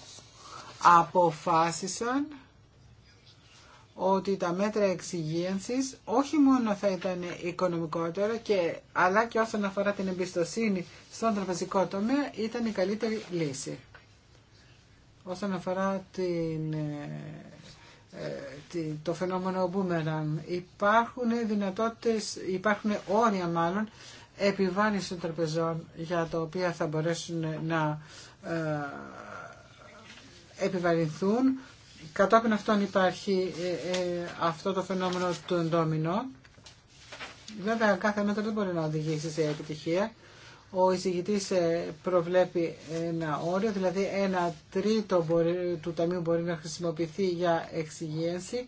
αποφάσισαν ότι τα μέτρα εξυγίανσης όχι μόνο θα ήταν οικονομικότερα και, αλλά και όσον αφορά την εμπιστοσύνη στον τραπεζικό τομέα ήταν η καλύτερη λύση. Όσον αφορά την ε, ε, το φαινόμενο μπούμεραν. Υπάρχουν δυνατότητες, υπάρχουν όρια μάλλον επιβάλληση των τραπεζών για τα οποία θα μπορέσουν να ε, επιβαρυνθούν. Κατόπιν αυτών υπάρχει ε, αυτό το φαινόμενο του ντόμινο. Βέβαια κάθε μέτρο δεν μπορεί να οδηγήσει σε επιτυχία. Ο εισηγητής ε, προβλέπει ένα όριο, δηλαδή ένα τρίτο του ταμείου μπορεί να χρησιμοποιηθεί για εξυγίανση.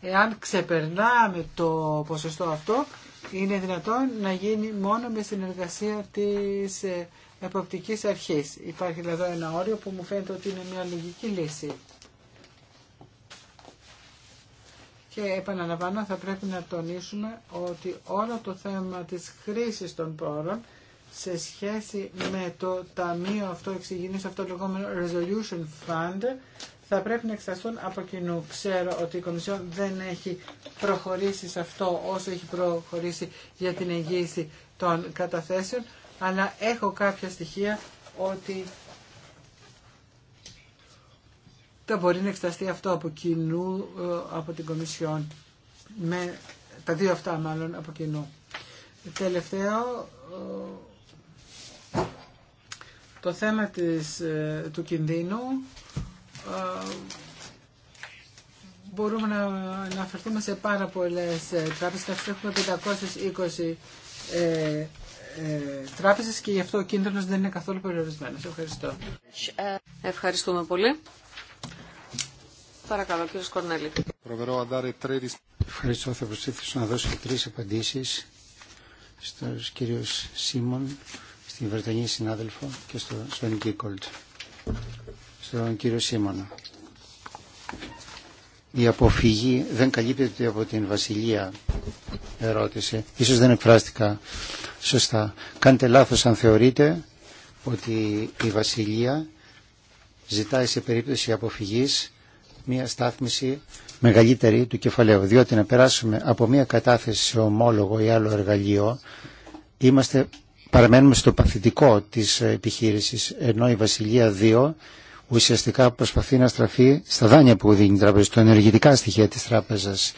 Εάν ξεπερνάμε το ποσοστό αυτό, είναι δυνατόν να γίνει μόνο με συνεργασία της ε, εποπτικής αρχής. Υπάρχει εδώ δηλαδή ένα όριο που μου φαίνεται ότι είναι μια λογική λύση. Και επαναλαμβάνω θα πρέπει να τονίσουμε ότι όλο το θέμα της χρήσης των πόρων σε σχέση με το ταμείο αυτό σε αυτό το λεγόμενο Resolution Fund, θα πρέπει να εξασθούν από κοινού. Ξέρω ότι η Κομισιόν δεν έχει προχωρήσει σε αυτό όσο έχει προχωρήσει για την εγγύηση των καταθέσεων, αλλά έχω κάποια στοιχεία ότι θα μπορεί να εξασθεί αυτό από κοινού, ε, από την Κομισιόν, με τα δύο αυτά μάλλον από κοινού. Τελευταίο, ε, το θέμα της, ε, του κινδύνου ε, μπορούμε να αναφερθούμε σε πάρα πολλές ε, τράπεζες. Έχουμε 520 ε, τράπεζες και γι' αυτό ο κίνδυνος δεν είναι καθόλου περιορισμένος. Ευχαριστώ. Ευχαριστούμε πολύ. Παρακαλώ, κύριος Κορνέλη. Ευχαριστώ. Θα προσθέσω να δώσω τρεις απαντήσεις στον κύριο Σίμων στην Βρετανή συνάδελφο και στο, στον Γκίκολτ, στον κύριο Σίμωνα. Η αποφυγή δεν καλύπτεται από την Βασιλεία, Ερώτηση. Ίσως δεν εκφράστηκα σωστά. Κάντε λάθος αν θεωρείτε ότι η Βασιλεία ζητάει σε περίπτωση αποφυγής μια στάθμιση μεγαλύτερη του κεφαλαίου. Διότι να περάσουμε από μια κατάθεση σε ομόλογο ή άλλο εργαλείο, είμαστε παραμένουμε στο παθητικό της ε, επιχείρησης, ενώ η Βασιλεία 2 ουσιαστικά προσπαθεί να στραφεί στα δάνεια που δίνει η τράπεζα, στα ενεργητικά στοιχεία της τράπεζας.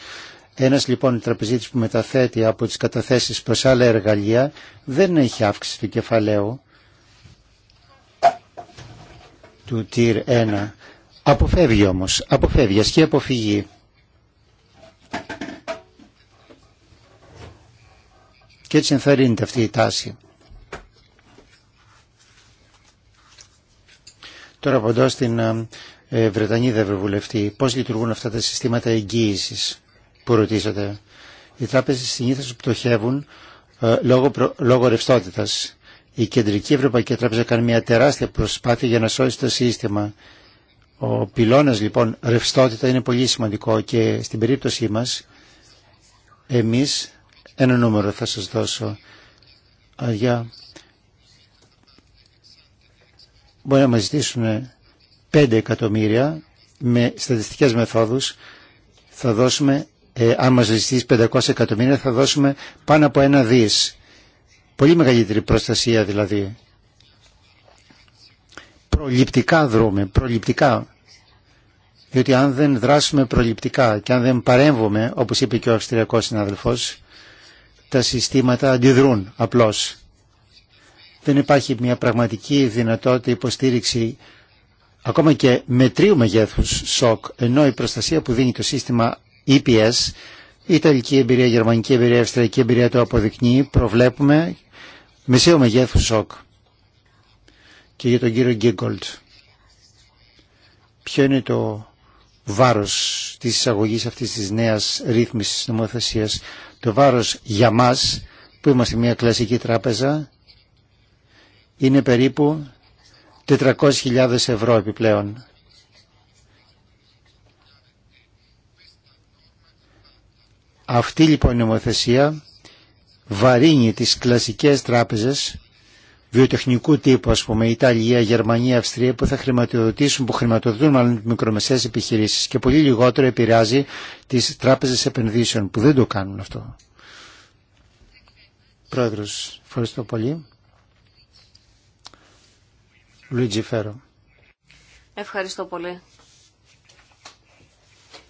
Ένας λοιπόν τραπεζίτης που μεταθέτει από τις καταθέσεις προς άλλα εργαλεία δεν έχει αύξηση του κεφαλαίου του τυρ 1. Αποφεύγει όμως, αποφεύγει, ασκεί αποφυγή. Και έτσι ενθαρρύνεται αυτή η τάση. Τώρα απαντώ στην ε, ε, Βρετανίδα Ευρωβουλευτή. Πώς λειτουργούν αυτά τα συστήματα εγγύησης που ρωτήσατε. Οι τράπεζες συνήθω πτωχεύουν ε, λόγω, λόγω ρευστότητας. Η Κεντρική Ευρωπαϊκή Τράπεζα κάνει μια τεράστια προσπάθεια για να σώσει το σύστημα. Ο πυλώνας λοιπόν ρευστότητα είναι πολύ σημαντικό και στην περίπτωσή μας εμείς ένα νούμερο θα σας δώσω. Ε, για μπορεί να μας ζητήσουν 5 εκατομμύρια με στατιστικές μεθόδους θα δώσουμε, ε, αν μας ζητήσει 500 εκατομμύρια θα δώσουμε πάνω από ένα δις. Πολύ μεγαλύτερη προστασία δηλαδή. Προληπτικά δρούμε, προληπτικά. Διότι αν δεν δράσουμε προληπτικά και αν δεν παρέμβουμε, όπως είπε και ο αυστριακός συνάδελφος, τα συστήματα αντιδρούν απλώς δεν υπάρχει μια πραγματική δυνατότητα υποστήριξη ακόμα και με τρίου μεγέθους σοκ, ενώ η προστασία που δίνει το σύστημα EPS, η Ιταλική εμπειρία, Γερμανική εμπειρία, η Αυστριακή εμπειρία το αποδεικνύει, προβλέπουμε μεσαίου μεγέθους σοκ. Και για τον κύριο Γκίγκολτ. Ποιο είναι το βάρος της εισαγωγής αυτής της νέας ρύθμισης νομοθεσίας. Το βάρος για μας που είμαστε μια κλασική τράπεζα είναι περίπου 400.000 ευρώ επιπλέον. Αυτή λοιπόν η νομοθεσία βαρύνει τις κλασικές τράπεζες βιοτεχνικού τύπου, ας πούμε, Ιταλία, Γερμανία, Αυστρία, που θα χρηματοδοτήσουν, που χρηματοδοτούν μάλλον μικρομεσαίες επιχειρήσεις και πολύ λιγότερο επηρεάζει τις τράπεζες επενδύσεων που δεν το κάνουν αυτό. Πρόεδρος, ευχαριστώ πολύ. Λουίτζι Φέρο. Ευχαριστώ πολύ.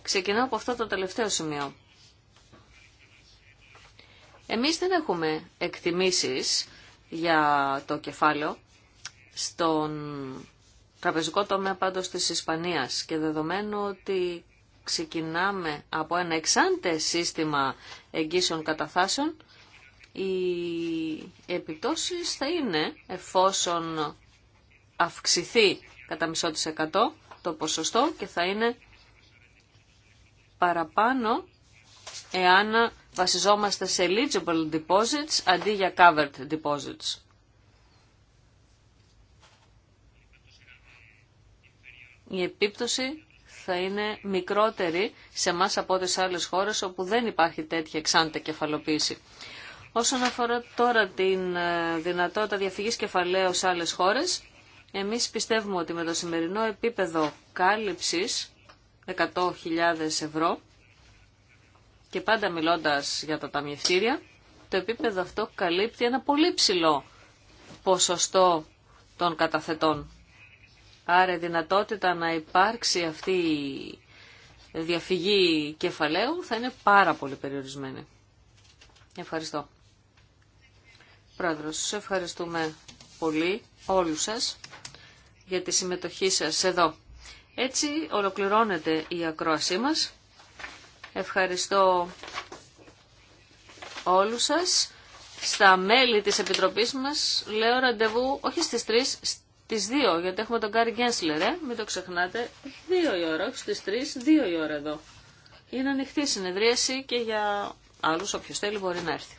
Ξεκινάω από αυτό το τελευταίο σημείο. Εμείς δεν έχουμε εκτιμήσεις για το κεφάλαιο στον τραπεζικό τομέα πάντως της Ισπανίας και δεδομένου ότι ξεκινάμε από ένα εξάντε σύστημα εγγύσεων καταθάσεων, οι επιπτώσεις θα είναι εφόσον αυξηθεί κατά μισό της εκατό το ποσοστό και θα είναι παραπάνω εάν βασιζόμαστε σε eligible deposits αντί για covered deposits. Η επίπτωση θα είναι μικρότερη σε εμά από τις άλλες χώρες όπου δεν υπάρχει τέτοια εξάντα κεφαλοποίηση. Όσον αφορά τώρα την ε, δυνατότητα διαφυγής κεφαλαίου σε άλλες χώρες, εμείς πιστεύουμε ότι με το σημερινό επίπεδο κάλυψης 100.000 ευρώ και πάντα μιλώντας για τα ταμιευτήρια, το επίπεδο αυτό καλύπτει ένα πολύ ψηλό ποσοστό των καταθετών. Άρα η δυνατότητα να υπάρξει αυτή η διαφυγή κεφαλαίου θα είναι πάρα πολύ περιορισμένη. Ευχαριστώ. Πρόεδρος, σας ευχαριστούμε πολύ όλους σας για τη συμμετοχή σας εδώ. Έτσι ολοκληρώνεται η ακρόασή μας. Ευχαριστώ όλους σας. Στα μέλη της Επιτροπής μας λέω ραντεβού όχι στις 3, στις 2, γιατί έχουμε τον Κάρι Γκένσλερ, ε? μην το ξεχνάτε. 2 η ώρα, όχι στις 3, 2 η ώρα εδώ. Είναι ανοιχτή συνεδρίαση και για άλλους όποιος θέλει μπορεί να έρθει.